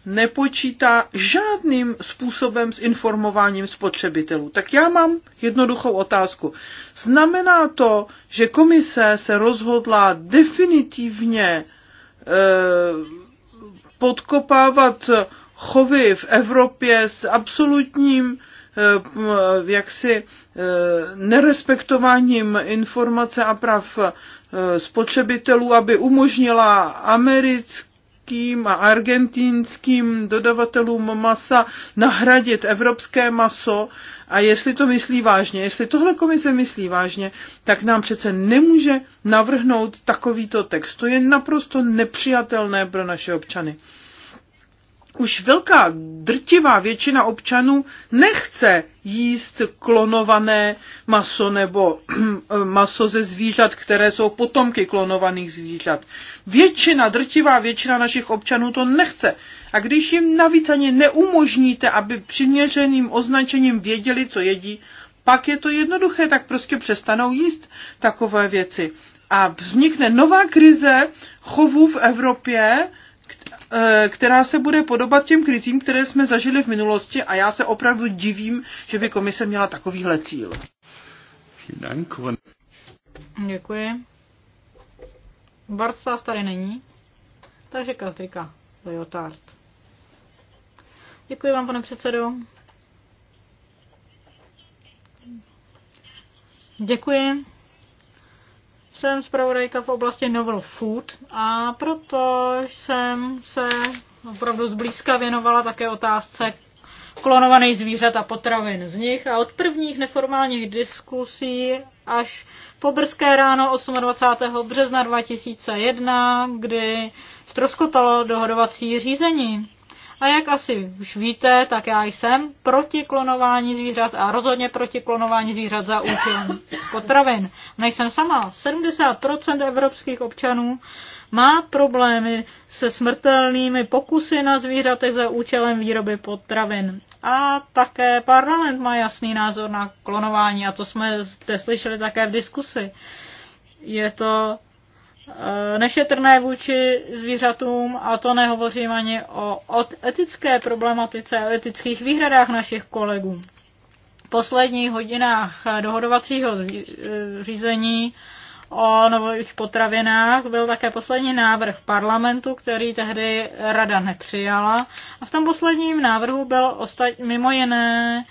nepočítá žádným způsobem s informováním spotřebitelů. Tak já mám jednoduchou otázku. Znamená to, že komise se rozhodla definitivně e, podkopávat chovy v Evropě s absolutním e, jaksi e, nerespektováním informace a prav e, spotřebitelů, aby umožnila americké mexickým a argentinským dodavatelům masa nahradit evropské maso a jestli to myslí vážně, jestli tohle komise myslí vážně, tak nám přece nemůže navrhnout takovýto text. To je naprosto nepřijatelné pro naše občany už velká drtivá většina občanů nechce jíst klonované maso nebo *clears throat* maso ze zvířat, které jsou potomky klonovaných zvířat. Většina, drtivá většina našich občanů to nechce. A když jim navíc ani neumožníte, aby přiměřeným označením věděli, co jedí, pak je to jednoduché, tak prostě přestanou jíst takové věci. A vznikne nová krize chovů v Evropě, Eh, která se bude podobat těm krizím, které jsme zažili v minulosti a já se opravdu divím, že by komise měla takovýhle cíl. Děkuji. Bart tady není, takže Katrika Leotard. Děkuji vám, pane předsedo. Děkuji jsem zpravodajka v oblasti novel food a proto jsem se opravdu zblízka věnovala také otázce klonovaných zvířat a potravin z nich a od prvních neformálních diskusí až po brzké ráno 28. března 2001, kdy ztroskotalo dohodovací řízení. A jak asi už víte, tak já jsem proti klonování zvířat a rozhodně proti klonování zvířat za účelem potravin. Nejsem sama. 70% evropských občanů má problémy se smrtelnými pokusy na zvířatech za účelem výroby potravin. A také parlament má jasný názor na klonování a to jsme zde slyšeli také v diskusi. Je to Eh, nešetrné vůči zvířatům a to nehovořím ani o, o etické problematice, o etických výhradách našich kolegů. V posledních hodinách dohodovacího eh, řízení o nových potravinách byl také poslední návrh parlamentu, který tehdy rada nepřijala. A v tom posledním návrhu byl ostat, mimo jiné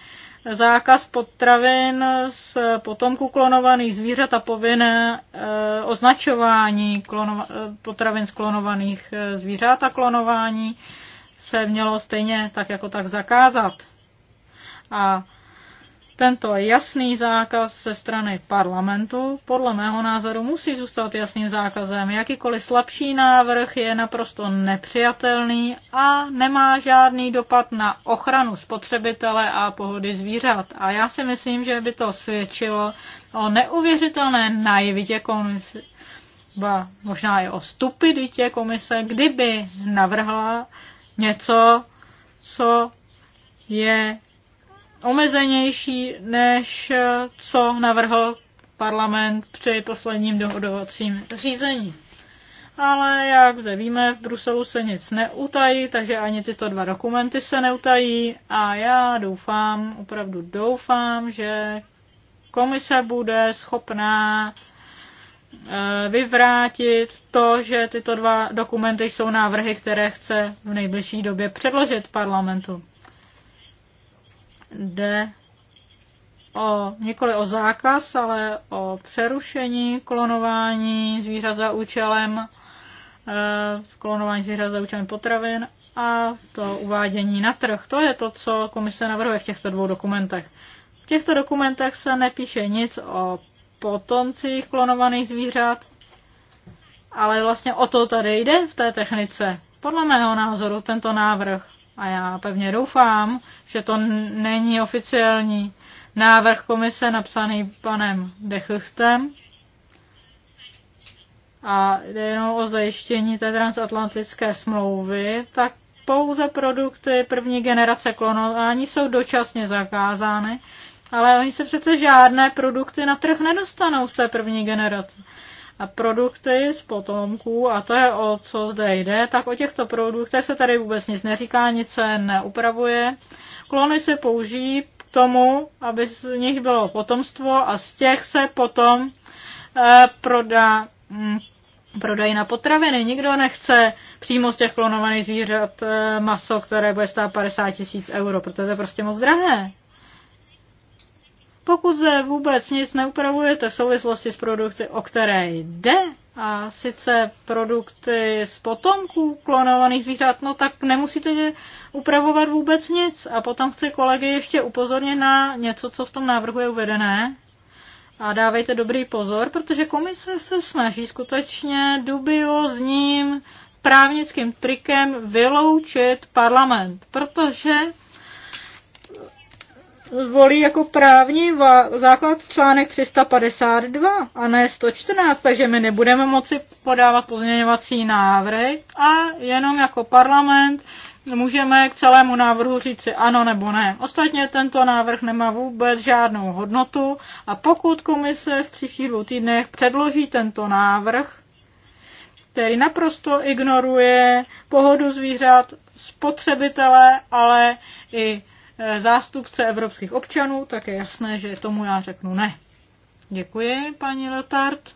zákaz potravin z potomků klonovaných zvířat a povinné eh, označování klonova, eh, potravin z klonovaných eh, zvířat a klonování se mělo stejně tak jako tak zakázat. A tento jasný zákaz ze strany parlamentu podle mého názoru musí zůstat jasným zákazem. Jakýkoliv slabší návrh je naprosto nepřijatelný a nemá žádný dopad na ochranu spotřebitele a pohody zvířat. A já si myslím, že by to svědčilo o neuvěřitelné naivitě komise, ba možná i o stupiditě komise, kdyby navrhla něco, co je omezenější, než eh, co navrhl parlament při posledním dohodovacím řízení. Ale jak zde víme, v Bruselu se nic neutají, takže ani tyto dva dokumenty se neutají a já doufám, opravdu doufám, že komise bude schopná eh, vyvrátit to, že tyto dva dokumenty jsou návrhy, které chce v nejbližší době předložit parlamentu jde o, nikoli o zákaz, ale o přerušení klonování zvířat za účelem eh, klonování zvířat za účelem potravin a to uvádění na trh. To je to, co komise navrhuje v těchto dvou dokumentech. V těchto dokumentech se nepíše nic o potomcích klonovaných zvířat, ale vlastně o to tady jde v té technice. Podle mého názoru tento návrh a já pevně doufám, že to není oficiální návrh komise napsaný panem Dechlchtem a jde jenom o zajištění té transatlantické smlouvy, tak pouze produkty první generace klonování jsou dočasně zakázány, ale oni se přece žádné produkty na trh nedostanou z té první generace. A produkty z potomků, a to je o co zde jde, tak o těchto produktech se tady vůbec nic neříká, nic se neupravuje. Klony se použijí k tomu, aby z nich bylo potomstvo a z těch se potom e, prodá, mm, prodají na potraviny. Nikdo nechce přímo z těch klonovaných zvířat e, maso, které bude stát 50 tisíc euro, protože to je prostě moc drahé. Pokud zde vůbec nic neupravujete v souvislosti s produkty, o které jde, a sice produkty z potomků klonovaných zvířat, no tak nemusíte upravovat vůbec nic. A potom chci kolegy ještě upozornit na něco, co v tom návrhu je uvedené. A dávejte dobrý pozor, protože komise se snaží skutečně dubiozním právnickým trikem vyloučit parlament, protože volí jako právní základ článek 352 a ne 114, takže my nebudeme moci podávat pozměňovací návrhy a jenom jako parlament můžeme k celému návrhu říci ano nebo ne. Ostatně tento návrh nemá vůbec žádnou hodnotu a pokud komise v příštích dvou týdnech předloží tento návrh, který naprosto ignoruje pohodu zvířat, spotřebitele, ale i zástupce evropských občanů, tak je jasné, že tomu já řeknu ne. Děkuji, paní Letard.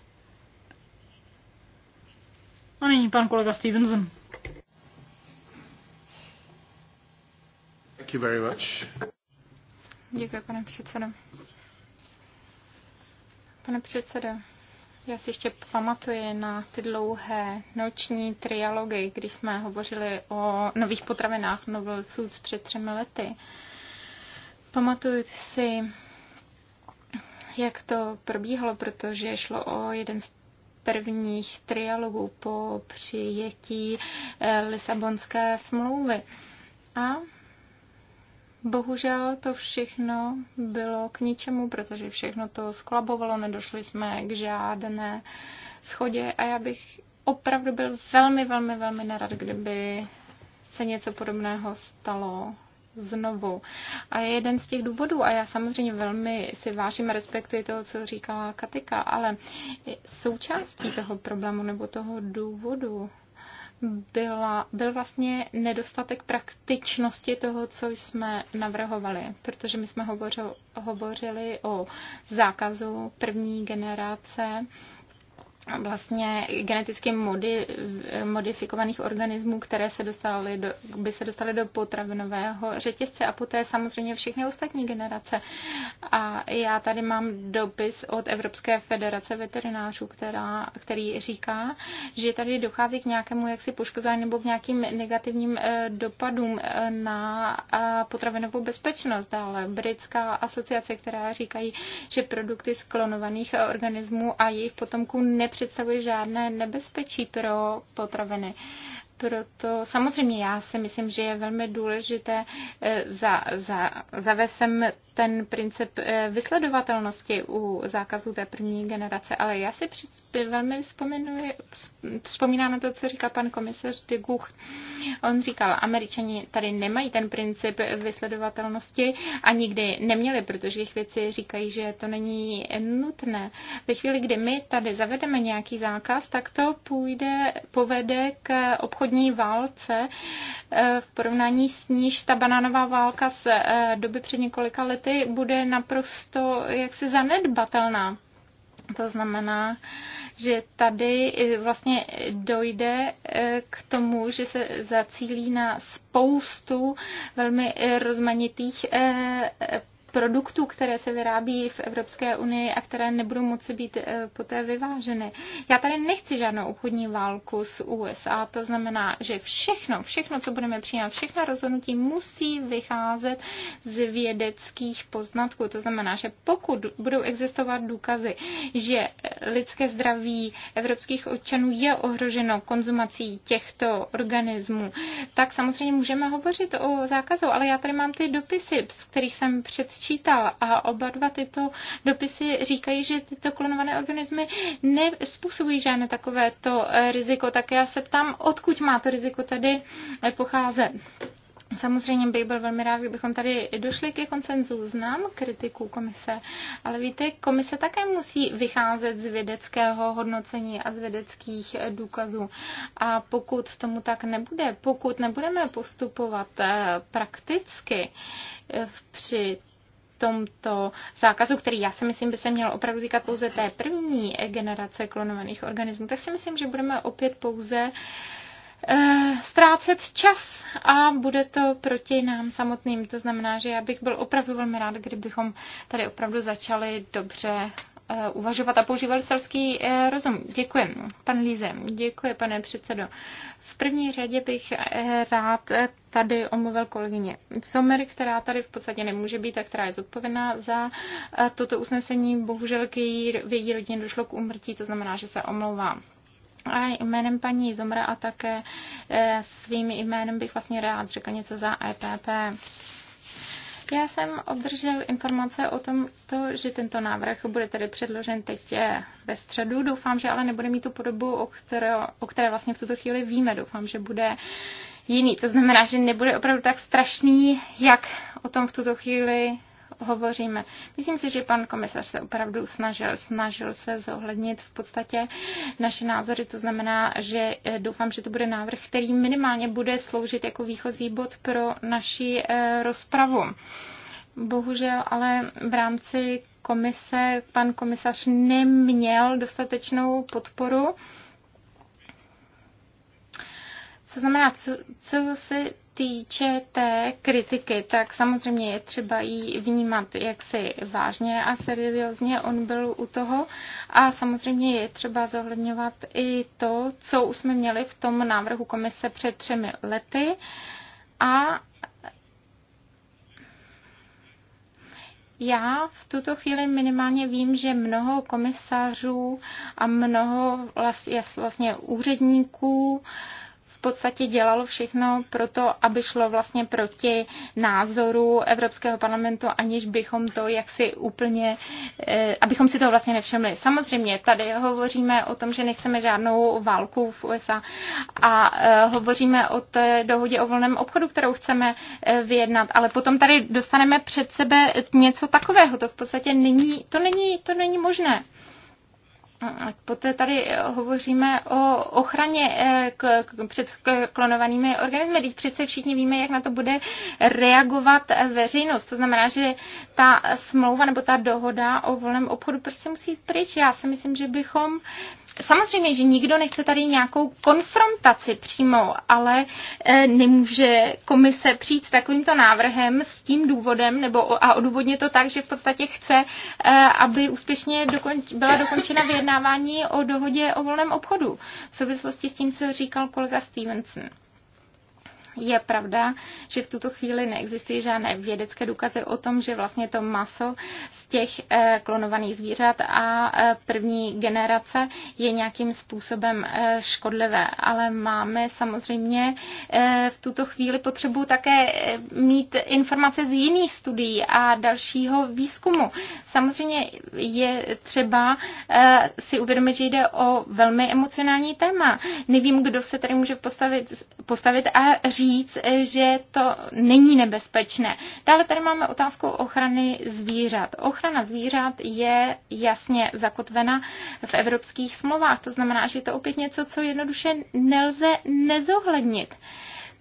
A nyní pan kolega Stevenson. Thank you very much. Děkuji, pane předsedo. Pane předsedo, já si ještě pamatuji na ty dlouhé noční trialogy, kdy jsme hovořili o nových potravinách, novel foods před třemi lety. Uh, Pamatuju si, jak to probíhalo, protože šlo o jeden z prvních trialogů po přijetí eh, Lisabonské smlouvy. A bohužel to všechno bylo k ničemu, protože všechno to sklabovalo, nedošli jsme k žádné schodě a já bych opravdu byl velmi, velmi, velmi nerad, kdyby se něco podobného stalo znovu. A je jeden z těch důvodů, a já samozřejmě velmi si vážím a respektuji toho, co říkala Katika, ale součástí toho problému nebo toho důvodu byla, byl vlastně nedostatek praktičnosti toho, co jsme navrhovali, protože my jsme hovořili o zákazu první generace vlastně geneticky modi, modifikovaných organismů, které se dostaly do, by se dostaly do potravinového řetězce a poté samozřejmě všechny ostatní generace. A já tady mám dopis od Evropské federace veterinářů, která, který říká, že tady dochází k nějakému jaksi poškození nebo k nějakým negativním eh, dopadům eh, na eh, potravinovou bezpečnost. Dále britská asociace, která říkají, že produkty z klonovaných organismů a jejich potomků nepřijde nepředstavuje žádné nebezpečí pro potraviny. Proto samozřejmě já si myslím, že je velmi důležité eh, za, za, zavesem ten princip eh, vysledovatelnosti u zákazů té první generace, ale já si při, velmi vzpomínám na to, co říká pan komisař Diguch. On říkal, američani tady nemají ten princip vysledovatelnosti a nikdy neměli, protože jejich věci říkají, že to není nutné. Ve chvíli, kdy my tady zavedeme nějaký zákaz, tak to půjde, povede k obchodní válce Eh, v porovnání s níž ta banánová válka z eh, doby před několika lety bude naprosto jaksi zanedbatelná. To znamená, že tady eh, vlastně dojde k tomu, že se zacílí na spoustu velmi rozmanitých produktů, které se vyrábí v Evropské unii a které nebudou moci být eh, poté vyváženy. Já tady nechci žádnou obchodní válku s USA, to znamená, že všechno, všechno, co budeme přijímat, všechna rozhodnutí musí vycházet z vědeckých poznatků. To znamená, že pokud budou existovat důkazy, že lidské zdraví evropských občanů je ohroženo konzumací těchto organismů, tak samozřejmě můžeme hovořit o zákazu, ale já tady mám ty dopisy, z kterých jsem předtím sčítal. A oba dva tyto dopisy říkají, že tyto klonované organismy nespůsobují žádné takovéto riziko. Tak já se ptám, odkud má to riziko tady pocházet. Samozřejmě bych byl velmi rád, kdybychom tady došli ke koncenzu. Znám kritiku komise, ale víte, komise také musí vycházet z vědeckého hodnocení a z vědeckých důkazů. A pokud tomu tak nebude, pokud nebudeme postupovat eh, prakticky eh, při tomto zákazu, který já si myslím by se měl opravdu týkat pouze té první generace klonovaných organismů, tak si myslím, že budeme opět pouze eh, ztrácet čas a bude to proti nám samotným. To znamená, že já bych byl opravdu velmi rád, kdybychom tady opravdu začali dobře Eh, uvažovat a používat selský eh, rozum. Děkuji, pan Líze. Děkuji, pane předsedo. V první řadě bych eh, rád tady omluvil kolegyně Somer, která tady v podstatě nemůže být a která je zodpovědná za toto usnesení. Bohužel k její, v její rodině došlo k úmrtí, to znamená, že se omlouvám. A jménem paní Zomra a také svým jménem bych vlastně rád řekl něco za EPP. Já jsem obdržel informace o tom, to, že tento návrh bude tedy předložen teď eh, ve středu. Doufám, že ale nebude mít tu podobu, o které, o které vlastně v tuto chvíli víme. Doufám, že bude jiný. To znamená, že nebude opravdu tak strašný, jak o tom v tuto chvíli hovoříme. Myslím si, že pan komisař se opravdu snažil, snažil se zohlednit v podstatě naše názory, to znamená, že eh, doufám, že to bude návrh, který minimálně bude sloužit jako výchozí bod pro naši eh, rozpravu. Bohužel ale v rámci komise pan komisař neměl dostatečnou podporu. Co znamená, co, co se týče té kritiky, tak samozřejmě je třeba jí vnímat jaksi vážně a seriózně. On byl u toho a samozřejmě je třeba zohledňovat i to, co už jsme měli v tom návrhu komise před třemi lety a Já v tuto chvíli minimálně vím, že mnoho komisařů a mnoho vlastně úředníků podstatě dělalo všechno pro to, aby šlo vlastně proti názoru Evropského parlamentu, aniž bychom to jaksi úplně, eh, abychom si to vlastně nevšimli. Samozřejmě tady hovoříme o tom, že nechceme žádnou válku v USA a eh, hovoříme o té dohodě o volném obchodu, kterou chceme eh, vyjednat, ale potom tady dostaneme před sebe něco takového. To v podstatě není, to není, to není možné. Poté tady eh, hovoříme o ochraně eh, k, k, před klonovanými organismy. Teď přece všichni víme, jak na to bude reagovat eh, veřejnost. To znamená, že ta smlouva nebo ta dohoda o volném obchodu prostě musí jít pryč. Já si myslím, že bychom Samozřejmě, že nikdo nechce tady nějakou konfrontaci přímo, ale eh, nemůže komise přijít s takovýmto návrhem s tím důvodem, nebo a odůvodně to tak, že v podstatě chce, eh, aby úspěšně dokonč, byla dokončena vyjednávání o dohodě o volném obchodu v souvislosti s tím, co říkal kolega Stevenson. Je pravda, že v tuto chvíli neexistují žádné vědecké důkazy o tom, že vlastně to maso z těch eh, klonovaných zvířat a eh, první generace je nějakým způsobem eh, škodlivé. Ale máme samozřejmě v tuto chvíli potřebu také mít informace z jiných studií a dalšího výzkumu. Samozřejmě je třeba si uvědomit, že jde o velmi emocionální téma. Nevím, kdo se tady může postavit, postavit a říct, říct, že to není nebezpečné. Dále tady máme otázku ochrany zvířat. Ochrana zvířat je jasně zakotvena v evropských smlouvách. To znamená, že je to opět něco, co jednoduše nelze nezohlednit.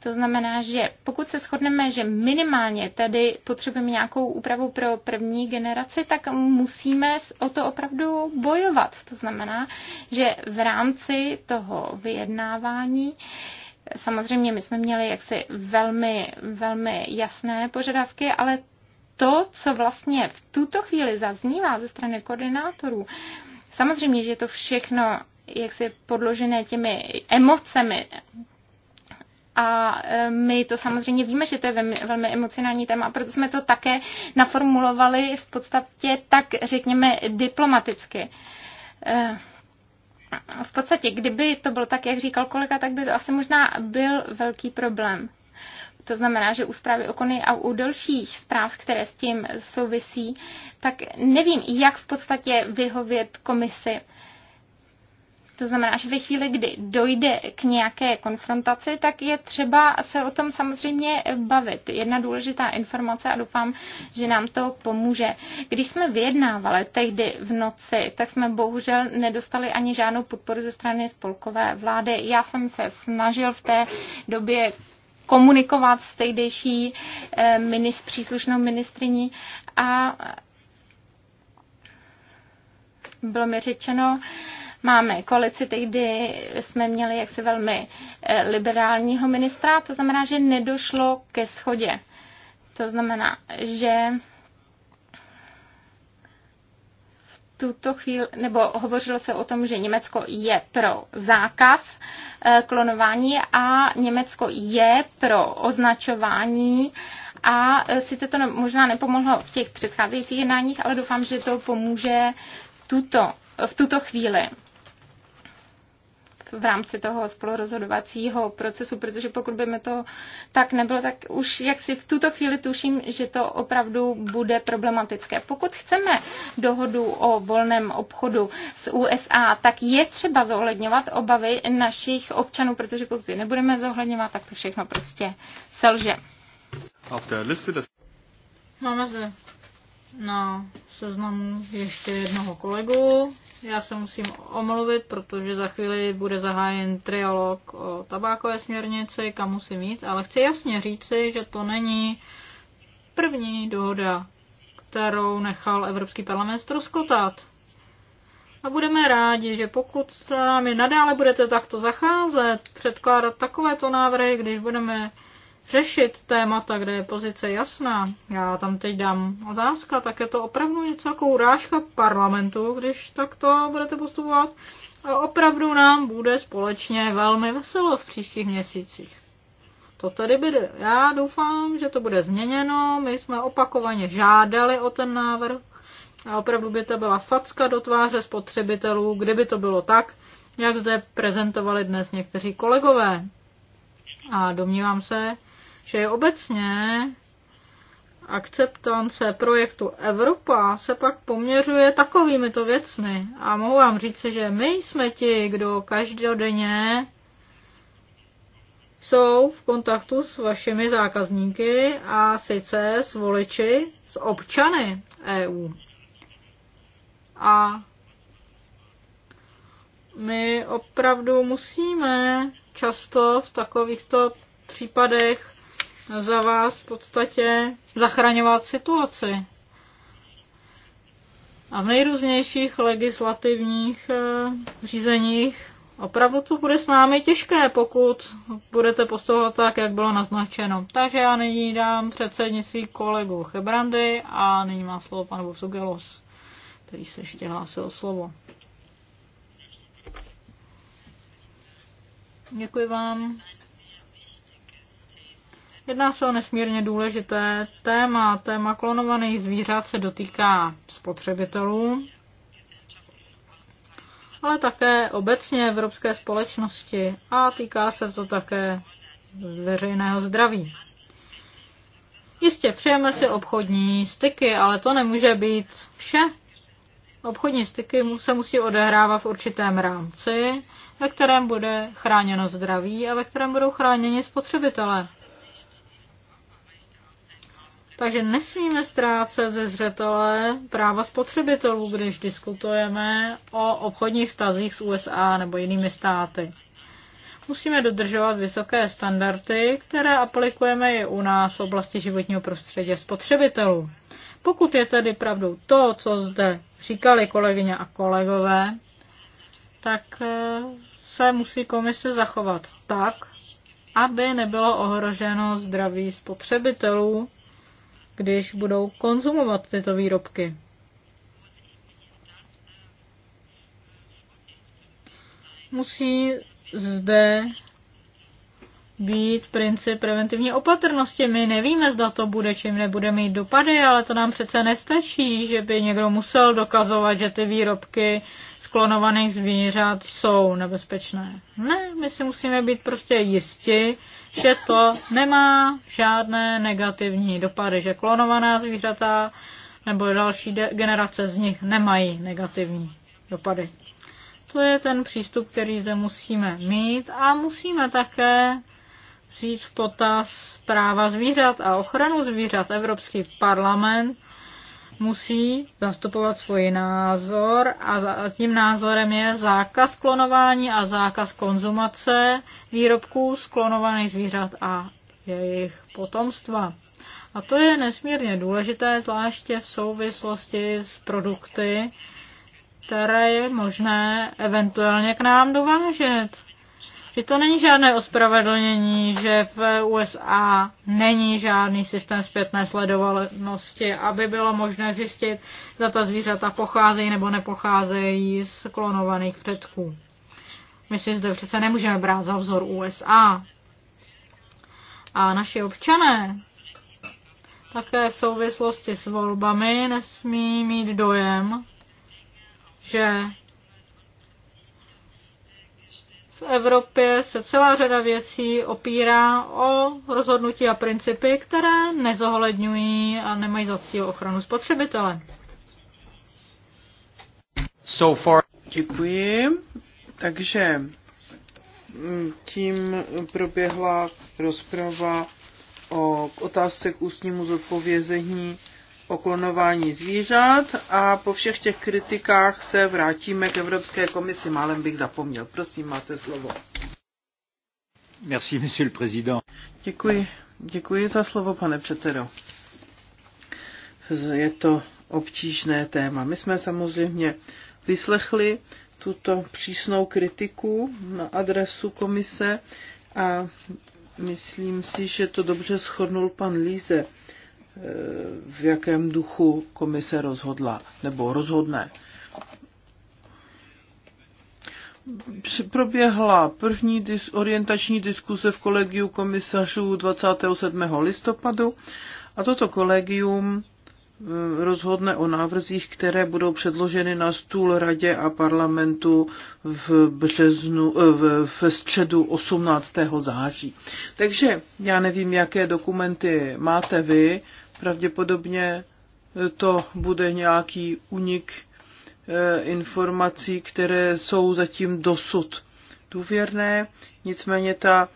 To znamená, že pokud se shodneme, že minimálně tedy potřebujeme nějakou úpravu pro první generaci, tak musíme o to opravdu bojovat. To znamená, že v rámci toho vyjednávání Samozřejmě my jsme měli jaksi velmi, velmi jasné požadavky, ale to, co vlastně v tuto chvíli zaznívá ze strany koordinátorů, samozřejmě, že je to všechno jaksi podložené těmi emocemi, a e, my to samozřejmě víme, že to je velmi, velmi emocionální téma, proto jsme to také naformulovali v podstatě tak, řekněme, diplomaticky. E, v podstatě, kdyby to bylo tak, jak říkal kolega, tak by to asi možná byl velký problém. To znamená, že u zprávy Okony a u dalších zpráv, které s tím souvisí, tak nevím, jak v podstatě vyhovět komisi. To znamená, že ve chvíli, kdy dojde k nějaké konfrontaci, tak je třeba se o tom samozřejmě bavit. Jedna důležitá informace a doufám, že nám to pomůže. Když jsme vyjednávali tehdy v noci, tak jsme bohužel nedostali ani žádnou podporu ze strany spolkové vlády. Já jsem se snažil v té době komunikovat s tehdejší eh, minist, příslušnou ministriní a bylo mi řečeno, máme koalici, kdy jsme měli jaksi velmi eh, liberálního ministra, to znamená, že nedošlo ke schodě. To znamená, že v tuto chvíli, nebo hovořilo se o tom, že Německo je pro zákaz eh, klonování a Německo je pro označování a eh, sice to možná nepomohlo v těch předcházejících jednáních, ale doufám, že to pomůže tuto, v tuto chvíli v rámci toho spolurozhodovacího procesu, protože pokud by mi to tak nebylo, tak už jak si v tuto chvíli tuším, že to opravdu bude problematické. Pokud chceme dohodu o volném obchodu s USA, tak je třeba zohledňovat obavy našich občanů, protože pokud je nebudeme zohledňovat, tak to všechno prostě selže. Máme zde na seznamu ještě jednoho kolegu, já se musím omluvit, protože za chvíli bude zahájen trialog o tabákové směrnici, kam musím jít, ale chci jasně říci, že to není první dohoda, kterou nechal Evropský parlament ztroskotat. A budeme rádi, že pokud s námi nadále budete takto zacházet, předkládat takovéto návrhy, když budeme řešit témata, kde je pozice jasná. Já tam teď dám otázka, tak je to opravdu něco jako urážka parlamentu, když takto budete postupovat. A opravdu nám bude společně velmi veselo v příštích měsících. To tady bude. Já doufám, že to bude změněno. My jsme opakovaně žádali o ten návrh. A opravdu by to byla facka do tváře spotřebitelů, kdyby to bylo tak, jak zde prezentovali dnes někteří kolegové. A domnívám se, že je obecně akceptance projektu Evropa se pak poměřuje takovými to věcmi. A mohu vám říct, že my jsme ti, kdo každodenně jsou v kontaktu s vašimi zákazníky a sice s voliči, s občany EU. A my opravdu musíme často v takovýchto případech za vás v podstatě zachraňovat situaci. A v nejrůznějších legislativních eh, řízeních opravdu to bude s námi těžké, pokud budete postupovat tak, jak bylo naznačeno. Takže já nyní dám předsednictví kolegu Hebrandy a nyní má slovo pan Vosugelos, který se ještě hlásil o slovo. Děkuji vám, Jedná se o nesmírně důležité téma. Téma klonovaných zvířat se dotýká spotřebitelů, ale také obecně evropské společnosti a týká se to také veřejného zdraví. Jistě, přejeme si obchodní styky, ale to nemůže být vše. Obchodní styky se musí odehrávat v určitém rámci, ve kterém bude chráněno zdraví a ve kterém budou chráněni spotřebitelé. Takže nesmíme ztrácet ze zřetele práva spotřebitelů, když diskutujeme o obchodních stazích s USA nebo jinými státy. Musíme dodržovat vysoké standardy, které aplikujeme i u nás v oblasti životního prostředí spotřebitelů. Pokud je tedy pravdou to, co zde říkali kolegyně a kolegové, tak eh, se musí komise zachovat tak, aby nebylo ohroženo zdraví spotřebitelů když budou konzumovat tyto výrobky. Musí zde být princip preventivní opatrnosti. My nevíme, zda to bude, čím nebude mít dopady, ale to nám přece nestačí, že by někdo musel dokazovat, že ty výrobky sklonovaných zvířat jsou nebezpečné. Ne, my si musíme být prostě jisti, že to nemá žádné negativní dopady, že klonovaná zvířata nebo další generace z nich nemají negativní dopady. To je ten přístup, který zde musíme mít a musíme také vzít v potaz práva zvířat a ochranu zvířat. Evropský parlament musí zastupovat svůj názor a tím názorem je zákaz klonování a zákaz konzumace výrobků z klonovaných zvířat a jejich potomstva. A to je nesmírně důležité, zvláště v souvislosti s produkty, které je možné eventuálně k nám dovážet že to není žádné ospravedlnění, že v USA není žádný systém zpětné sledovanosti, aby bylo možné zjistit, zda ta zvířata pocházejí nebo nepocházejí z klonovaných předků. My si zde přece nemůžeme brát za vzor USA. A naši občané také v souvislosti s volbami nesmí mít dojem, že Evropě se celá řada věcí opírá o rozhodnutí a principy, které nezohledňují a nemají za cíl ochranu spotřebitele. So far. Děkuji. Takže mm, tím proběhla rozprava o otázce k ústnímu zodpovězení o klonování zvířat a po všech těch kritikách se vrátíme k Evropské komisi. Málem bych zapomněl. Prosím, máte slovo. Merci, monsieur le président. Děkuji. Děkuji za slovo, pane předsedo. Je to obtížné téma. My jsme samozřejmě vyslechli tuto přísnou kritiku na adresu komise a myslím si, že to dobře shodnul pan Líze v jakém duchu komise rozhodla nebo rozhodne. Proběhla první dis- orientační diskuse v kolegiu komisařů 27. listopadu a toto kolegium e, rozhodne o návrzích, které budou předloženy na stůl radě a parlamentu v, březnu, e, v, v středu 18. září. Takže já nevím, jaké dokumenty máte vy, pravděpodobně to bude nějaký unik eh, informací, které jsou zatím dosud důvěrné. Nicméně ta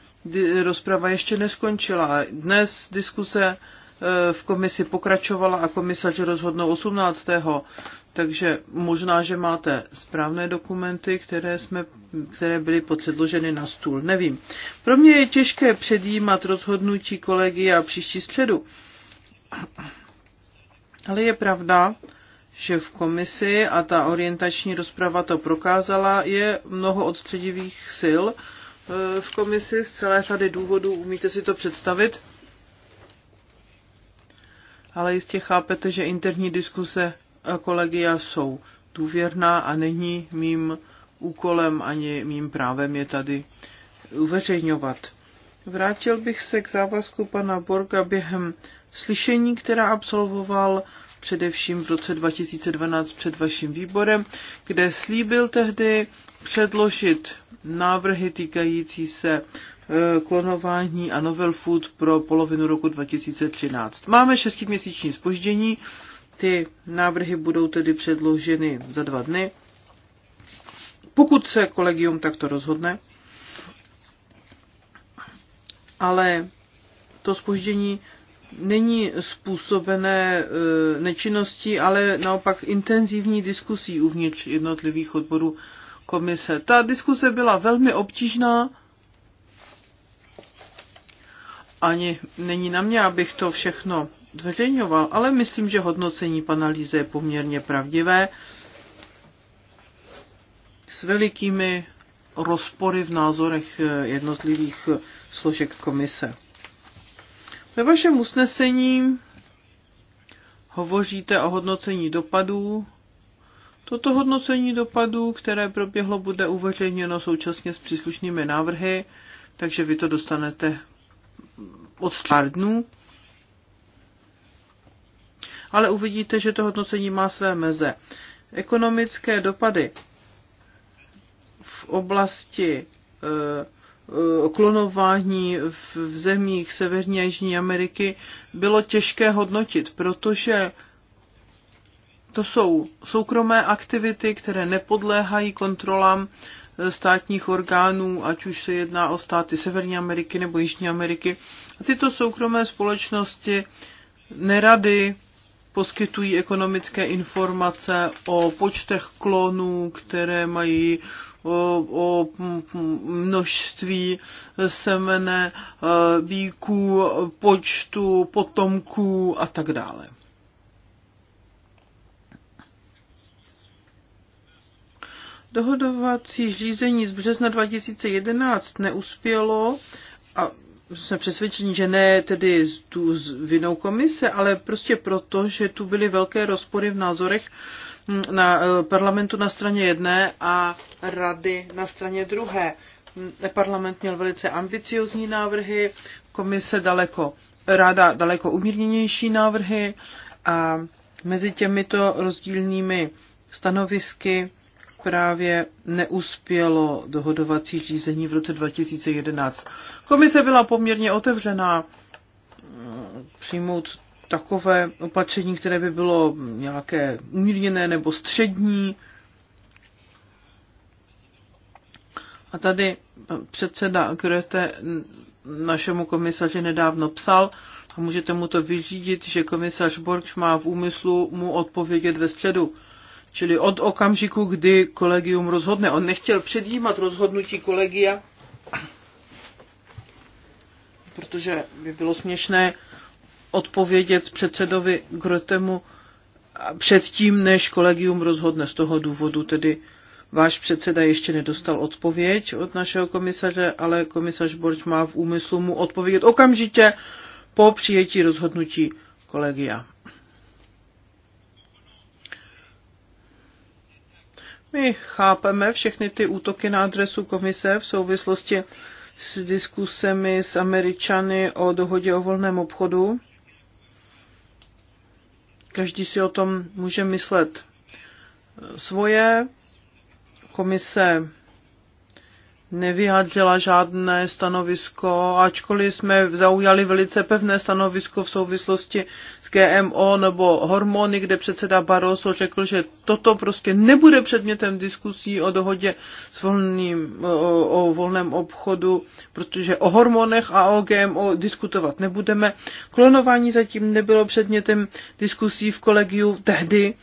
rozprava ještě neskončila. Dnes diskuse eh, v komisi pokračovala a komisař rozhodnou 18. Takže možná, že máte správné dokumenty, které, jsme, které byly podsedloženy na stůl. Nevím. Pro mě je těžké předjímat rozhodnutí kolegy a příští středu. Ale je pravda, že v komisi, a ta orientační rozprava to prokázala, je mnoho odstředivých sil eh, v komisi z celé řady důvodů, umíte si to představit. Ale jistě chápete, že interní diskuse kolegia jsou důvěrná a není mým úkolem ani mým právem je tady uveřejňovat. Vrátil bych se k závazku pana Borga během slyšení, která absolvoval především v roce 2012 před vaším výborem, kde slíbil tehdy předložit návrhy týkající se e, klonování a novel food pro polovinu roku 2013. Máme šestiměsíční spoždění, ty návrhy budou tedy předloženy za dva dny. Pokud se kolegium takto rozhodne, ale to spoždění není způsobené eh, nečinností, ale naopak intenzivní diskusí uvnitř jednotlivých odborů komise. Ta diskuse byla velmi obtížná. Ani není na mě, abych to všechno zveřejňoval, ale myslím, že hodnocení pana Líze je poměrně pravdivé s velikými rozpory v názorech eh, jednotlivých eh, složek komise. Ve vašem usnesení hovoříte o hodnocení dopadů. Toto hodnocení dopadů, které proběhlo, bude uveřejněno současně s příslušnými návrhy, takže vy to dostanete od pár dnů. Ale uvidíte, že to hodnocení má své meze. Ekonomické dopady v oblasti e, Eh, klonování v, v zemích Severní a Jižní Ameriky bylo těžké hodnotit, protože to jsou soukromé aktivity, které nepodléhají kontrolám eh, státních orgánů, ať už se jedná o státy Severní Ameriky nebo Jižní Ameriky. A tyto soukromé společnosti nerady poskytují ekonomické informace o počtech klonů, které mají o, o množství semene e, bíků, počtu potomků a tak dále. Dohodovací řízení z března 2011 neuspělo a jsme přesvědčeni, že ne tedy tu vinou komise, ale prostě proto, že tu byly velké rozpory v názorech hm, na eh, parlamentu na straně jedné a rady na straně druhé. Hm, parlament měl velice ambiciozní návrhy, komise daleko, ráda daleko umírněnější návrhy a mezi těmito rozdílnými stanovisky právě neuspělo dohodovací řízení v roce 2011. Komise byla poměrně otevřená mm, přijmout takové opatření, které by bylo nějaké umírněné nebo střední. A tady předseda Grete našemu komisaři nedávno psal a můžete mu to vyřídit, že komisař Borč má v úmyslu mu odpovědět ve středu čili od okamžiku, kdy kolegium rozhodne. On nechtěl předjímat rozhodnutí kolegia, protože by bylo směšné odpovědět předsedovi Grotemu předtím, než kolegium rozhodne. Z toho důvodu tedy váš předseda ještě nedostal odpověď od našeho komisaře, ale komisař Borč má v úmyslu mu odpovědět okamžitě po přijetí rozhodnutí kolegia. My chápeme všechny ty útoky na adresu komise v souvislosti s diskusemi s Američany o dohodě o volném obchodu. Každý si o tom může myslet svoje. Komise nevyjádřila žádné stanovisko, ačkoliv jsme zaujali velice pevné stanovisko v souvislosti s GMO nebo hormony, kde předseda Barroso řekl, že toto prostě nebude předmětem diskusí o dohodě s volným, o, o volném obchodu, protože o hormonech a o GMO diskutovat nebudeme. Klonování zatím nebylo předmětem diskusí v kolegiu tehdy,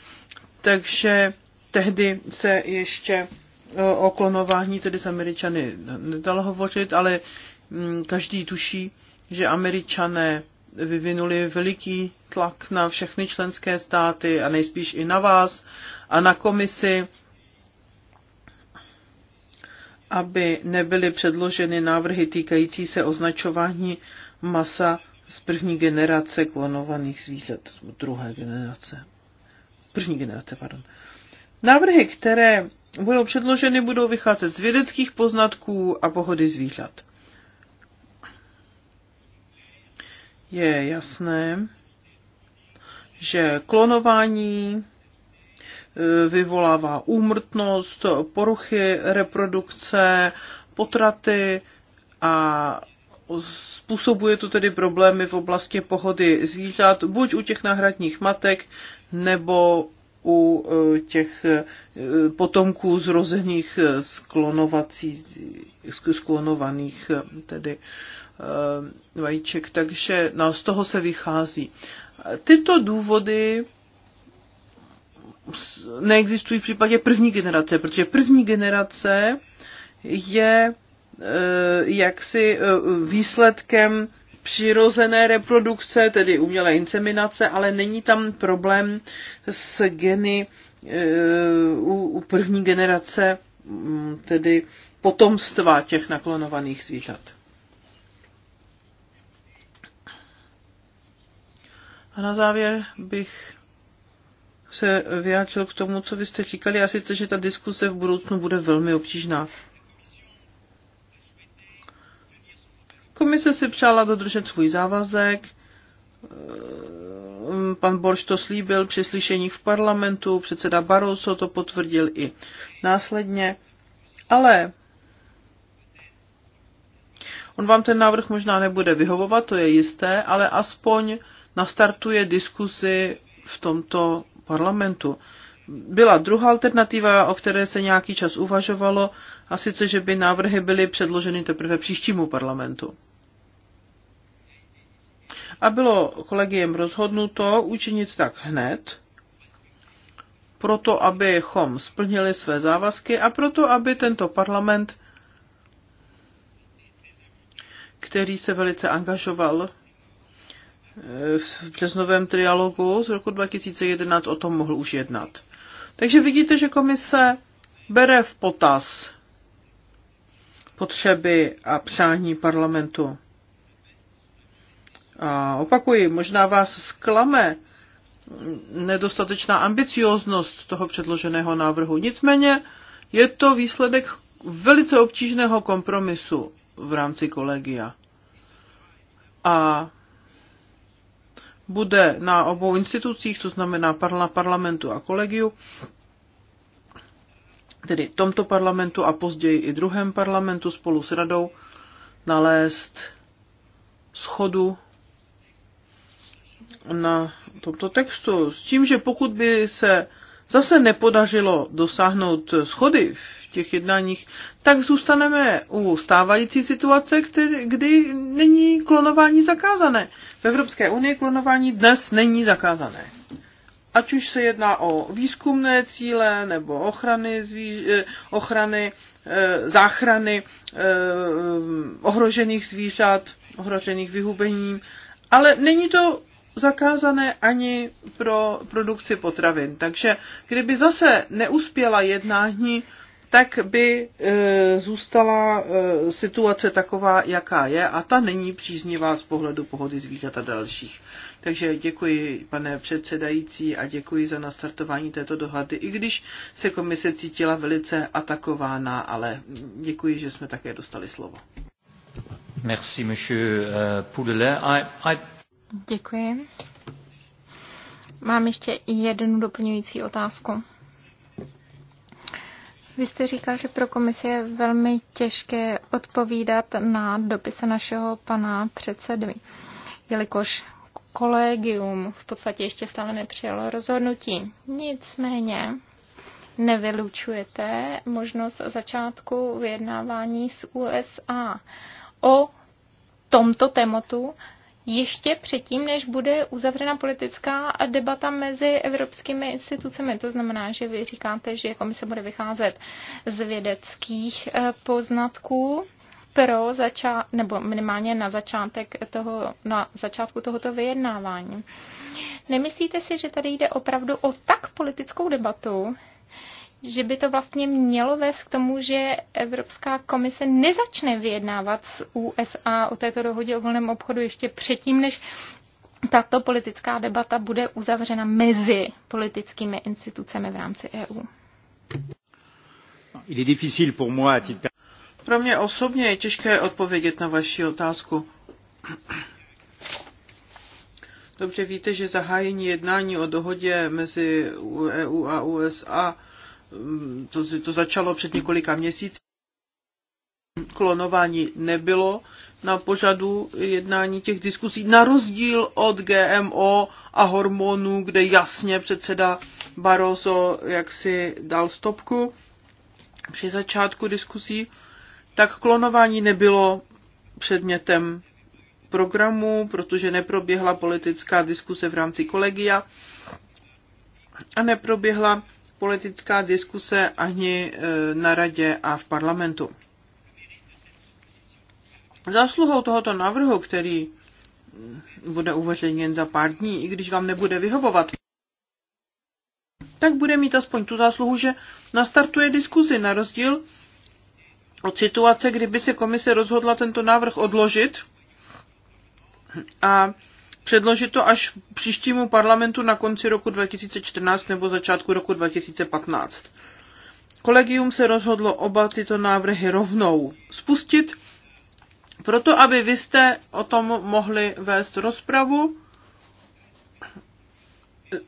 takže tehdy se ještě o klonování tedy s Američany nedalo hovořit, ale mm, každý tuší, že Američané vyvinuli veliký tlak na všechny členské státy a nejspíš i na vás a na komisi, aby nebyly předloženy návrhy týkající se označování masa z první generace klonovaných zvířat, druhé generace. První generace, pardon. Návrhy, které budou předloženy, budou vycházet z vědeckých poznatků a pohody zvířat. Je jasné, že klonování e, vyvolává úmrtnost, poruchy reprodukce, potraty a způsobuje to tedy problémy v oblasti pohody zvířat, buď u těch náhradních matek, nebo u e, těch e, potomků zrozených z, e, klonovací, tedy vajíček, takže no, z toho se vychází. Tyto důvody neexistují v případě první generace, protože první generace je jaksi výsledkem přirozené reprodukce, tedy umělé inseminace, ale není tam problém s geny e, u, u první generace, mm, tedy potomstva těch naklonovaných zvířat. A na závěr bych se vyjádřil k tomu, co vy jste říkali, a sice, že ta diskuse v budoucnu bude velmi obtížná. Komise si přála dodržet svůj závazek, eh, pan Borš to slíbil při slyšení v parlamentu, předseda Barroso to potvrdil i následně, ale on vám ten návrh možná nebude vyhovovat, to je jisté, ale aspoň nastartuje diskuzi v tomto parlamentu. Byla druhá alternativa, o které se nějaký čas uvažovalo, a sice, že by návrhy byly předloženy teprve příštímu parlamentu. A bylo kolegiem rozhodnuto učinit tak hned, proto abychom splnili své závazky a proto, aby tento parlament, který se velice angažoval eh, v březnovém trialogu z roku 2011, o tom mohl už jednat. Takže vidíte, že komise bere v potaz potřeby a přání parlamentu. A opakuji, možná vás zklame nedostatečná ambicioznost toho předloženého návrhu. Nicméně je to výsledek velice obtížného kompromisu v rámci kolegia. A bude na obou institucích, to znamená parla, parlamentu a kolegiu, tedy tomto parlamentu a později i druhém parlamentu spolu s radou nalézt schodu na tomto textu. S tím, že pokud by se zase nepodařilo dosáhnout schody v těch jednáních, tak zůstaneme u stávající situace, který, kdy není klonování zakázané. V Evropské unii klonování dnes není zakázané ať už se jedná o výzkumné cíle nebo ochrany, zvíř, eh, ochrany eh, záchrany eh, ohrožených zvířat, ohrožených vyhubením, ale není to zakázané ani pro produkci potravin. Takže kdyby zase neuspěla jednání tak by e, zůstala e, situace taková, jaká je a ta není příznivá z pohledu pohody zvířat a dalších. Takže děkuji, pane předsedající, a děkuji za nastartování této dohady, i když se komise cítila velice atakována, ale děkuji, že jsme také dostali slovo. Merci, monsieur eh, Poudelet. I, I... Děkuji. Mám ještě jednu doplňující otázku. Vy jste říkal, že pro komisi je velmi těžké odpovídat na dopisy našeho pana předsedy, jelikož kolegium v podstatě ještě stále nepřijalo rozhodnutí. Nicméně nevylučujete možnost začátku vyjednávání s USA o tomto tématu ještě předtím, než bude uzavřena politická debata mezi evropskými institucemi. To znamená, že vy říkáte, že komise bude vycházet z vědeckých eh, poznatků pro začá- nebo minimálně na, začátek toho, na začátku tohoto vyjednávání. Nemyslíte si, že tady jde opravdu o tak politickou debatu, že by to vlastně mělo vést k tomu, že Evropská komise nezačne vyjednávat s USA o této dohodě o volném obchodu ještě předtím, než tato politická debata bude uzavřena mezi politickými institucemi v rámci EU. Pro mě osobně je těžké odpovědět na vaši otázku. Dobře víte, že zahájení jednání o dohodě mezi EU a USA to, to začalo před několika měsíci. Klonování nebylo na pořadu jednání těch diskusí, na rozdíl od GMO a hormonů, kde jasně předseda Barroso jaksi dal stopku při začátku diskusí, tak klonování nebylo předmětem programu, protože neproběhla politická diskuse v rámci kolegia a neproběhla politická diskuse ani e, na radě a v parlamentu. Zásluhou tohoto návrhu, který mm, bude uveřejněn za pár dní, i když vám nebude vyhovovat, tak bude mít aspoň tu zásluhu, že nastartuje diskuzi na rozdíl od situace, kdyby se komise rozhodla tento návrh odložit a předložit to až příštímu parlamentu na konci roku 2014 nebo začátku roku 2015. Kolegium se rozhodlo oba tyto návrhy rovnou spustit, proto aby vy jste o tom mohli vést rozpravu,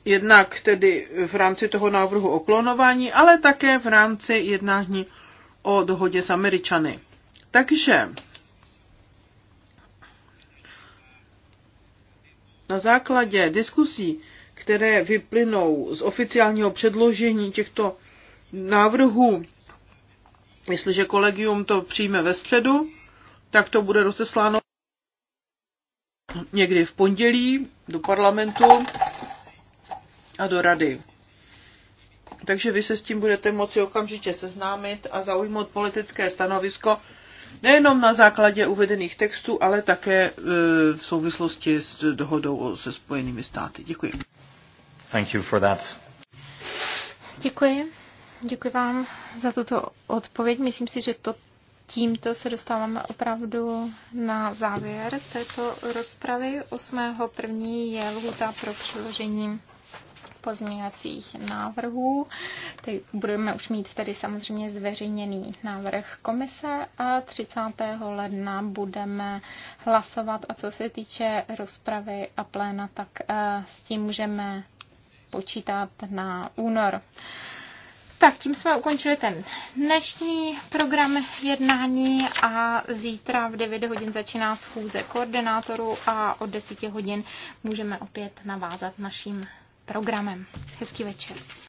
jednak tedy v rámci toho návrhu o klonování, ale také v rámci jednání o dohodě s Američany. Takže Na základě diskusí, které vyplynou z oficiálního předložení těchto návrhů, jestliže kolegium to přijme ve středu, tak to bude rozesláno někdy v pondělí do parlamentu a do rady. Takže vy se s tím budete moci okamžitě seznámit a zaujmout politické stanovisko nejenom na základě uvedených textů, ale také e, v souvislosti s dohodou se Spojenými státy. Děkuji. Thank you for that. Děkuji. Děkuji vám za tuto odpověď. Myslím si, že to tímto se dostáváme opravdu na závěr této rozpravy. 8.1. je lhůta pro přiložení pozměňovacích návrhů. Teď budeme už mít tedy samozřejmě zveřejněný návrh komise a 30. ledna budeme hlasovat. A co se týče rozpravy a pléna, tak eh, s tím můžeme počítat na únor. Tak tím jsme ukončili ten dnešní program jednání a zítra v 9 hodin začíná schůze koordinátorů a od 10 hodin můžeme opět navázat naším programem. Hezký večer.